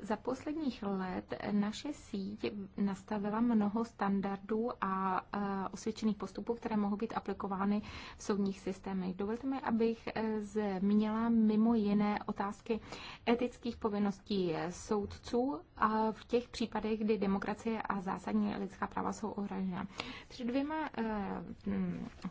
Za posledních let naše síť nastavila mnoho standardů a osvědčených postupů, které mohou být aplikovány v soudních systémech. Dovolte mi, abych e, zmínila mimo jiné otázky etických povinností soudců a v těch případech, kdy demokracie a zásadní lidská práva jsou ohrožena. Před dvěma e,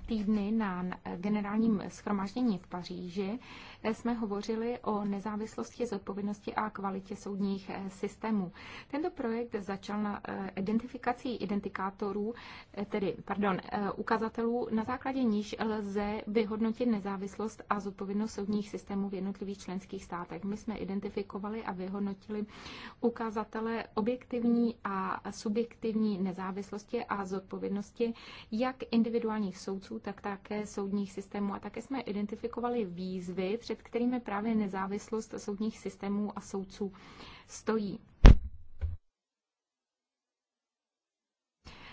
týdny na generálním schromáždění v Paříži jsme hovořili o nezávislosti, zodpovědnosti a kvalitě soudních eh, systémů. Tento projekt začal na eh, identifikací identikátorů, eh, tedy, pardon, ukazatelů, na základě níž lze vyhodnotit nezávislost a zodpovědnost soudních systémů v jednotlivých členských státech. My jsme identifikovali a vyhodnotili ukazatele objektivní a subjektivní nezávislosti a zodpovědnosti jak individuálních soudců, tak také soudních systémů. A také jsme identifikovali výzvy, před kterými právě nezávislost soudních systémů a soudců stojí.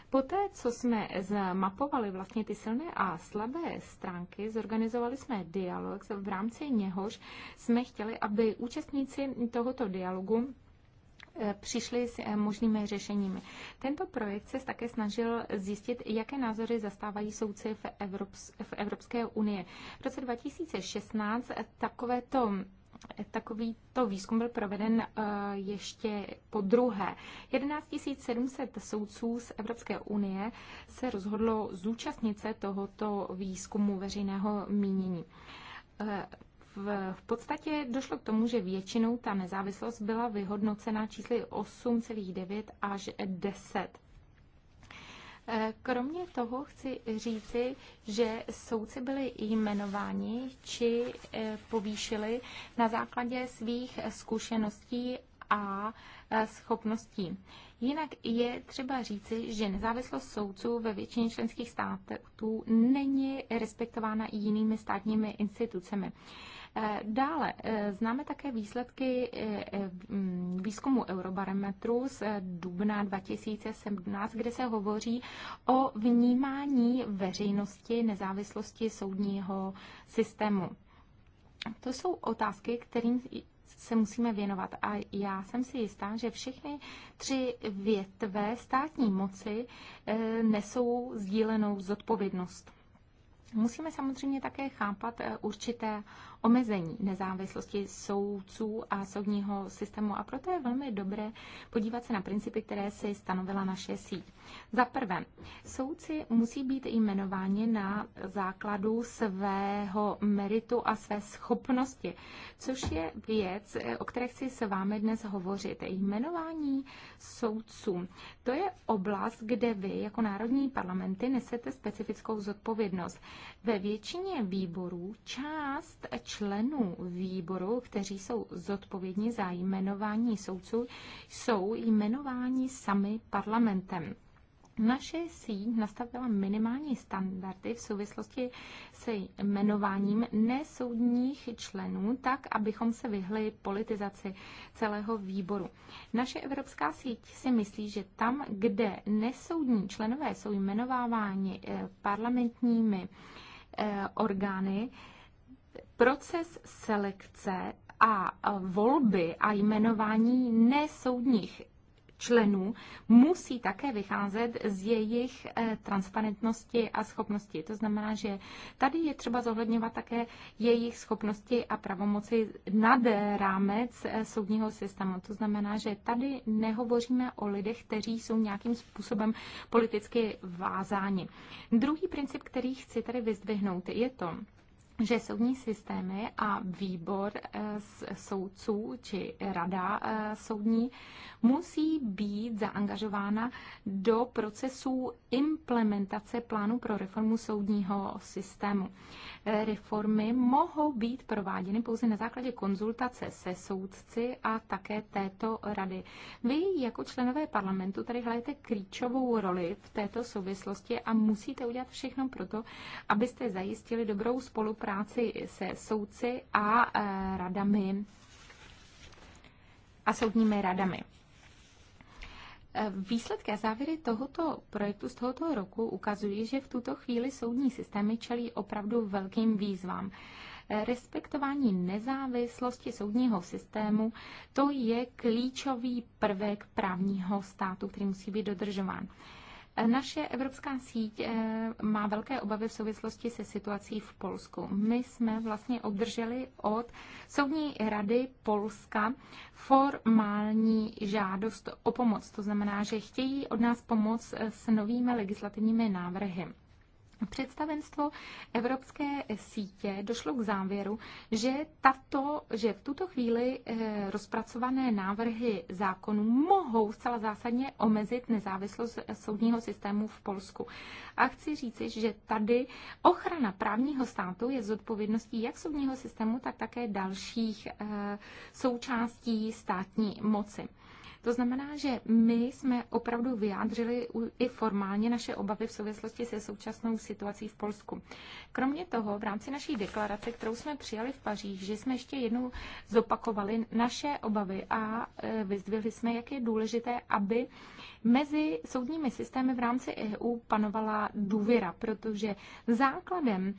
Poté, co jsme zmapovali vlastně ty silné a slabé stránky, zorganizovali jsme dialog, v rámci něhož jsme chtěli, aby účastníci tohoto dialogu Eh, přišli s eh, možnými řešeními. Tento projekt se také snažil zjistit, jaké názory zastávají soudci v, Evrops- v Evropské unii. V roce 2016 takovéto Takovýto výzkum byl proveden eh, ještě po druhé. 11 700 soudců z Evropské unie se rozhodlo zúčastnit se tohoto výzkumu veřejného mínění v, v podstatě došlo k tomu, že většinou ta nezávislost byla vyhodnocena čísly 8,9 až 10. Eh, kromě toho chci říci, že soudci byli jmenováni či eh, povýšili na základě svých zkušeností a eh, schopností. Jinak je třeba říci, že nezávislost soudců ve většině členských států není respektována i jinými státními institucemi. Eh, dále eh, známe také výsledky eh, mm, výzkumu Eurobarometru z dubna 2017, kde se hovoří o vnímání veřejnosti nezávislosti soudního systému. To jsou otázky, kterým se musíme věnovat. A já jsem si jistá, že všechny tři větve státní moci nesou sdílenou zodpovědnost. Musíme samozřejmě také chápat určité omezení nezávislosti soudců a soudního systému. A proto je velmi dobré podívat se na principy, které si stanovila naše síť. Za prvé, soudci musí být jmenováni na základu svého meritu a své schopnosti, což je věc, o které chci s vámi dnes hovořit. Jmenování soudců. To je oblast, kde vy jako národní parlamenty nesete specifickou zodpovědnost. Ve většině výborů část členů výboru, kteří jsou zodpovědní za jmenování soudců, jsou jmenováni sami parlamentem. Naše síť nastavila minimální standardy v souvislosti se jmenováním nesoudních členů, tak, abychom se vyhli politizaci celého výboru. Naše evropská síť si myslí, že tam, kde nesoudní členové jsou jmenováváni eh, parlamentními eh, orgány, proces selekce a volby a jmenování nesoudních členů musí také vycházet z jejich eh, transparentnosti a schopnosti. To znamená, že tady je třeba zohledňovat také jejich schopnosti a pravomoci nad rámec eh, soudního systému. To znamená, že tady nehovoříme o lidech, kteří jsou nějakým způsobem politicky vázáni. Druhý princip, který chci tady vyzdvihnout, je to, že soudní systémy a výbor eh, soudců či rada eh, soudní musí být zaangažována do procesů implementace plánu pro reformu soudního systému. Eh, reformy mohou být prováděny pouze na základě konzultace se soudci a také této rady. Vy jako členové parlamentu tady hrajete klíčovou roli v této souvislosti a musíte udělat všechno proto, abyste zajistili dobrou spolupráci spolupráci se soudci a e, radami a soudními radami. E, výsledky a závěry tohoto projektu z tohoto roku ukazují, že v tuto chvíli soudní systémy čelí opravdu velkým výzvám. E, respektování nezávislosti soudního systému, to je klíčový prvek právního státu, který musí být dodržován. Mhm. Naše evropská síť eh, má velké obavy v souvislosti se situací v Polsku. My jsme vlastně obdrželi od Soudní rady Polska formální žádost o pomoc. To znamená, že chtějí od nás pomoc s novými legislativními návrhy. Představenstvo Evropské sítě došlo k závěru, že, tato, že v tuto chvíli eh, rozpracované návrhy zákonů mohou zcela zásadně omezit nezávislost soudního systému v Polsku. A chci říci, že tady ochrana právního státu je zodpovědností jak soudního systému, tak také dalších eh, součástí státní moci. To znamená, že my jsme opravdu vyjádřili i formálně naše obavy v souvislosti se současnou situací v Polsku. Kromě toho, v rámci naší deklarace, kterou jsme přijali v že jsme ještě jednou zopakovali naše obavy a e, vyzdvihli jsme, jak je důležité, aby mezi soudními systémy v rámci EU panovala důvěra, protože základem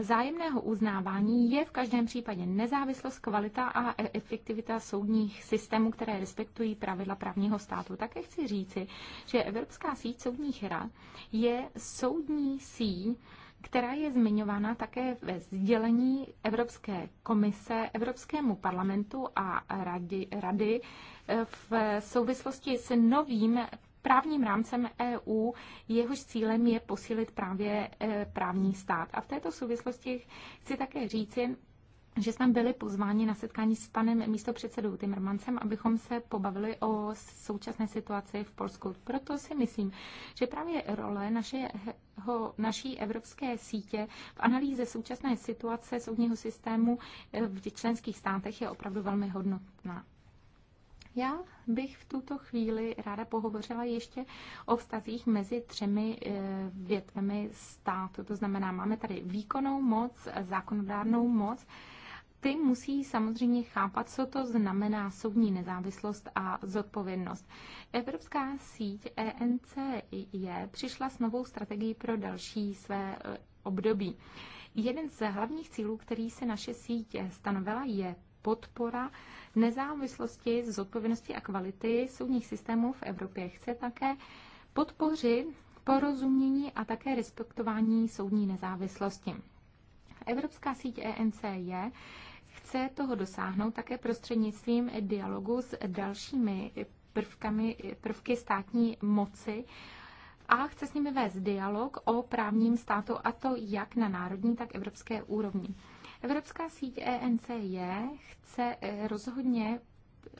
zájemného uznávání je v každém případě nezávislost, kvalita a e- efektivita soudních systémů, které respektují pravidla pravidla právního státu. Také chci říci, že Evropská síť soudních rad je soudní síť, která je zmiňována také ve sdělení Evropské komise, Evropskému parlamentu a rady, rady eh, v souvislosti s novým právním rámcem EU, jehož cílem je posílit právě eh, právní stát. A v této souvislosti chci také říci, že jsme byli pozváni na setkání s panem místopředsedou Timmermansem, abychom se pobavili o současné situaci v Polsku. Proto si myslím, že právě role našeho, naší evropské sítě v analýze současné situace soudního systému eh, v členských státech je opravdu velmi hodnotná. Já bych v tuto chvíli ráda pohovořila ještě o vztazích mezi třemi eh, větvemi státu. To znamená, máme tady výkonnou moc, zákonodárnou moc, ty musí samozřejmě chápat, co to znamená soudní nezávislost a zodpovědnost. Evropská síť ENCIE e přišla s novou strategií pro další své eh, období. Jeden z hlavních cílů, který se naše sítě stanovila, je podpora nezávislosti, zodpovědnosti a kvality soudních systémů v Evropě. Chce také podpořit porozumění a také respektování soudní nezávislosti. Evropská síť ENC je chce toho dosáhnout také prostřednictvím dialogu s dalšími prvkami, prvky státní moci a chce s nimi vést dialog o právním státu a to jak na národní, tak evropské úrovni. Evropská síť ENCJ chce eh, rozhodně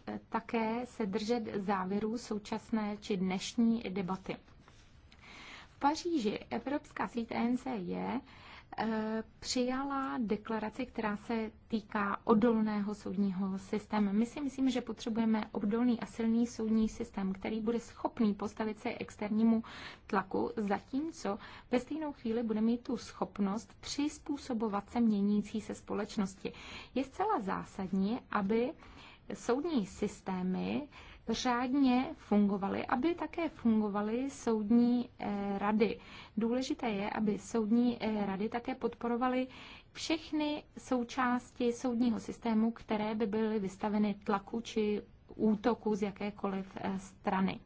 eh, také se držet závěrů současné či dnešní debaty. V Paříži Evropská síť ENCJ Eh, přijala deklaraci, která se týká odolného soudního systému. My si myslíme, že potřebujeme odolný a silný soudní systém, který bude schopný postavit se externímu tlaku, zatímco ve stejnou chvíli bude mít tu schopnost přizpůsobovat se měnící se společnosti. Je zcela zásadní, aby soudní systémy řádně fungovaly, aby také fungovaly soudní eh, rady. Důležité je, aby soudní eh, rady také podporovaly všechny součásti soudního systému, které by byly vystaveny tlaku či útoku z jakékoliv eh, strany.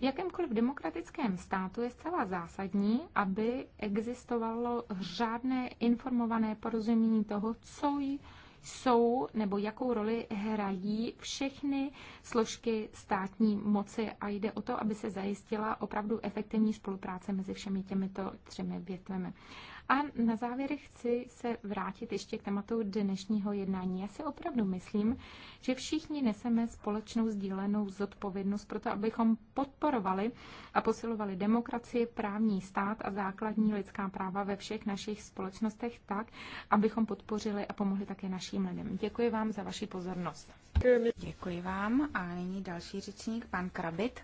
V jakémkoliv demokratickém státu je zcela zásadní, aby existovalo řádné informované porozumění toho, co jí jsou nebo jakou roli hrají všechny složky státní moci a jde o to, aby se zajistila opravdu efektivní spolupráce mezi všemi těmito třemi větvemi. A na závěr chci se vrátit ještě k tématu dnešního jednání. Já si opravdu myslím, že všichni neseme společnou sdílenou zodpovědnost pro to, abychom podporovali a posilovali demokracii, právní stát a základní lidská práva ve všech našich společnostech tak, abychom podpořili a pomohli také našim lidem. Děkuji vám za vaši pozornost. Děkuji vám a nyní další řečník, pan Krabit.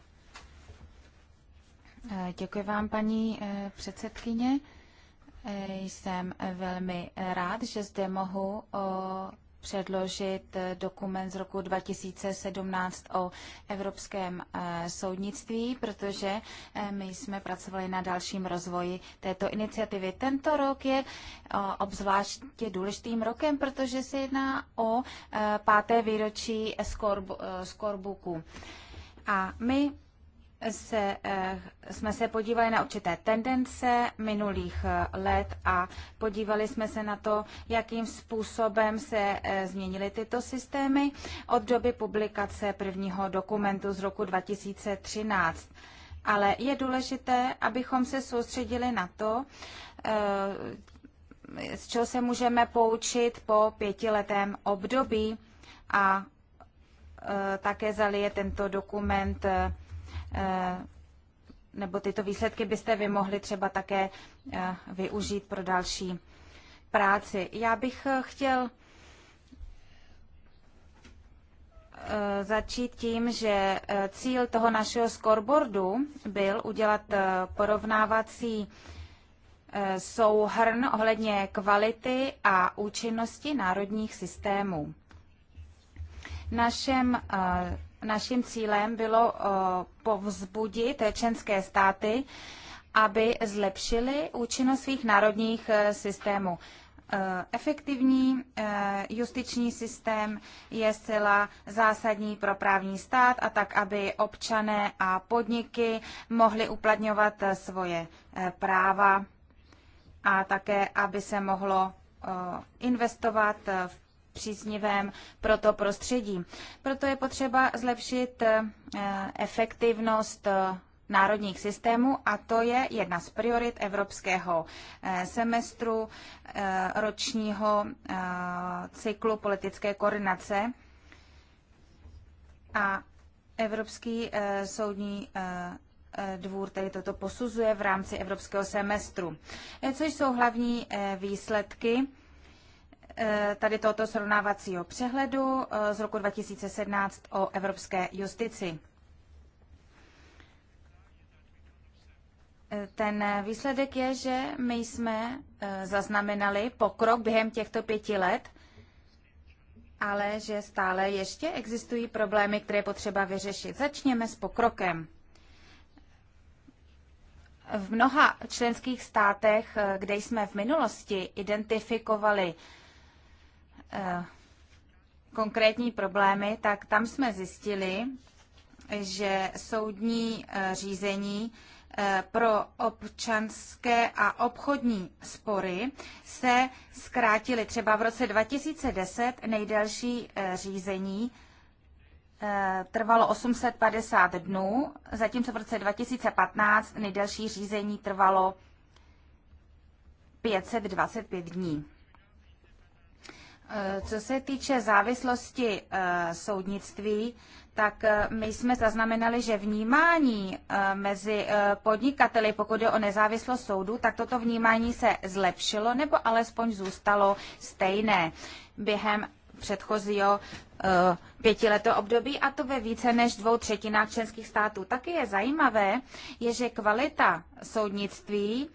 Eh, děkuji vám, paní eh, předsedkyně. Jsem velmi rád, že zde mohu předložit eh, dokument z roku 2017 o evropském eh, soudnictví, protože eh, my jsme pracovali na dalším rozvoji této iniciativy. Tento rok je obzvláště důležitým rokem, protože se jedná o páté výročí skorbuku. A my se, eh, jsme se podívali na určité tendence minulých eh, let a podívali jsme se na to, jakým způsobem se eh, změnily tyto systémy od doby publikace prvního dokumentu z roku 2013. Ale je důležité, abychom se soustředili na to, z čeho se můžeme poučit po pětiletém období a také zali je tento dokument Eh, nebo tyto výsledky byste vy mohli třeba také eh, využít pro další práci. Já bych eh, chtěl začít tím, že cíl toho našeho scoreboardu byl udělat porovnávací souhrn ohledně kvality a účinnosti národních systémů. Naším našem naším cílem bylo eh, povzbudit členské státy, aby zlepšili účinnost svých národních eh, systémů. Eh, efektivní justiční systém je zcela zásadní pro právní stát a tak, aby občané a podniky mohli uplatňovat svoje práva a také, aby se mohlo investovat v příznivém pro to prostředí. Proto je potřeba zlepšit eh, efektivnost eh, národních systémů a to je jedna z priorit evropského eh, semestru ročního cyklu politické koordinace a Evropský soudní dvůr tedy toto posuzuje v rámci evropského semestru. Co jsou hlavní výsledky? Eh, tady tohoto srovnávacího přehledu eh, z roku 2017 o evropské justici. Eh, ten výsledek je, že my jsme zaznamenali pokrok během těchto pěti let, ale že stále ještě existují problémy, které potřeba vyřešit. Začněme s pokrokem. V mnoha členských státech, kde jsme v minulosti identifikovali Eh, konkrétní problémy, tak tam jsme zjistili, že soudní eh, řízení eh, pro občanské a obchodní spory se zkrátily. Třeba v roce 2010 nejdelší řízení trvalo 850 dnů, zatímco v roce 2015 nejdelší řízení trvalo 525 dní. Eh, co se týče závislosti eh, soudnictví, tak eh, my jsme zaznamenali, že vnímání mezi podnikateli, pokud je o nezávislost soudu, tak toto vnímání se zlepšilo nebo alespoň zůstalo stejné během předchozího pětileto období a to ve více než dvou třetinách členských států. Taky je zajímavé, je, že kvalita soudnictví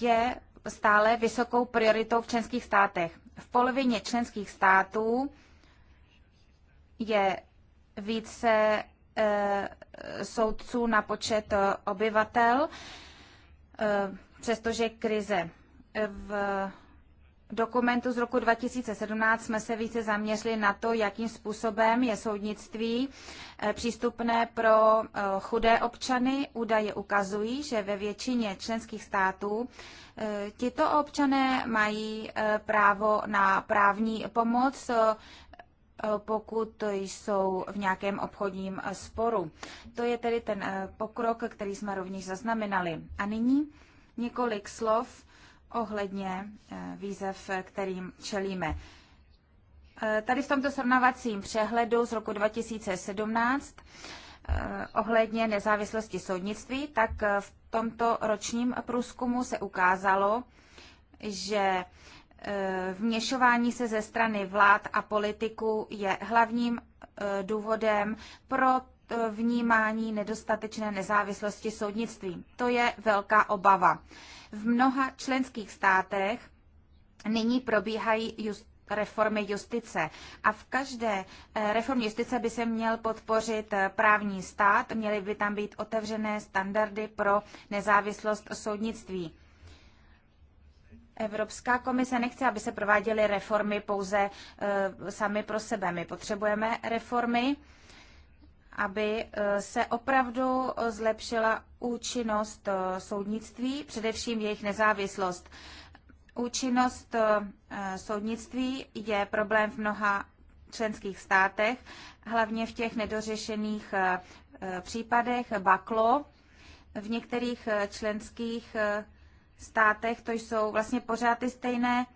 je stále vysokou prioritou v členských státech v polovině členských států je více eh, soudců na počet eh, obyvatel, eh, přestože krize v dokumentu z roku 2017 jsme se více zaměřili na to, jakým způsobem je soudnictví eh, přístupné pro eh, chudé občany. Údaje ukazují, že ve většině členských států eh, tito občané mají právo na právní pomoc pokud jsou v nějakém obchodním sporu. To je tedy ten pokrok, který jsme rovněž zaznamenali. A nyní několik slov ohledně eh, výzev, kterým čelíme. Eh, tady v tomto srovnavacím přehledu z roku 2017 eh, ohledně nezávislosti soudnictví, tak v tomto ročním průzkumu se ukázalo, že vměšování se ze strany vlád a politiků je hlavním důvodem pro vnímání nedostatečné nezávislosti soudnictví. To je velká obava. V mnoha členských státech nyní probíhají just, reformy justice. A v každé eh, reformě justice by se měl podpořit eh, právní stát, měly by tam být otevřené standardy pro nezávislost soudnictví. Evropská komise nechce, aby se prováděly reformy pouze e, sami pro sebe. My potřebujeme reformy aby eh, se opravdu eh, zlepšila účinnost eh, soudnictví, především jejich nezávislost. Účinnost soudnictví je problém v mnoha členských státech, hlavně v těch nedořešených případech baklo. V některých členských státech to jsou vlastně pořád ty stejné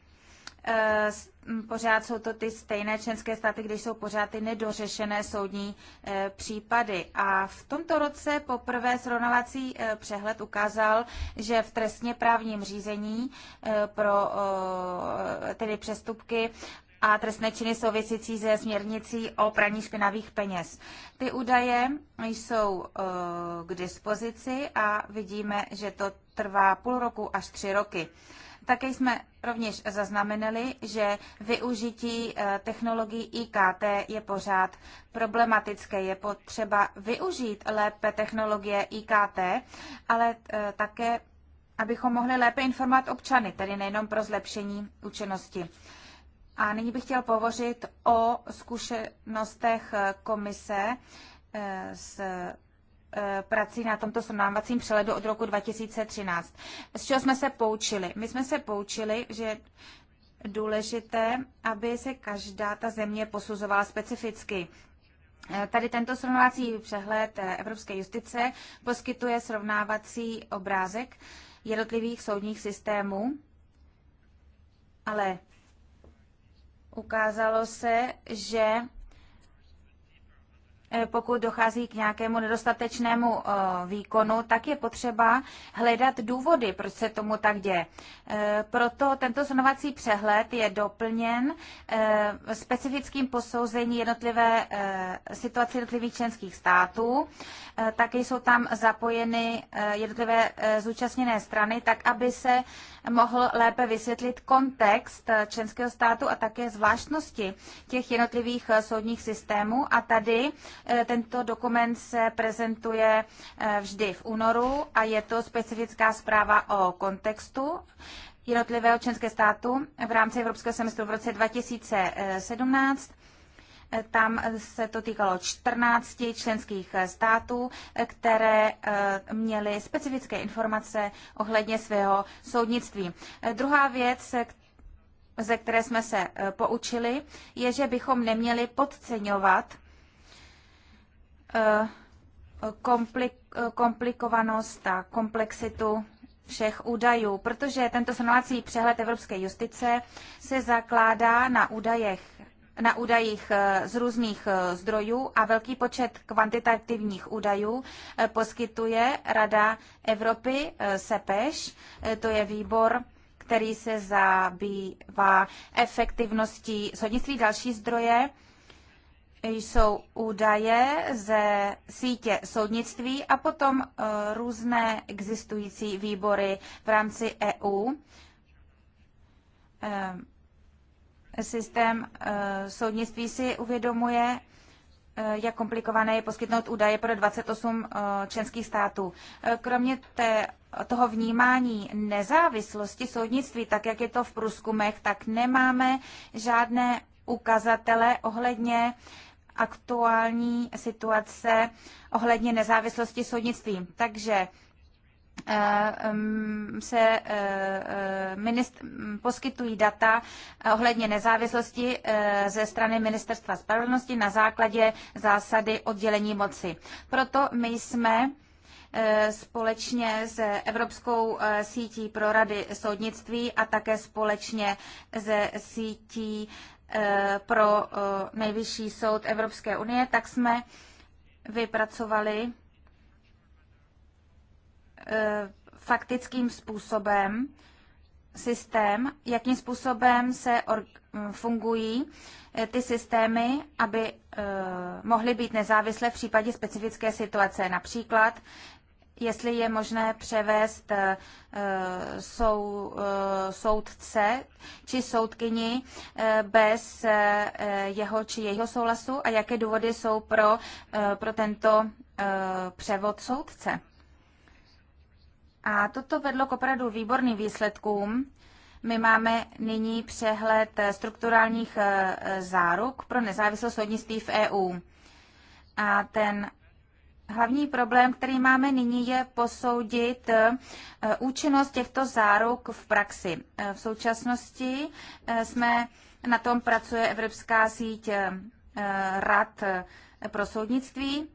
Eh, pořád jsou to ty stejné členské státy, kde jsou pořád ty nedořešené soudní eh, případy. A v tomto roce poprvé srovnavací eh, přehled ukázal, že v trestně právním řízení pro tedy přestupky a trestné činy souvisící se směrnicí o praní špinavých peněz. Ty údaje jsou k dispozici a vidíme, že to trvá půl roku až tři roky. Také jsme rovněž zaznamenali, že využití eh, technologií IKT je pořád problematické. Je potřeba využít lépe technologie IKT, ale eh, také, abychom mohli lépe informovat občany, tedy nejenom pro zlepšení účinnosti. A nyní bych chtěl povořit o zkušenostech eh, komise s Eh, prací na tomto srovnávacím přeledu od roku 2013. Z čeho jsme se poučili? My jsme se poučili, že důležité, aby se každá ta země posuzovala specificky. Eh, tady tento srovnávací přehled eh, Evropské justice poskytuje srovnávací obrázek jednotlivých soudních systémů, ale ukázalo se, že Eh, pokud dochází k nějakému nedostatečnému eh, výkonu, tak je potřeba hledat důvody, proč se tomu tak děje. Eh, proto tento zhrnovací přehled je doplněn specifickým posouzení jednotlivé situace jednotlivých členských států. Také jsou tam zapojeny jednotlivé zúčastněné strany, tak aby se mohl lépe vysvětlit kontext členského státu a také zvláštnosti těch jednotlivých soudních systémů. A tady Eh, tento dokument se prezentuje eh, vždy v únoru a je to specifická zpráva o kontextu jednotlivého členského státu v rámci Evropského semestru v roce 2017. Eh, tam se to týkalo 14 členských států, které měly specifické informace ohledně svého soudnictví. Druhá věc, ze které jsme se poučili, je, že bychom neměli podceňovat Eh, eh, komplikovanost a komplexitu všech údajů, protože tento srovnávací přehled evropské justice se zakládá na údajech na údajích eh, z různých zdrojů a velký počet kvantitativních údajů poskytuje Rada Evropy SEPEŠ, to je výbor, který se zabývá efektivností soudnictví další zdroje, jsou údaje ze sítě soudnictví a potom eh, různé existující výbory v rámci EU. Eh, systém eh, soudnictví si uvědomuje, jak komplikované je poskytnout údaje pro 28 členských států. Kromě té, toho vnímání nezávislosti soudnictví, tak jak je to v průzkumech, tak nemáme žádné ukazatele ohledně uh, aktuální situace ohledně nezávislosti soudnictví. Takže eh, se eh, eh, ministr, poskytují data ohledně nezávislosti ze strany Ministerstva spravedlnosti na základě zásady oddělení moci. Proto my jsme společně s Evropskou sítí pro rady soudnictví a také společně se sítí Eh, pro eh, nejvyšší soud Evropské unie, tak jsme vypracovali eh, faktickým způsobem systém, jakým způsobem se mm, fungují ty systémy, aby mohly být nezávislé v případě specifické situace. Například jestli je možné převést eh, sou, eh, soudce či soudkyni eh, bez jeho či jejího souhlasu a jaké důvody jsou pro, pro tento převod soudce. A toto vedlo k opravdu výborným výsledkům. My máme nyní přehled strukturálních záruk pro nezávislost soudnictví v EU. A ten Hlavní problém, který máme nyní, je posoudit eh, účinnost těchto záruk v praxi. Eh, v současnosti eh, jsme na tom pracuje Evropská síť rad pro soudnictví,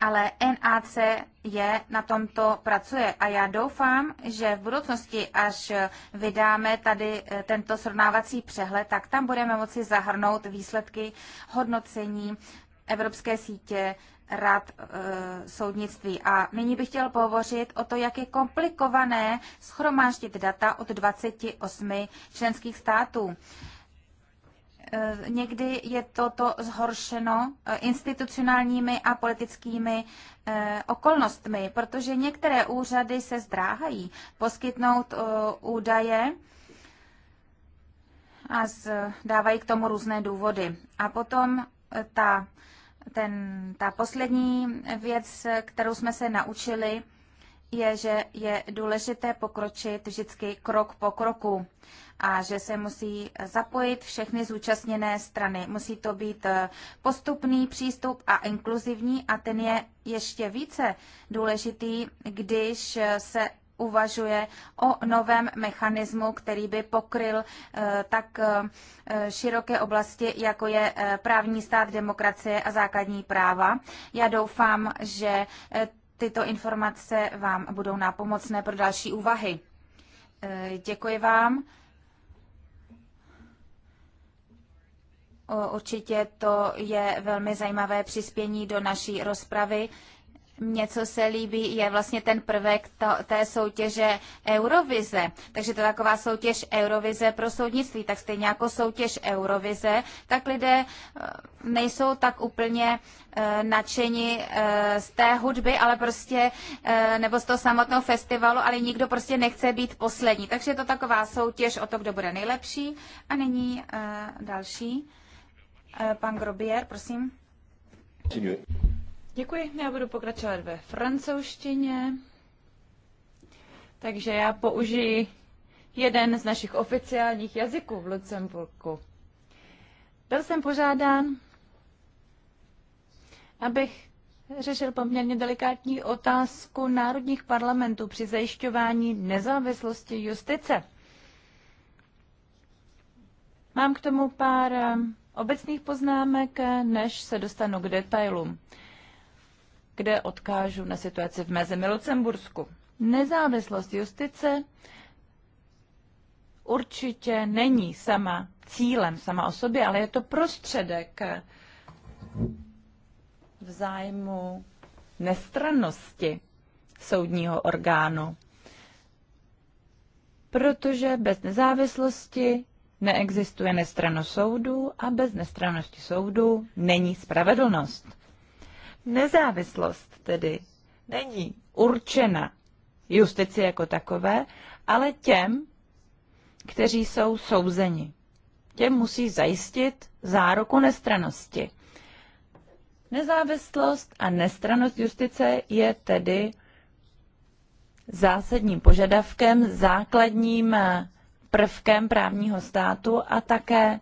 ale NAC je na tomto pracuje a já doufám, že v budoucnosti, až vydáme tady tento srovnávací přehled, tak tam budeme moci zahrnout výsledky hodnocení Evropské sítě rad e, soudnictví. A nyní bych chtěl pohovořit o to, jak je komplikované schromáždit data od 28 členských států. E, někdy je toto zhoršeno eh, institucionálními a politickými e, okolnostmi, protože některé úřady se zdráhají poskytnout e, údaje a dávají k tomu různé důvody. A potom ta ten, ta poslední věc, kterou jsme se naučili, je, že je důležité pokročit vždycky krok po kroku a že se musí zapojit všechny zúčastněné strany. Musí to být postupný přístup a inkluzivní a ten je ještě více důležitý, když se uvažuje o novém mechanismu, který by pokryl eh, tak eh, široké oblasti, jako je eh, právní stát, demokracie a základní práva. Já doufám, že tyto informace vám budou nápomocné pro další úvahy. Děkuji vám. Určitě to je velmi zajímavé přispění do naší rozpravy. Mně, co se líbí, je vlastně ten prvek to, té soutěže Eurovize. Takže to je taková soutěž Eurovize pro soudnictví. Tak stejně jako soutěž Eurovize, tak lidé eh, nejsou tak úplně eh, nadšení eh, z té hudby, ale prostě, nebo z toho samotného festivalu, ale nikdo prostě nechce být poslední. Takže je to taková soutěž o to, kdo bude nejlepší. A nyní další. Pan Grobier, prosím. Děkuji, já budu pokračovat ve francouzštině. Takže já použiji jeden z našich oficiálních jazyků v Lucemburku. Byl jsem požádán, abych řešil poměrně delikátní otázku národních parlamentů při zajišťování nezávislosti justice. Mám k tomu pár eh, obecných poznámek, než se dostanu k detailům kde odkážu na situaci v mezi Lucembursku. Nezávislost justice určitě není sama cílem, sama o sobě, ale je to prostředek v zájmu nestrannosti soudního orgánu. Protože bez nezávislosti neexistuje nestrano soudu a bez nestrannosti soudu není spravedlnost. Nezávislost tedy není určena justici jako takové, ale těm, kteří jsou souzeni. Těm musí zajistit záruku nestranosti. Nezávislost a nestranost justice je tedy zásadním požadavkem, základním eh, prvkem právního státu a také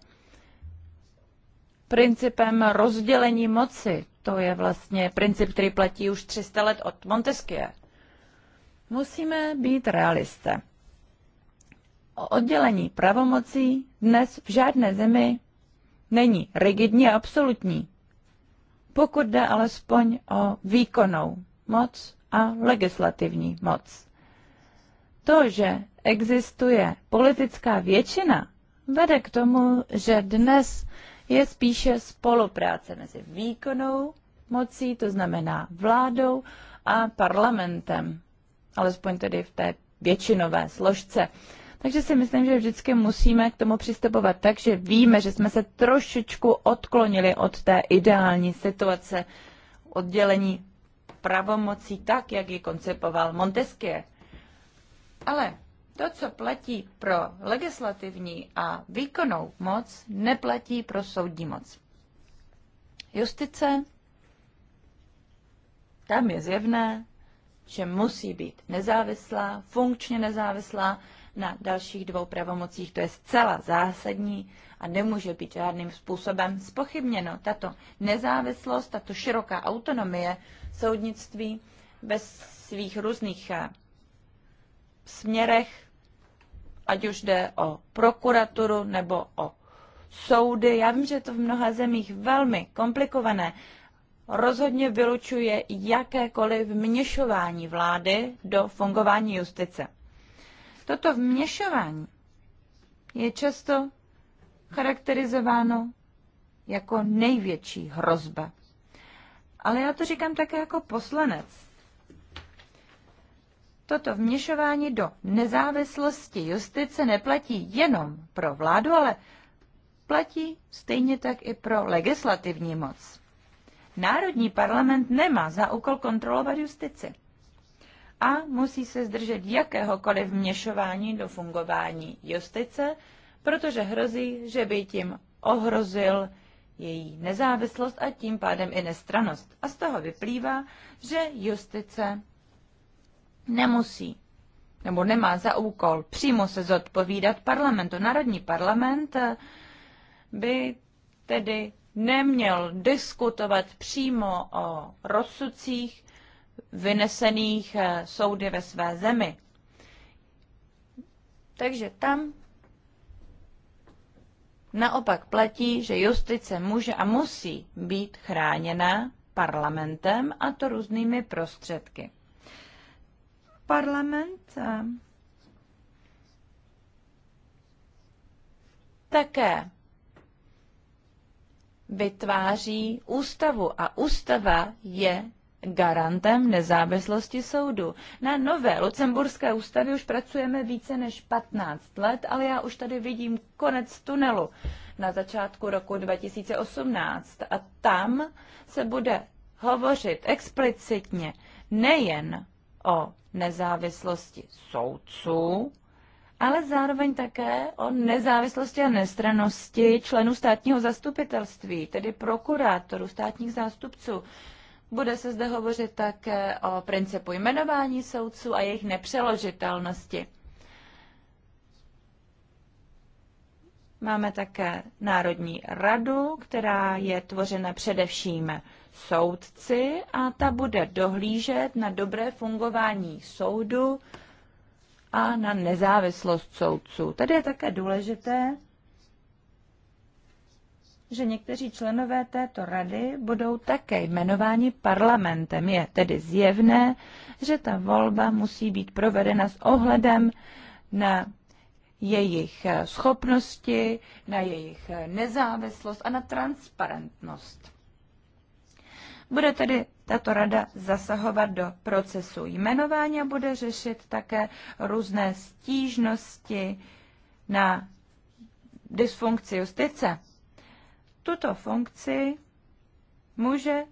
principem rozdělení moci to je vlastně princip, který platí už 300 let od Montesquieu. Musíme být realisté. O oddělení pravomocí dnes v žádné zemi není rigidní a absolutní. Pokud jde alespoň o výkonnou moc a legislativní moc. To, že existuje politická většina, vede k tomu, že dnes je spíše spolupráce mezi výkonnou mocí, to znamená vládou a parlamentem, alespoň tedy v té většinové složce. Takže si myslím, že vždycky musíme k tomu přistupovat tak, že víme, že jsme se trošičku odklonili od té ideální situace oddělení pravomocí tak, jak ji koncipoval Montesquieu. Ale to, co platí pro legislativní a výkonnou moc, neplatí pro soudní moc. Justice, tam je zjevné, že musí být nezávislá, funkčně nezávislá na dalších dvou pravomocích. To je zcela zásadní a nemůže být žádným způsobem spochybněno. Tato nezávislost, tato široká autonomie soudnictví bez svých různých eh, směrech ať už jde o prokuraturu nebo o soudy. Já vím, že je to v mnoha zemích velmi komplikované. Rozhodně vylučuje jakékoliv vměšování vlády do fungování justice. Toto vměšování je často charakterizováno jako největší hrozba. Ale já to říkám také jako poslanec. Toto vměšování do nezávislosti justice neplatí jenom pro vládu, ale platí stejně tak i pro legislativní moc. Národní parlament nemá za úkol kontrolovat justici a musí se zdržet jakéhokoliv vměšování do fungování justice, protože hrozí, že by tím ohrozil její nezávislost a tím pádem i nestranost. A z toho vyplývá, že justice nemusí nebo nemá za úkol přímo se zodpovídat parlamentu. Národní parlament eh, by tedy neměl diskutovat přímo o rozsudcích vynesených eh, soudy ve své zemi. Takže tam naopak platí, že justice může a musí být chráněna parlamentem a to různými prostředky. Parlament eh, také vytváří ústavu a ústava je garantem nezávislosti soudu. Na nové lucemburské ústavě už pracujeme více než 15 let, ale já už tady vidím konec tunelu na začátku roku 2018 a tam se bude hovořit explicitně nejen o nezávislosti soudců, ale zároveň také o nezávislosti a nestranosti členů státního zastupitelství, tedy prokurátorů, státních zástupců. Bude se zde hovořit také o principu jmenování soudců a jejich nepřeložitelnosti. Máme také Národní radu, která je tvořena především soudci a ta bude dohlížet na dobré fungování soudu a na nezávislost soudců. Tady je také důležité, že někteří členové této rady budou také jmenováni parlamentem. Je tedy zjevné, že ta volba musí být provedena s ohledem na jejich schopnosti, na jejich nezávislost a na transparentnost. Bude tedy tato rada zasahovat do procesu jmenování a bude řešit také různé stížnosti na dysfunkci justice. Tuto funkci může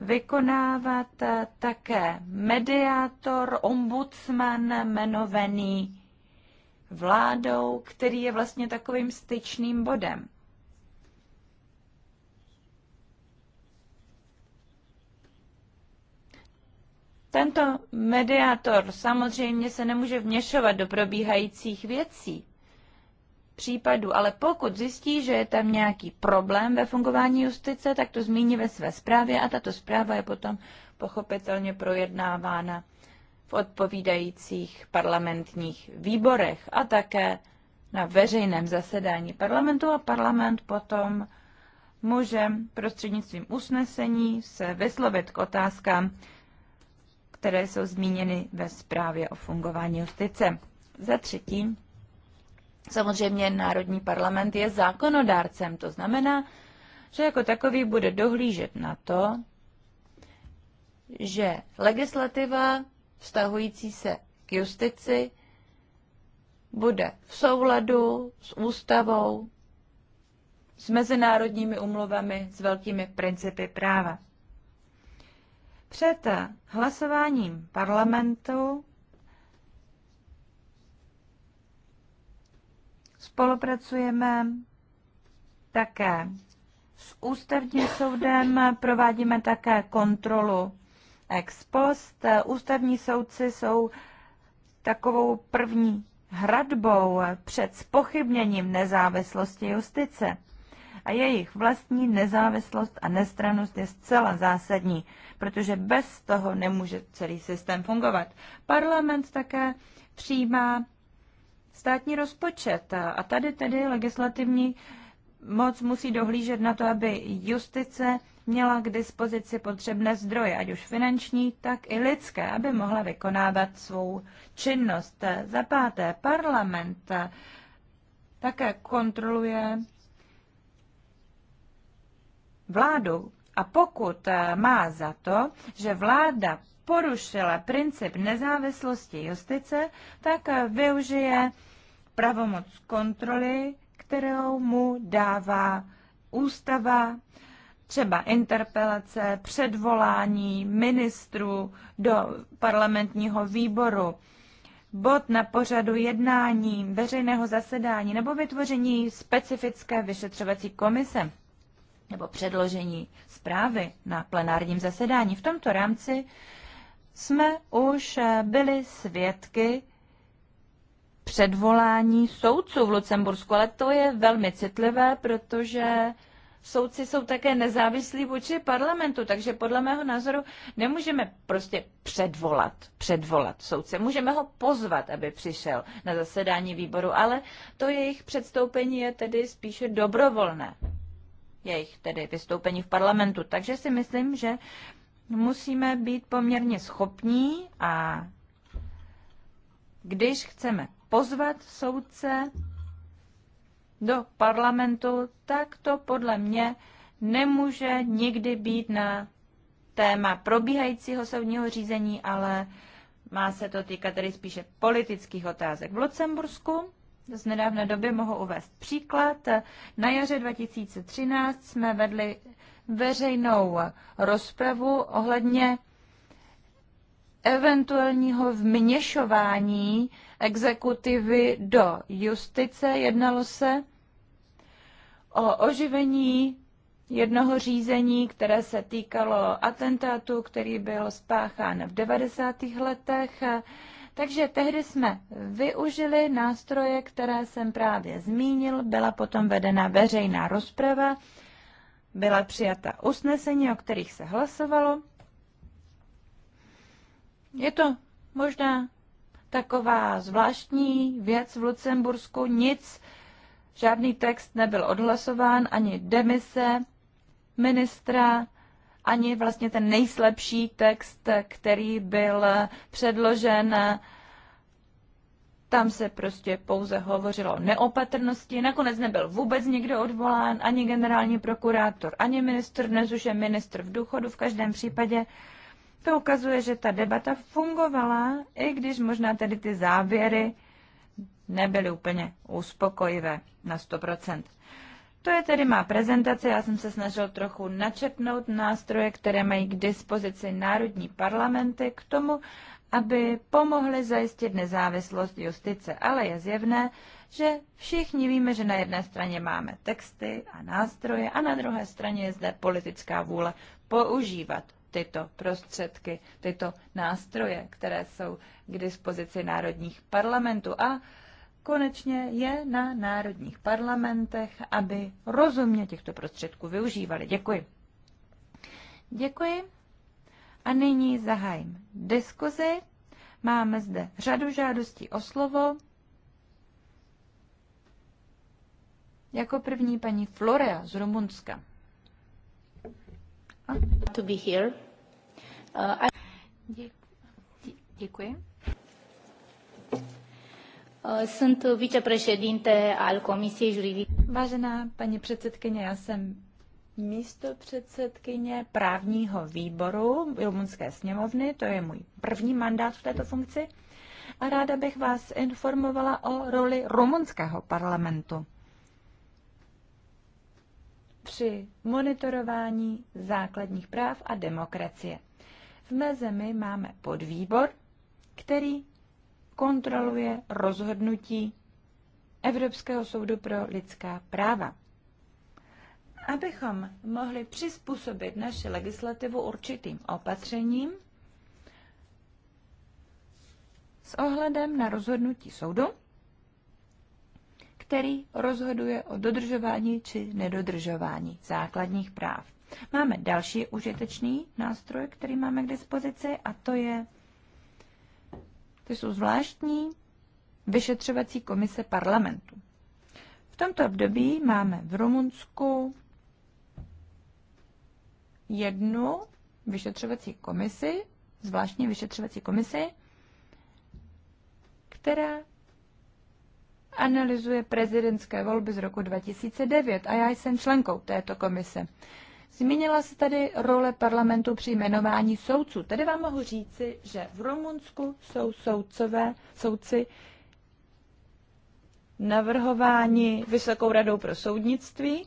vykonávat eh, také mediátor, ombudsman jmenovaný vládou, který je vlastně takovým styčným bodem. Tento mediátor samozřejmě se nemůže vměšovat do probíhajících věcí, případů, ale pokud zjistí, že je tam nějaký problém ve fungování justice, tak to zmíní ve své zprávě a tato zpráva je potom pochopitelně projednávána v odpovídajících parlamentních výborech a také na veřejném zasedání parlamentu a parlament potom může prostřednictvím usnesení se vyslovit k otázkám které jsou zmíněny ve zprávě o fungování justice. Za třetí, samozřejmě Národní parlament je zákonodárcem, to znamená, že jako takový bude dohlížet na to, že legislativa vztahující se k justici bude v souladu s ústavou, s mezinárodními umluvami, s velkými principy práva. Před hlasováním parlamentu spolupracujeme také s ústavním soudem, provádíme také kontrolu ex post. Ústavní soudci jsou takovou první hradbou před spochybněním nezávislosti justice a jejich vlastní nezávislost a nestranost je zcela zásadní, protože bez toho nemůže celý systém fungovat. Parlament také přijímá státní rozpočet a tady tedy legislativní moc musí dohlížet na to, aby justice měla k dispozici potřebné zdroje, ať už finanční, tak i lidské, aby mohla vykonávat svou činnost. Za páté, parlament také kontroluje vládu a pokud eh, má za to, že vláda porušila princip nezávislosti justice, tak eh, využije pravomoc kontroly, kterou mu dává ústava, třeba interpelace, předvolání ministru do parlamentního výboru, bod na pořadu jednání, veřejného zasedání nebo vytvoření specifické vyšetřovací komise nebo předložení zprávy na plenárním zasedání. V tomto rámci jsme už eh, byli svědky předvolání soudců v Lucembursku, ale to je velmi citlivé, protože soudci jsou také nezávislí vůči parlamentu, takže podle mého názoru nemůžeme prostě předvolat, předvolat soudce. Můžeme ho pozvat, aby přišel na zasedání výboru, ale to jejich předstoupení je tedy spíše dobrovolné jejich tedy vystoupení v parlamentu. Takže si myslím, že musíme být poměrně schopní a když chceme pozvat soudce do parlamentu, tak to podle mě nemůže nikdy být na téma probíhajícího soudního řízení, ale má se to týkat tedy spíše politických otázek. V Lucembursku z nedávné doby mohu uvést příklad. Na jaře 2013 jsme vedli veřejnou rozpravu ohledně eventuálního vměšování exekutivy do justice. Jednalo se o oživení jednoho řízení, které se týkalo atentátu, který byl spáchán v 90. letech. Takže tehdy jsme využili nástroje, které jsem právě zmínil, byla potom vedena veřejná rozprava, byla přijata usnesení, o kterých se hlasovalo. Je to možná taková zvláštní věc v Lucembursku, nic, žádný text nebyl odhlasován, ani demise ministra ani vlastně ten nejslabší text, který byl předložen. Tam se prostě pouze hovořilo o neopatrnosti. Nakonec nebyl vůbec nikdo odvolán, ani generální prokurátor, ani ministr, dnes už je ministr v důchodu. V každém případě to ukazuje, že ta debata fungovala, i když možná tedy ty závěry nebyly úplně uspokojivé na 100%. To je tedy má prezentace. Já jsem se snažil trochu načetnout nástroje, které mají k dispozici národní parlamenty k tomu, aby pomohly zajistit nezávislost justice. Ale je zjevné, že všichni víme, že na jedné straně máme texty a nástroje a na druhé straně je zde politická vůle používat tyto prostředky, tyto nástroje, které jsou k dispozici národních parlamentů. A konečně je na národních parlamentech, aby rozumně těchto prostředků využívali. Děkuji. Děkuji. A nyní zahájím diskuzi. Máme zde řadu žádostí o slovo. Jako první paní Florea z Rumunska. To be here. Uh, I... Děkuji. Uh, sunt vicepreședinte al Comisiei juridice. Vážená paní předsedkyně, já jsem místo předsedkyně právního výboru Rumunské sněmovny, to je můj první mandát v této funkci, a ráda bych vás informovala o roli rumunského parlamentu při monitorování základních práv a demokracie. V mé zemi máme podvýbor, který kontroluje rozhodnutí Evropského soudu pro lidská práva. Abychom mohli přizpůsobit naši legislativu určitým opatřením s ohledem na rozhodnutí soudu, který rozhoduje o dodržování či nedodržování základních práv. Máme další užitečný nástroj, který máme k dispozici, a to je ty jsou zvláštní vyšetřovací komise parlamentu. V tomto období máme v Rumunsku jednu vyšetřovací komisi, zvláštní vyšetřovací komisi, která analyzuje prezidentské volby z roku 2009 a já jsem členkou této komise. Zmínila se tady role parlamentu při jmenování soudců. Tady vám mohu říci, že v Rumunsku jsou soudcové, soudci navrhováni Vysokou radou pro soudnictví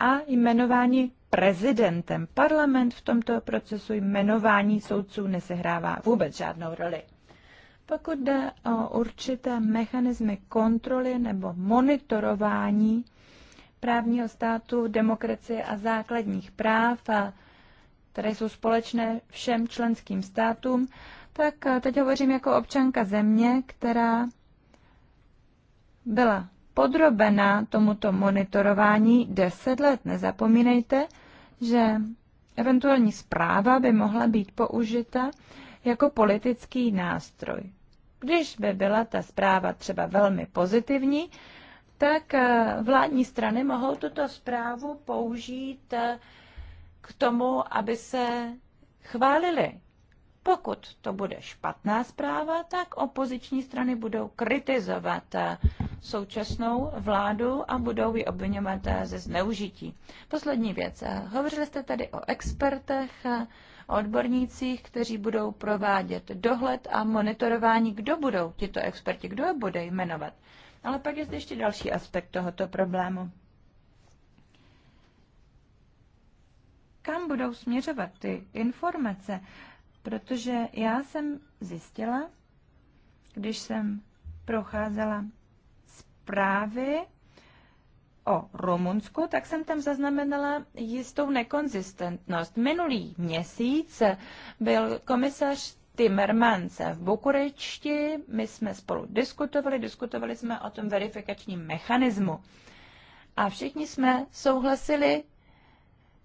a jmenování prezidentem. Parlament v tomto procesu jmenování soudců nesehrává vůbec žádnou roli. Pokud jde o určité mechanismy kontroly nebo monitorování právního státu, demokracie a základních práv, a které jsou společné všem členským státům, tak eh, teď hovořím jako občanka země, která byla podrobena tomuto monitorování 10 let. Nezapomínejte, že eventuální zpráva by mohla být použita jako politický nástroj. Když by byla ta zpráva třeba velmi pozitivní, tak eh, vládní strany mohou tuto zprávu použít eh, k tomu, aby se chválili. Pokud to bude špatná zpráva, tak opoziční strany budou kritizovat eh, současnou vládu a budou ji obvinovat ze zneužití. Poslední věc. Hovořili jste tady o expertech, o odbornících, kteří budou provádět dohled a monitorování. Kdo budou tito experti? Kdo je bude jmenovat? Ale pak je zde ještě další aspekt tohoto problému. Kam budou směřovat ty informace? Protože já jsem zjistila, když jsem procházela zprávy o Rumunsku, tak jsem tam zaznamenala jistou nekonzistentnost. Minulý měsíc byl komisař Timmermance v Bukurešti. My jsme spolu diskutovali, diskutovali jsme o tom verifikačním mechanismu. A všichni jsme souhlasili,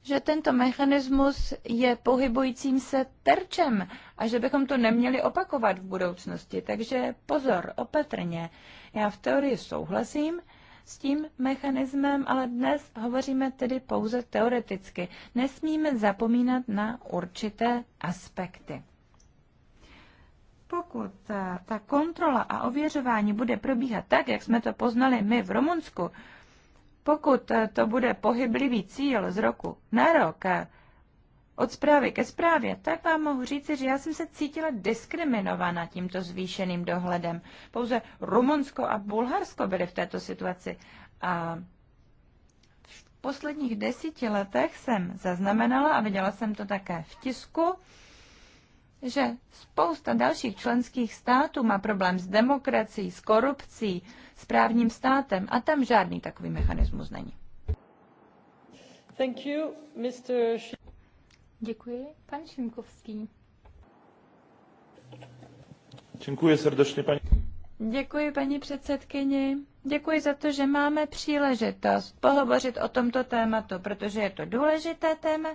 že tento mechanismus je pohybujícím se terčem a že bychom to neměli opakovat v budoucnosti. Takže pozor, opatrně. Já v teorii souhlasím s tím mechanismem, ale dnes hovoříme tedy pouze teoreticky. Nesmíme zapomínat na určité aspekty pokud eh, ta kontrola a ověřování bude probíhat tak, jak jsme to poznali my v Rumunsku, pokud eh, to bude pohyblivý cíl z roku na rok, eh, od zprávy ke zprávě, tak vám mohu říci, že já jsem se cítila diskriminována tímto zvýšeným dohledem. Pouze Rumunsko a Bulharsko byly v této situaci. A v posledních desíti letech jsem zaznamenala, a viděla jsem to také v tisku, že spousta dalších členských států má problém s demokracií, s korupcí, s právním státem a tam žádný takový mechanismus není. Thank you, Mr. Děkuji. Pan Šimkovský. Děkuji srdečně, paní. Děkuji, paní předsedkyni. Děkuji za to, že máme příležitost pohovořit o tomto tématu, protože je to důležité téma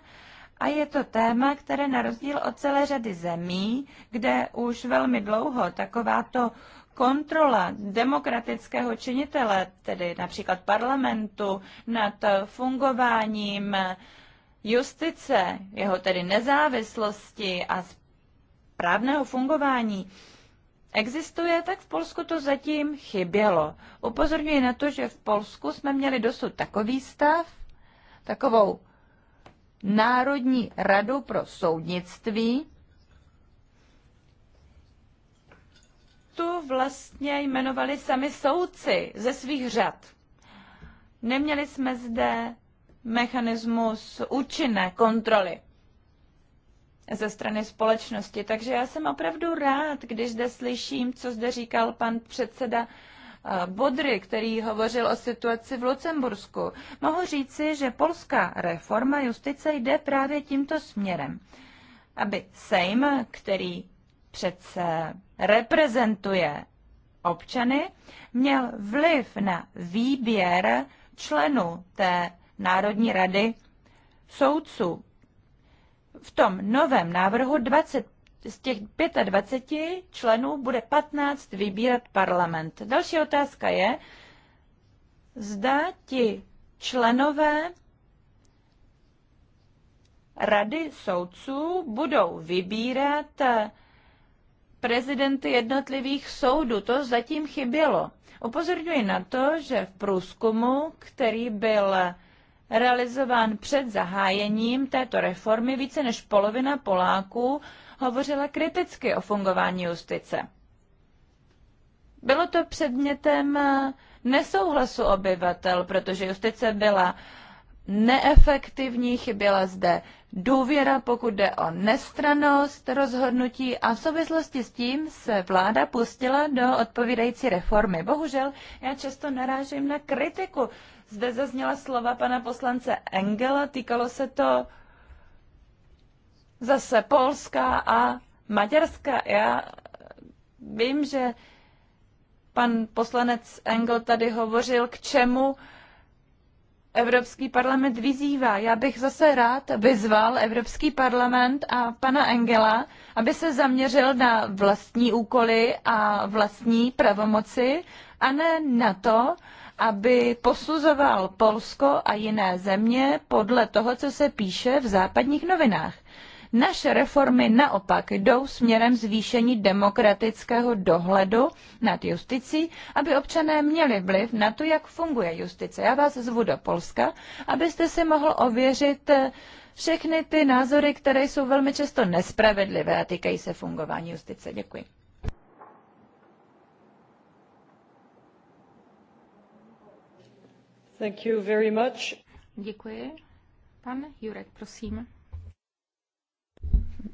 a je to téma, které na rozdíl od celé řady zemí, kde už velmi dlouho takováto kontrola demokratického činitele, tedy například parlamentu, nad fungováním justice, jeho tedy nezávislosti a správného fungování, existuje, tak v Polsku to zatím chybělo. Upozorňuji na to, že v Polsku jsme měli dosud takový stav, takovou Národní radu pro soudnictví. Tu vlastně jmenovali sami soudci ze svých řad. Neměli jsme zde mechanismus účinné kontroly ze strany společnosti. Takže já jsem opravdu rád, když zde slyším, co zde říkal pan předseda Bodry, který hovořil o situaci v Lucembursku. Mohu říci, že polská reforma justice jde právě tímto směrem, aby Sejm, který přece reprezentuje občany, měl vliv na výběr členů té Národní rady soudců. V tom novém návrhu 20 z těch 25 členů bude 15 vybírat parlament. Další otázka je, zda ti členové rady soudců budou vybírat eh, prezidenty jednotlivých soudů. To zatím chybělo. Upozorňuji na to, že v průzkumu, který byl realizován před zahájením této reformy, více než polovina Poláků hovořila kriticky o fungování justice. Bylo to předmětem eh, nesouhlasu obyvatel, protože justice byla neefektivní, chyběla zde důvěra, pokud jde o nestranost rozhodnutí a v souvislosti s tím se vláda pustila do odpovídající reformy. Bohužel já často narážím na kritiku. Zde zazněla slova pana poslance Engela, týkalo se to zase Polska a Maďarska. Já vím, že pan poslanec Engel tady hovořil, k čemu Evropský parlament vyzývá. Já bych zase rád vyzval Evropský parlament a pana Engela, aby se zaměřil na vlastní úkoly a vlastní pravomoci a ne na to, aby posuzoval Polsko a jiné země podle toho, co se píše v západních novinách. Naše reformy naopak jdou směrem zvýšení demokratického dohledu nad justicí, aby občané měli vliv na to, jak funguje justice. Já vás zvu do Polska, abyste si mohl ověřit eh, všechny ty názory, které jsou velmi často nespravedlivé a týkají se fungování justice. Děkuji. Thank you very much. Děkuji. Pan Jurek, prosím.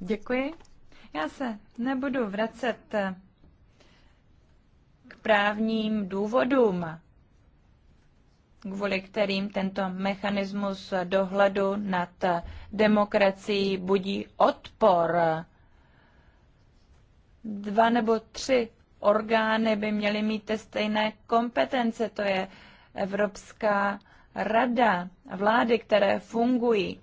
Děkuji. Já se nebudu vracet k právním důvodům, kvůli kterým tento mechanismus dohledu nad demokracií budí odpor. Dva nebo tři orgány by měly mít stejné kompetence, to je Evropská rada, vlády, které fungují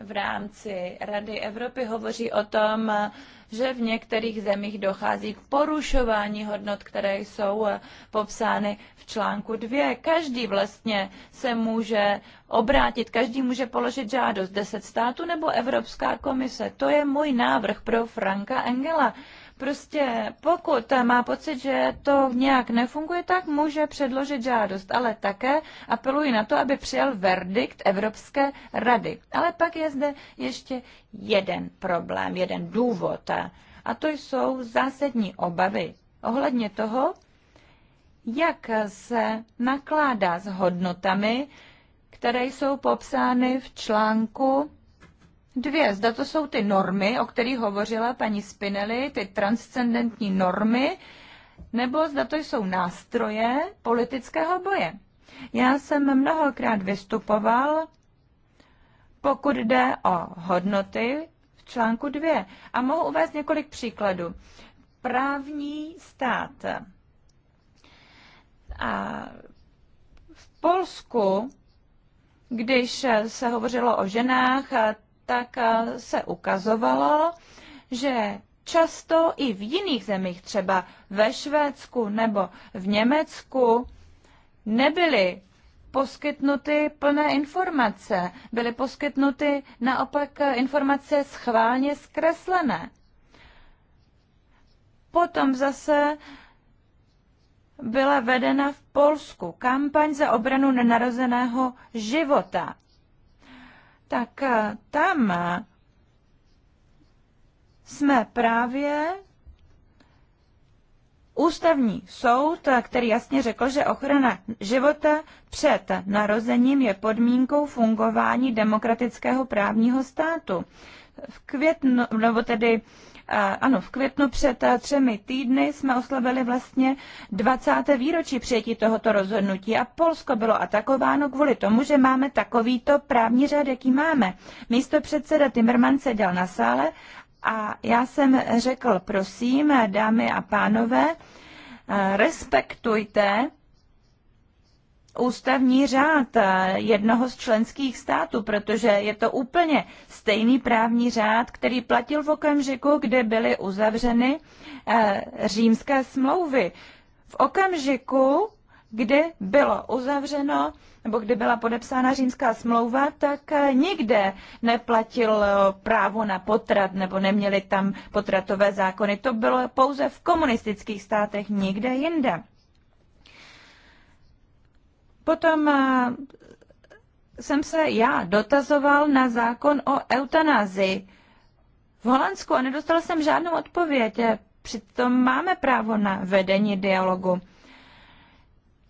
v rámci Rady Evropy hovoří o tom, že v některých zemích dochází k porušování hodnot, které jsou popsány v článku 2. Každý vlastně se může obrátit, každý může položit žádost 10 států nebo Evropská komise. To je můj návrh pro Franka Engela. Prostě pokud má pocit, že to nějak nefunguje, tak může předložit žádost, ale také apeluji na to, aby přijal verdikt Evropské rady. Ale pak je zde ještě jeden problém, jeden důvod. A to jsou zásadní obavy ohledně toho, jak se nakládá s hodnotami, které jsou popsány v článku Dvě, zda to jsou ty normy, o kterých hovořila paní Spinelli, ty transcendentní normy, nebo zda to jsou nástroje politického boje. Já jsem mnohokrát vystupoval, pokud jde o hodnoty v článku 2. A mohu uvést několik příkladů. Právní stát. A v Polsku, když se hovořilo o ženách, tak eh, se ukazovalo, že často i v jiných zemích, třeba ve Švédsku nebo v Německu, nebyly poskytnuty plné informace, byly poskytnuty naopak eh, informace schválně zkreslené. Potom zase byla vedena v Polsku kampaň za obranu nenarozeného života tak eh, tam eh, jsme právě ústavní soud, eh, který jasně řekl, že ochrana života před narozením je podmínkou fungování demokratického právního státu. V květnu, nebo tedy ano, v květnu před eh, třemi týdny jsme oslavili vlastně 20. výročí přijetí tohoto rozhodnutí a Polsko bylo atakováno kvůli tomu, že máme takovýto právní řád, jaký máme. Místo předseda Timmerman seděl na sále a já jsem řekl, prosím, dámy a pánové, eh, respektujte ústavní řád eh, jednoho z členských států, protože je to úplně stejný právní řád, který platil v okamžiku, kdy byly uzavřeny eh, římské smlouvy. V okamžiku, kdy bylo uzavřeno nebo kdy byla podepsána římská smlouva, tak eh, nikde neplatil právo na potrat nebo neměli tam potratové zákony. To bylo pouze v komunistických státech, nikde jinde. Potom eh, jsem se já dotazoval na zákon o eutanázii v Holandsku a nedostal jsem žádnou odpověď. Eh, přitom máme právo na vedení dialogu.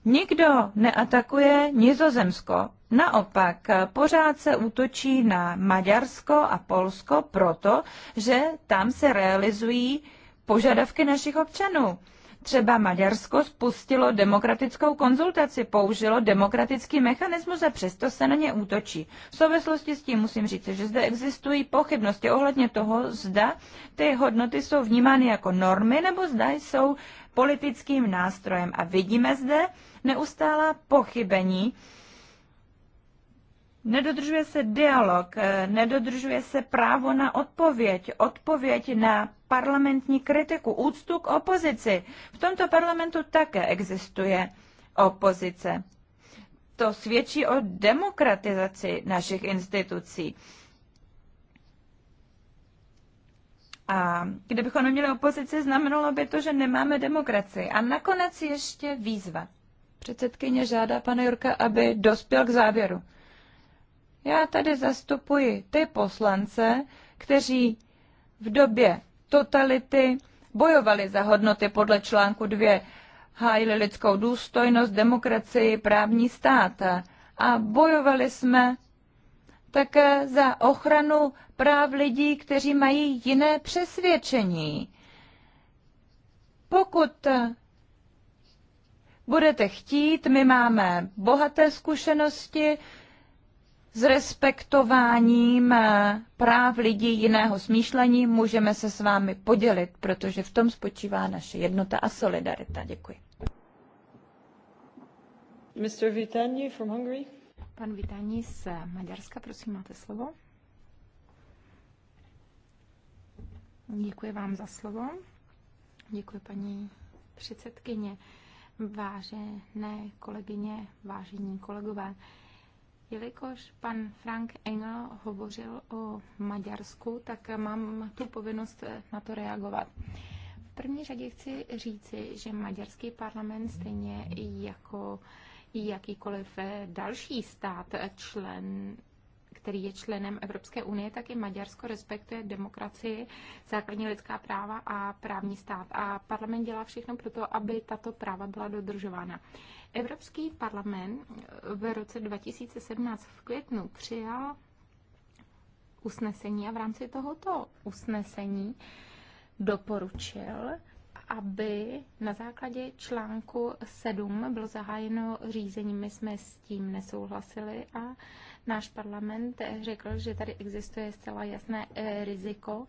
Nikdo neatakuje Nizozemsko. Naopak, eh, pořád se útočí na Maďarsko a Polsko proto, že tam se realizují požadavky našich občanů. Třeba Maďarsko spustilo demokratickou konzultaci, použilo demokratický mechanismus a přesto se na ně útočí. V souvislosti s tím musím říct, že zde existují pochybnosti ohledně toho, zda ty hodnoty jsou vnímány jako normy nebo zda jsou politickým nástrojem. A vidíme zde neustálá pochybení Nedodržuje se dialog, eh, nedodržuje se právo na odpověď, odpověď na parlamentní kritiku, úctu k opozici. V tomto parlamentu také existuje opozice. To svědčí o demokratizaci našich institucí. A kdybychom neměli opozici, znamenalo by to, že nemáme demokracii. A nakonec ještě výzva. Předsedkyně žádá pana Jurka, aby dospěl k závěru. Já tady zastupuji ty poslance, kteří v době totality bojovali za hodnoty podle článku 2, hájili lidskou důstojnost, demokracii, právní stát a bojovali jsme také za ochranu práv lidí, kteří mají jiné přesvědčení. Pokud budete chtít, my máme bohaté zkušenosti s respektováním eh, práv lidí jiného smýšlení můžeme se s vámi podělit, protože v tom spočívá naše jednota a solidarita. Děkuji. Mr. Vitani from Hungary. Pan Vitani z Maďarska, prosím, máte slovo. Děkuji vám za slovo. Děkuji paní předsedkyně, vážené kolegyně, vážení kolegové. Jelikož pan Frank Engel hovořil o Maďarsku, tak mám tu povinnost na to reagovat. V první řadě chci říci, že maďarský parlament stejně jako jakýkoliv další stát člen který je členem Evropské unie, tak i Maďarsko respektuje demokracii, základní lidská práva a právní stát. A parlament dělá všechno pro to, aby tato práva byla dodržována. Evropský parlament v roce 2017 v květnu přijal usnesení a v rámci tohoto usnesení doporučil, aby na základě článku 7 bylo zahájeno řízení. My jsme s tím nesouhlasili a náš parlament řekl, že tady existuje zcela jasné eh, riziko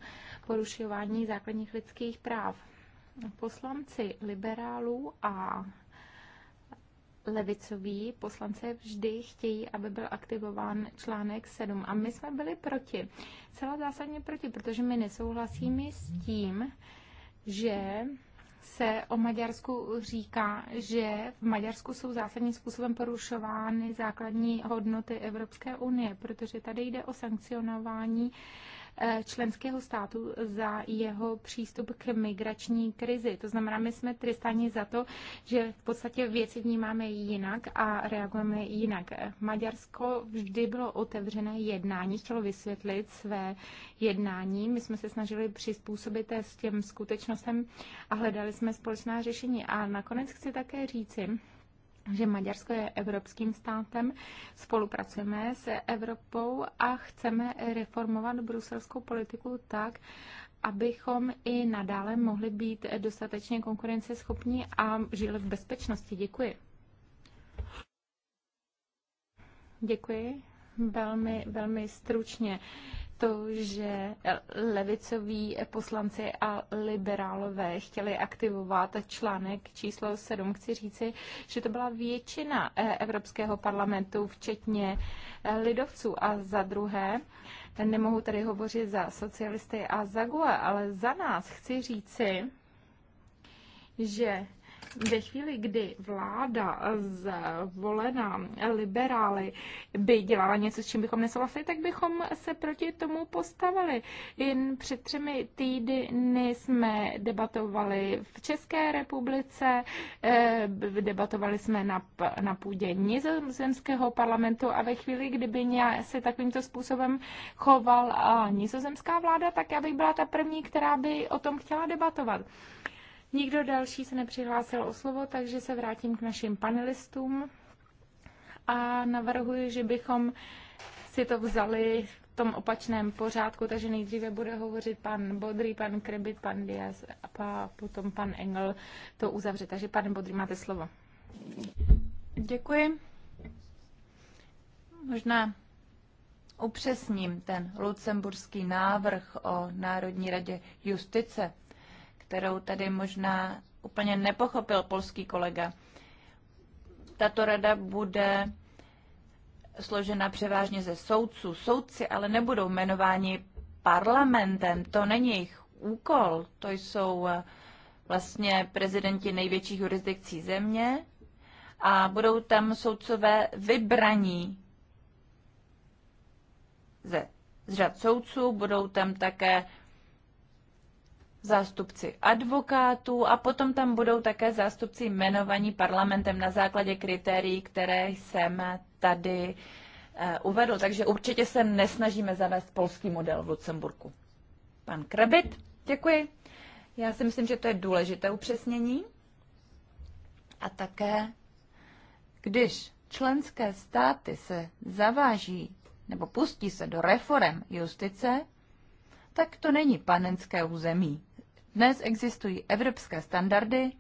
porušování základních lidských práv. Poslanci liberálů a levicoví poslanci vždy chtějí, aby byl aktivován článek 7. A my jsme byli proti. Celá zásadně proti, protože my nesouhlasíme s tím, že se o Maďarsku říká, že v Maďarsku jsou zásadním způsobem porušovány základní hodnoty Evropské unie, protože tady jde o sankcionování Eh, členského státu za jeho přístup k migrační krizi. To znamená, my jsme trestáni za to, že v podstatě věci vnímáme jinak a reagujeme jinak. Maďarsko vždy bylo otevřené jednání, chtělo vysvětlit své jednání. My jsme se snažili přizpůsobit s těm skutečnostem a hledali jsme společná řešení. A nakonec chci také říci, že Maďarsko je evropským státem, spolupracujeme s Evropou a chceme reformovat bruselskou politiku tak, abychom i nadále mohli být dostatečně konkurenceschopní a žili v bezpečnosti. Děkuji. Děkuji. Velmi, velmi stručně to, že levicoví poslanci a liberálové chtěli aktivovat článek číslo 7. Chci říci, že to byla většina eh, Evropského parlamentu, včetně eh, lidovců. A za druhé, nemohu tady hovořit za socialisty a za GUE, ale za nás chci říci, že ve chvíli, kdy vláda zvolená liberály by dělala něco, s čím bychom nesouhlasili, tak bychom se proti tomu postavili. Jen před třemi týdny jsme debatovali v České republice, eh, debatovali jsme na, na půdě nizozemského parlamentu a ve chvíli, kdyby se takovýmto způsobem choval nizozemská vláda, tak já bych byla ta první, která by o tom chtěla debatovat. Nikdo další se nepřihlásil o slovo, takže se vrátím k našim panelistům a navrhuji, že bychom si to vzali v tom opačném pořádku, takže nejdříve bude hovořit pan Bodry, pan Krebit, pan Diaz a potom pan Engel to uzavře. Takže pan Bodry, máte slovo. Děkuji. Možná upřesním ten lucemburský návrh o Národní radě justice kterou tady možná úplně nepochopil polský kolega. Tato rada bude složena převážně ze soudců. Soudci ale nebudou jmenováni parlamentem, to není jejich úkol, to jsou eh, vlastně prezidenti největších jurisdikcí země a budou tam soudcové vybraní ze z řad soudců, budou tam také zástupci advokátů a potom tam budou také zástupci jmenovaní parlamentem na základě kritérií, které jsem tady eh, uvedl. Takže určitě se nesnažíme zavést polský model v Lucemburku. Pan Krebit, děkuji. Já si myslím, že to je důležité upřesnění. A také, když členské státy se zaváží nebo pustí se do reform justice, tak to není panenské území. Dnes existují evropské standardy,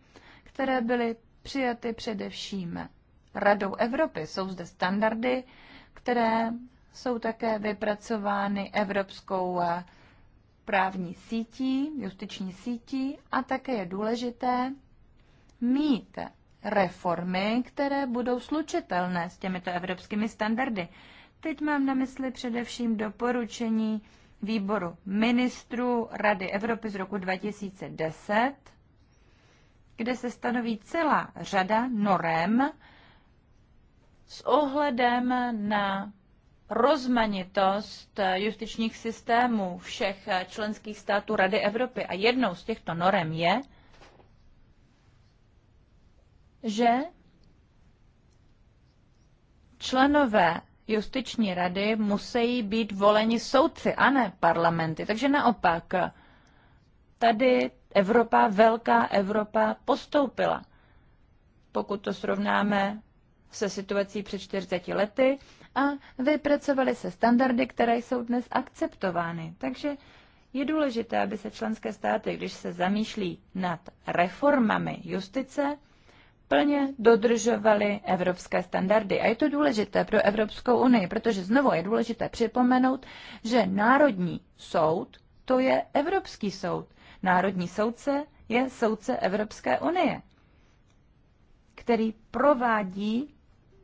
které byly přijaty především Radou Evropy. Jsou zde standardy, které jsou také vypracovány Evropskou eh, právní sítí, justiční sítí a také je důležité mít reformy, které budou slučitelné s těmito evropskými standardy. Teď mám na mysli především doporučení výboru ministrů Rady Evropy z roku 2010, kde se stanoví celá řada norem s ohledem na rozmanitost justičních systémů všech členských států Rady Evropy. A jednou z těchto norem je, že členové justiční rady musí být voleni soudci a ne parlamenty. Takže naopak, tady Evropa, velká Evropa postoupila. Pokud to srovnáme se situací před 40 lety a vypracovaly se standardy, které jsou dnes akceptovány. Takže je důležité, aby se členské státy, když se zamýšlí nad reformami justice, plně dodržovali evropské standardy. A je to důležité pro Evropskou unii, protože znovu je důležité připomenout, že Národní soud to je Evropský soud. Národní soudce je soudce Evropské unie, který provádí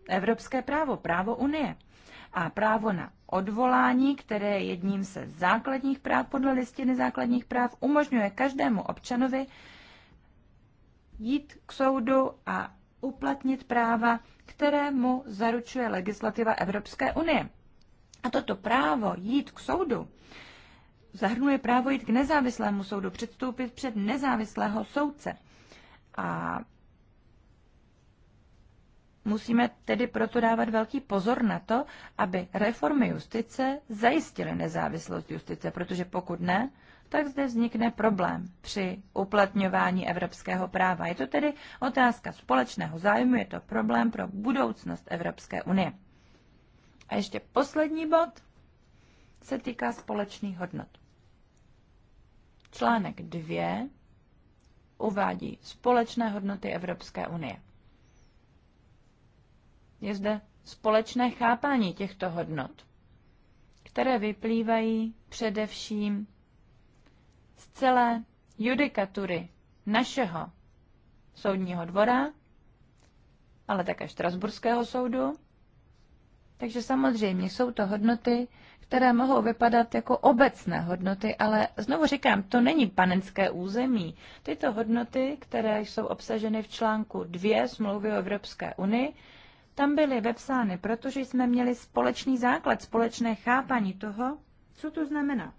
evropské právo, právo unie. A právo na odvolání, které je jedním ze základních práv podle listiny základních práv, umožňuje každému občanovi jít k soudu a uplatnit práva, které mu zaručuje legislativa Evropské unie. A toto právo jít k soudu zahrnuje právo jít k nezávislému soudu, předstoupit před nezávislého soudce. A musíme tedy proto dávat velký pozor na to, aby reformy justice zajistily nezávislost justice, protože pokud ne, tak zde vznikne problém při uplatňování evropského práva. Je to tedy otázka společného zájmu, je to problém pro budoucnost Evropské unie. A ještě poslední bod se týká společných hodnot. Článek 2 uvádí společné hodnoty Evropské unie. Je zde společné chápání těchto hodnot, které vyplývají především z celé judikatury našeho soudního dvora, ale také Štrasburského soudu. Takže samozřejmě jsou to hodnoty, které mohou vypadat jako obecné hodnoty, ale znovu říkám, to není panenské území. Tyto hodnoty, které jsou obsaženy v článku 2 smlouvy o Evropské unii, tam byly vepsány, protože jsme měli společný základ, společné chápaní toho, co to znamená.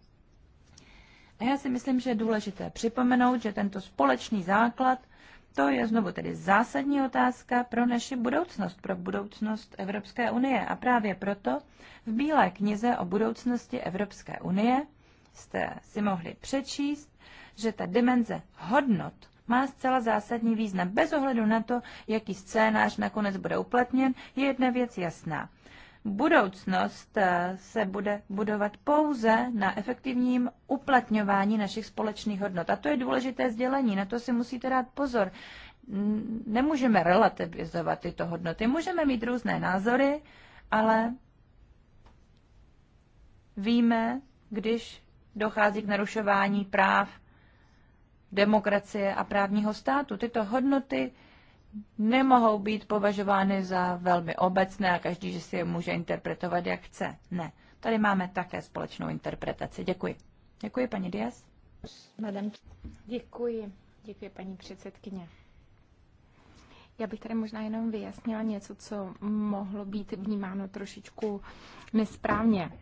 A já si myslím, že je důležité připomenout, že tento společný základ, to je znovu tedy zásadní otázka pro naši budoucnost, pro budoucnost Evropské unie. A právě proto v Bílé knize o budoucnosti Evropské unie jste si mohli přečíst, že ta dimenze hodnot má zcela zásadní význam. Bez ohledu na to, jaký scénář nakonec bude uplatněn, je jedna věc jasná budoucnost eh, se bude budovat pouze na efektivním uplatňování našich společných hodnot. A to je důležité sdělení, na to si musíte dát pozor. Nemůžeme relativizovat tyto hodnoty, můžeme mít různé názory, ale víme, když dochází k narušování práv demokracie a právního státu. Tyto hodnoty nemohou být považovány za velmi obecné a každý, že si je může interpretovat, jak chce. Ne. Tady máme také společnou interpretaci. Děkuji. Děkuji, paní Diaz. Madam. Děkuji. Děkuji, paní předsedkyně. Já bych tady možná jenom vyjasnila něco, co mohlo být vnímáno trošičku nesprávně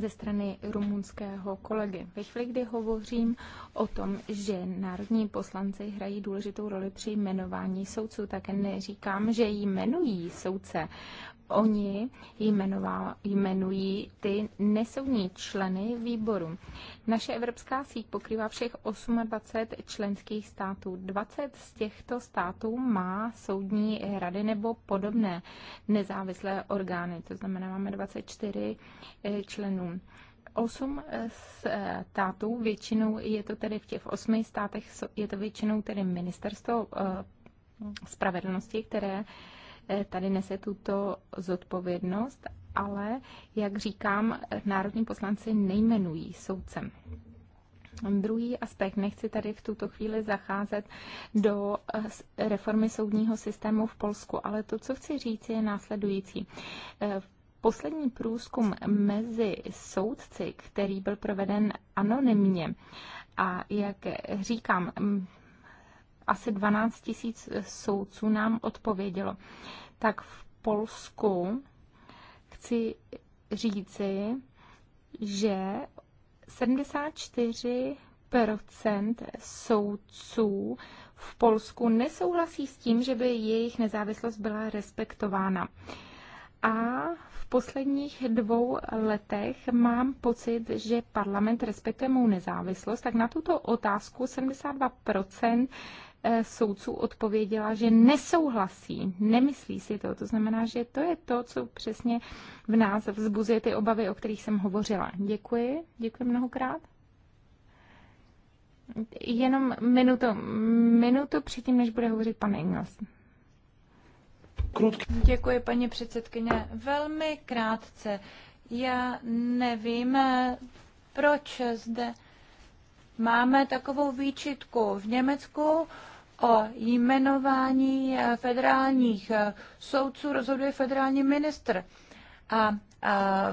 ze strany rumunského kolegy. Ve chvíli, kdy hovořím o tom, že národní poslanci hrají důležitou roli při jmenování soudců, tak neříkám, že jmenují soudce, oni jmenová, jmenují ty nesoudní členy výboru. Naše evropská síť pokrývá všech 28 členských států. 20 z těchto států má soudní rady nebo podobné nezávislé orgány, to znamená máme 24 eh, členů. Osm eh, států, většinou je to tedy v těch osmi státech, je to většinou tedy ministerstvo eh, spravedlnosti, které E, tady nese tuto zodpovědnost, ale, jak říkám, národní poslanci nejmenují soudcem. Druhý aspekt, nechci tady v tuto chvíli zacházet do e, reformy soudního systému v Polsku, ale to, co chci říct, je následující. E, poslední průzkum mezi soudci, který byl proveden anonymně, a jak říkám, asi 12 tisíc soudců nám odpovědělo. Tak v Polsku chci říci, že 74 soudců v Polsku nesouhlasí s tím, že by jejich nezávislost byla respektována. A v posledních dvou letech mám pocit, že parlament respektuje mou nezávislost, tak na tuto otázku 72% Eh, soudců odpověděla, že nesouhlasí, nemyslí si to. To znamená, že to je to, co přesně v nás vzbuzuje ty obavy, o kterých jsem hovořila. Děkuji, děkuji mnohokrát. Jenom minutu, minutu předtím, než bude hovořit pan Engels. Děkuji, paní předsedkyně. Velmi krátce. Já nevím, proč zde máme takovou výčitku v Německu o jmenování eh, federálních eh, soudců, rozhoduje federální ministr. A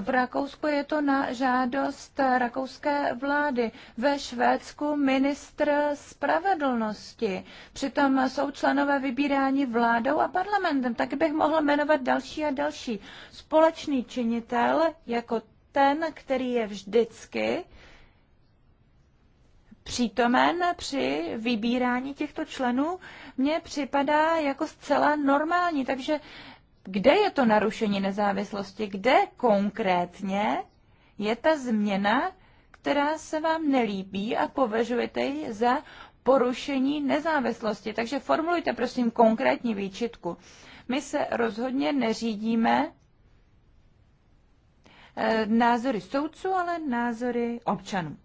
v Rakousku je to na žádost eh, rakouské vlády. Ve Švédsku ministr spravedlnosti. Přitom jsou členové vybírání vládou a parlamentem. Tak bych mohl jmenovat další a další. Společný činitel jako ten, který je vždycky přítomen při vybírání těchto členů, mně připadá jako zcela normální. Takže kde je to narušení nezávislosti? Kde konkrétně je ta změna, která se vám nelíbí a považujete ji za porušení nezávislosti. Takže formulujte prosím konkrétní výčitku. My se rozhodně neřídíme eh, názory soudců, ale názory občanů.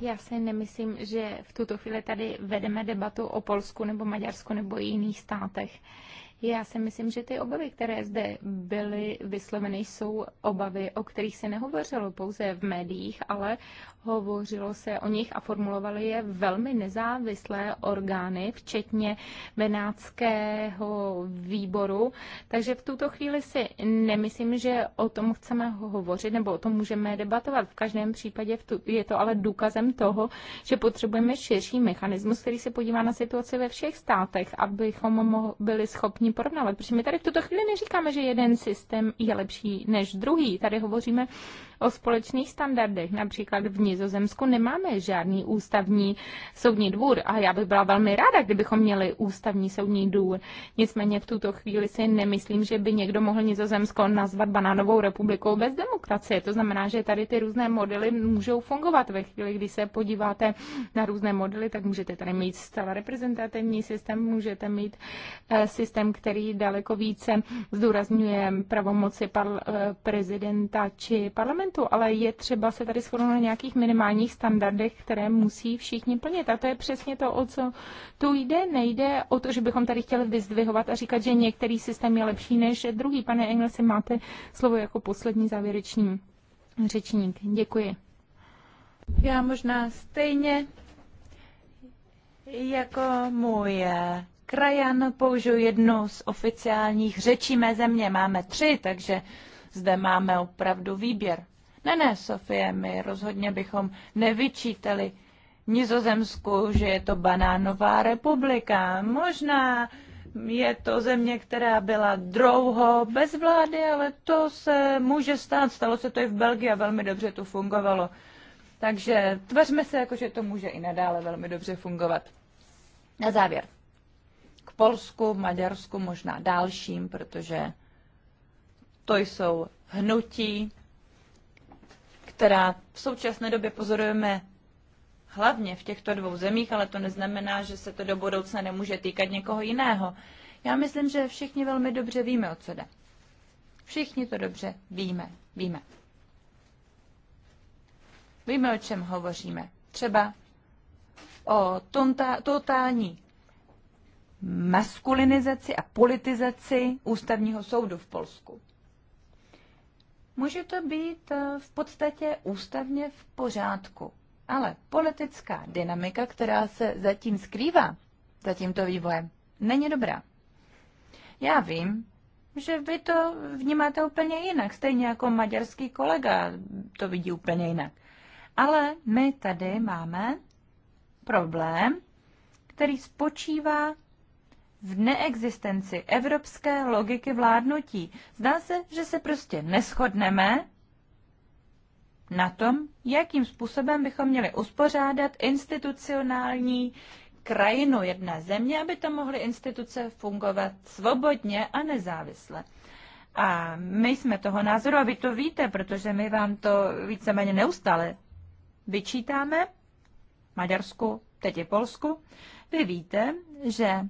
Já si nemyslím, že v tuto chvíli tady vedeme debatu o Polsku nebo Maďarsku nebo jiných státech. Já si myslím, že ty obavy, které zde byly vysloveny, jsou obavy, o kterých se nehovořilo pouze v médiích, ale hovořilo se o nich a formulovaly je velmi nezávislé orgány, včetně Benátského výboru. Takže v tuto chvíli si nemyslím, že o tom chceme hovořit nebo o tom můžeme debatovat. V každém případě je to ale důkazem toho, že potřebujeme širší mechanismus, který se podívá na situaci ve všech státech, abychom byli schopni porovnávat. Protože my tady v tuto chvíli neříkáme, že jeden systém je lepší než druhý. Tady hovoříme o společných standardech, například v Nizozemí Nizozemsku nemáme žádný ústavní soudní dvůr a já bych byla velmi ráda, kdybychom měli ústavní soudní dvůr. Nicméně v tuto chvíli si nemyslím, že by někdo mohl Nizozemsko nazvat banánovou republikou bez demokracie. To znamená, že tady ty různé modely můžou fungovat ve chvíli, kdy se podíváte na různé modely, tak můžete tady mít zcela reprezentativní systém, můžete mít eh, systém, který daleko více zdůrazňuje pravomoci eh, prezidenta či parlamentu, ale je třeba se tady shodnout na nějakých minimálních standardech, které musí všichni plnit. A to je přesně to, o co tu jde. Nejde o to, že bychom tady chtěli vyzdvihovat a říkat, že některý systém je lepší než druhý. Pane Engelsi, máte slovo jako poslední závěrečný řečník. Děkuji. Já možná stejně jako můj krajan použiju jednu z oficiálních řečí mé země. Máme tři, takže zde máme opravdu výběr. Ne, ne, Sofie, my rozhodně bychom nevyčítali Nizozemsku, že je to banánová republika. Možná je to země, která byla dlouho bez vlády, ale to se může stát. Stalo se to i v Belgii a velmi dobře to fungovalo. Takže tvařme se, jako, že to může i nadále velmi dobře fungovat. Na závěr. K Polsku, Maďarsku, možná dalším, protože to jsou hnutí, která v současné době pozorujeme hlavně v těchto dvou zemích, ale to neznamená, že se to do budoucna nemůže týkat někoho jiného. Já myslím, že všichni velmi dobře víme, o co jde. Všichni to dobře víme, víme. Víme, o čem hovoříme. Třeba o tonta, totální maskulinizaci a politizaci ústavního soudu v Polsku. Může to být eh, v podstatě ústavně v pořádku, ale politická dynamika, která se zatím skrývá, za tímto vývojem, není dobrá. Já vím, že vy to vnímáte úplně jinak, stejně jako maďarský kolega to vidí úplně jinak. Ale my tady máme problém, který spočívá v neexistenci evropské logiky vládnutí. Zdá se, že se prostě neschodneme na tom, jakým způsobem bychom měli uspořádat institucionální krajinu jedné země, aby tam mohly instituce fungovat svobodně a nezávisle. A my jsme toho názoru, a vy to víte, protože my vám to víceméně neustále vyčítáme, Maďarsku, teď je Polsku, vy víte, že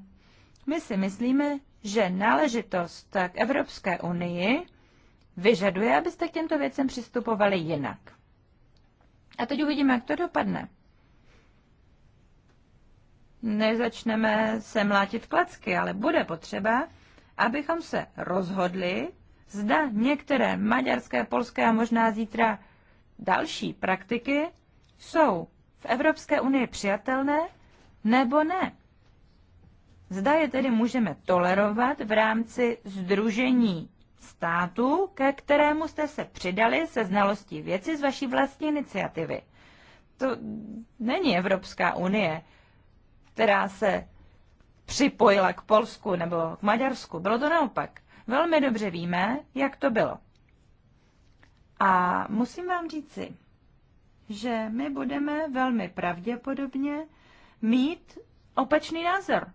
my si myslíme, že náležitost k Evropské unii vyžaduje, abyste k těmto věcem přistupovali jinak. A teď uvidíme, jak to dopadne. Nezačneme se mlátit klacky, ale bude potřeba, abychom se rozhodli, zda některé maďarské, polské a možná zítra další praktiky jsou v Evropské unii přijatelné nebo ne. Zda je tedy můžeme tolerovat v rámci združení státu, ke kterému jste se přidali se znalostí věci z vaší vlastní iniciativy. To není Evropská unie, která se připojila k Polsku nebo k Maďarsku. Bylo to naopak. Velmi dobře víme, jak to bylo. A musím vám říci, že my budeme velmi pravděpodobně mít opačný názor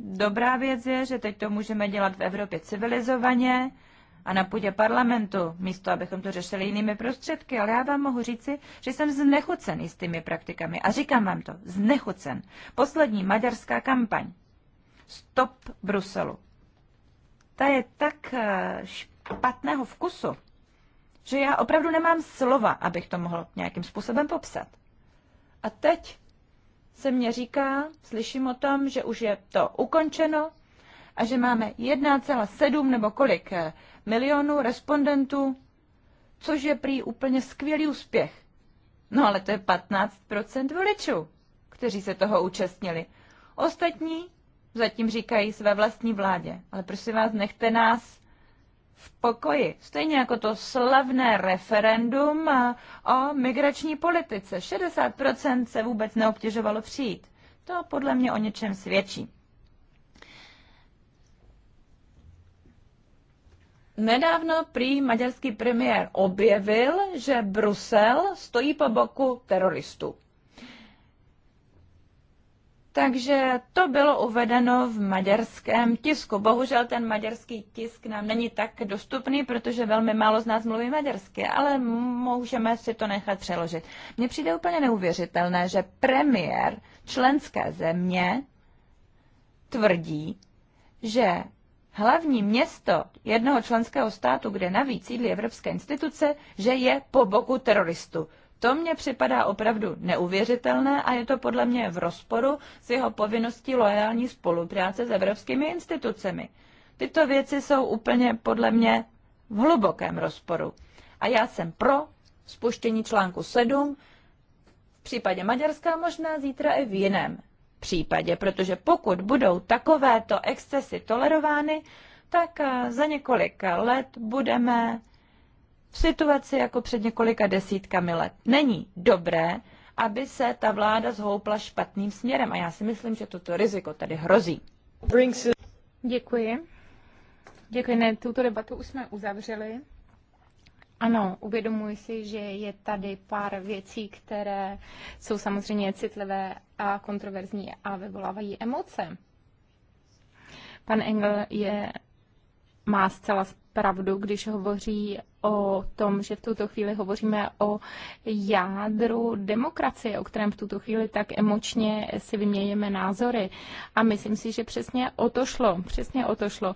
Dobrá věc je, že teď to můžeme dělat v Evropě civilizovaně a na půdě parlamentu, místo abychom to řešili jinými prostředky, ale já vám mohu říci, že jsem znechucen s těmi praktikami a říkám vám to, znechucen. Poslední maďarská kampaň. Stop Bruselu. Ta je tak eh, špatného vkusu, že já opravdu nemám slova, abych to mohl nějakým způsobem popsat. A teď se mně říká, slyším o tom, že už je to ukončeno a že máme 1,7 nebo kolik eh, milionů respondentů, což je prý úplně skvělý úspěch. No ale to je 15% voličů, kteří se toho účastnili. Ostatní zatím říkají své vlastní vládě. Ale prosím vás, nechte nás v pokoji. Stejně jako to slavné referendum eh, o migrační politice. 60% se vůbec neobtěžovalo přijít. To podle mě o něčem svědčí. Nedávno prý maďarský premiér objevil, že Brusel stojí po boku teroristů. Takže to bylo uvedeno v maďarském tisku. Bohužel ten maďarský tisk nám není tak dostupný, protože velmi málo z nás mluví maďarsky, ale můžeme si to nechat přeložit. Mně přijde úplně neuvěřitelné, že premiér členské země tvrdí, že hlavní město jednoho členského státu, kde navíc sídlí Evropské instituce, že je po boku teroristu. To mně připadá opravdu neuvěřitelné a je to podle mě v rozporu s jeho povinností loajální spolupráce s evropskými institucemi. Tyto věci jsou úplně podle mě v hlubokém rozporu. A já jsem pro spuštění článku 7, v případě Maďarska možná zítra i v jiném případě, protože pokud budou takovéto excesy tolerovány, tak eh, za několik let budeme v situaci jako před několika desítkami let. Není dobré, aby se ta vláda zhoupla špatným směrem a já si myslím, že toto riziko tady hrozí. Děkuji. Děkuji, ne, tuto debatu už jsme uzavřeli. Ano, uvědomuji si, že je tady pár věcí, které jsou samozřejmě citlivé a kontroverzní a vyvolávají emoce. Pan Engel je, má zcela pravdu, když hovoří o tom, že v tuto chvíli hovoříme o jádru demokracie, o kterém v tuto chvíli tak emočně si vyměňujeme názory. A myslím si, že přesně o to šlo, přesně o to šlo,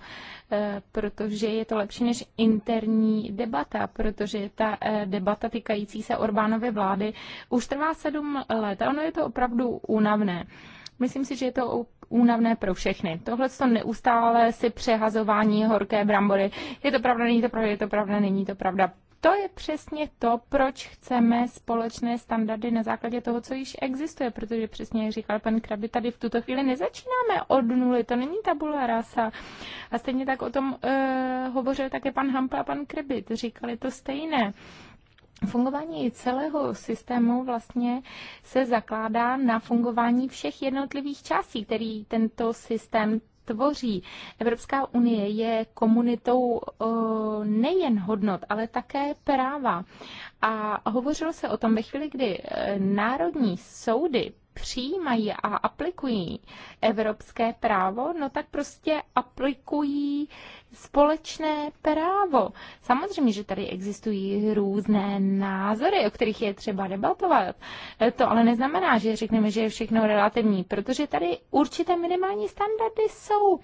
eh, protože je to lepší než interní debata, protože ta eh, debata týkající se Orbánovy vlády už trvá sedm let a ono je to opravdu únavné. Myslím si, že je to únavné pro všechny. Tohle to neustále si přehazování horké brambory. Je to pravda, není to pravda, je to pravda, není to pravda. To je přesně to, proč chceme společné standardy na základě toho, co již existuje, protože přesně, jak říkal pan Krabi, tady v tuto chvíli nezačínáme od nuly, to není tabula rasa. A stejně tak o tom uh, hovořil také pan Hampa a pan Krabi, říkali to stejné. Fungování celého systému vlastně se zakládá na fungování všech jednotlivých částí, který tento systém tvoří. Evropská unie je komunitou nejen hodnot, ale také práva. A hovořilo se o tom ve chvíli, kdy e, národní soudy přijímají a aplikují evropské právo, no tak prostě aplikují společné právo. Samozřejmě, že tady existují různé názory, o kterých je třeba debatovat. To ale neznamená, že řekneme, že je všechno relativní, protože tady určité minimální standardy jsou.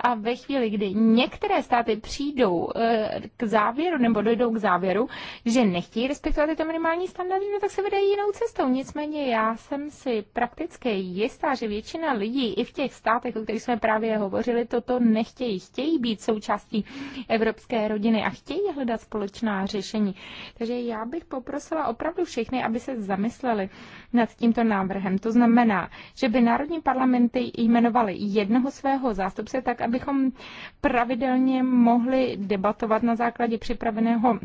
A ve chvíli, kdy některé státy přijdou eh, k závěru nebo dojdou k závěru, že nechtějí respektovat tyto minimální standardy, no tak se vydají jinou cestou. Nicméně já jsem si prakticky jistá, že většina lidí i v těch státech, o kterých jsme právě hovořili, toto nechtějí. Chtějí být součástí evropské rodiny a chtějí hledat společná řešení. Takže já bych poprosila opravdu všechny, aby se zamysleli nad tímto návrhem. To znamená, že by národní parlamenty jmenovaly jednoho svého zástupce tak, abychom pravidelně mohli debatovat na základě připraveného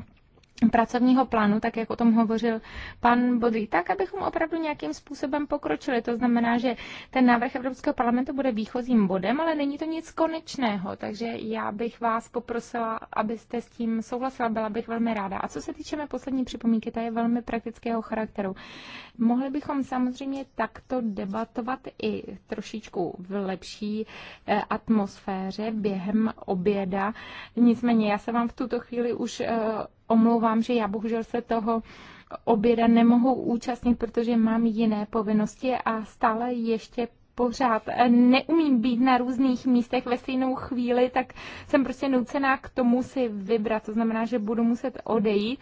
pracovního plánu, tak jak o tom hovořil pan Bodlí, tak abychom opravdu nějakým způsobem pokročili. To znamená, že ten návrh Evropského parlamentu bude výchozím bodem, ale není to nic konečného, takže já bych vás poprosila, abyste s tím souhlasila, byla bych velmi ráda. A co se týče mé poslední připomínky, ta je velmi praktického charakteru. Mohli bychom samozřejmě takto debatovat i trošičku v lepší eh, atmosféře během oběda. Nicméně já se vám v tuto chvíli už eh, omlouvám, že já bohužel se toho oběda nemohu účastnit, protože mám jiné povinnosti a stále ještě pořád neumím být na různých místech ve stejnou chvíli, tak jsem prostě nucená k tomu si vybrat. To znamená, že budu muset odejít,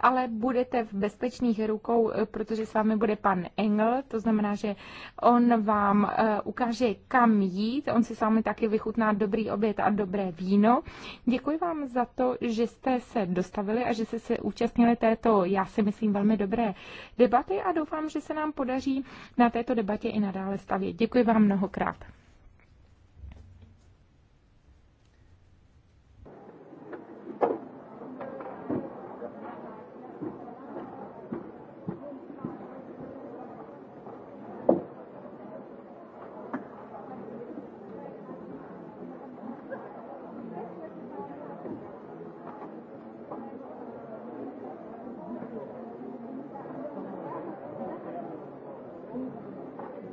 ale budete v bezpečných rukou, protože s vámi bude pan Engel, to znamená, že on vám eh, ukáže, kam jít, on si s vámi taky vychutná dobrý oběd a dobré víno. Děkuji vám za to, že jste se dostavili a že jste se účastnili této, já si myslím, velmi dobré debaty a doufám, že se nám podaří na této debatě i nadále stavět. Děkuji Děkuji vám mnohokrát.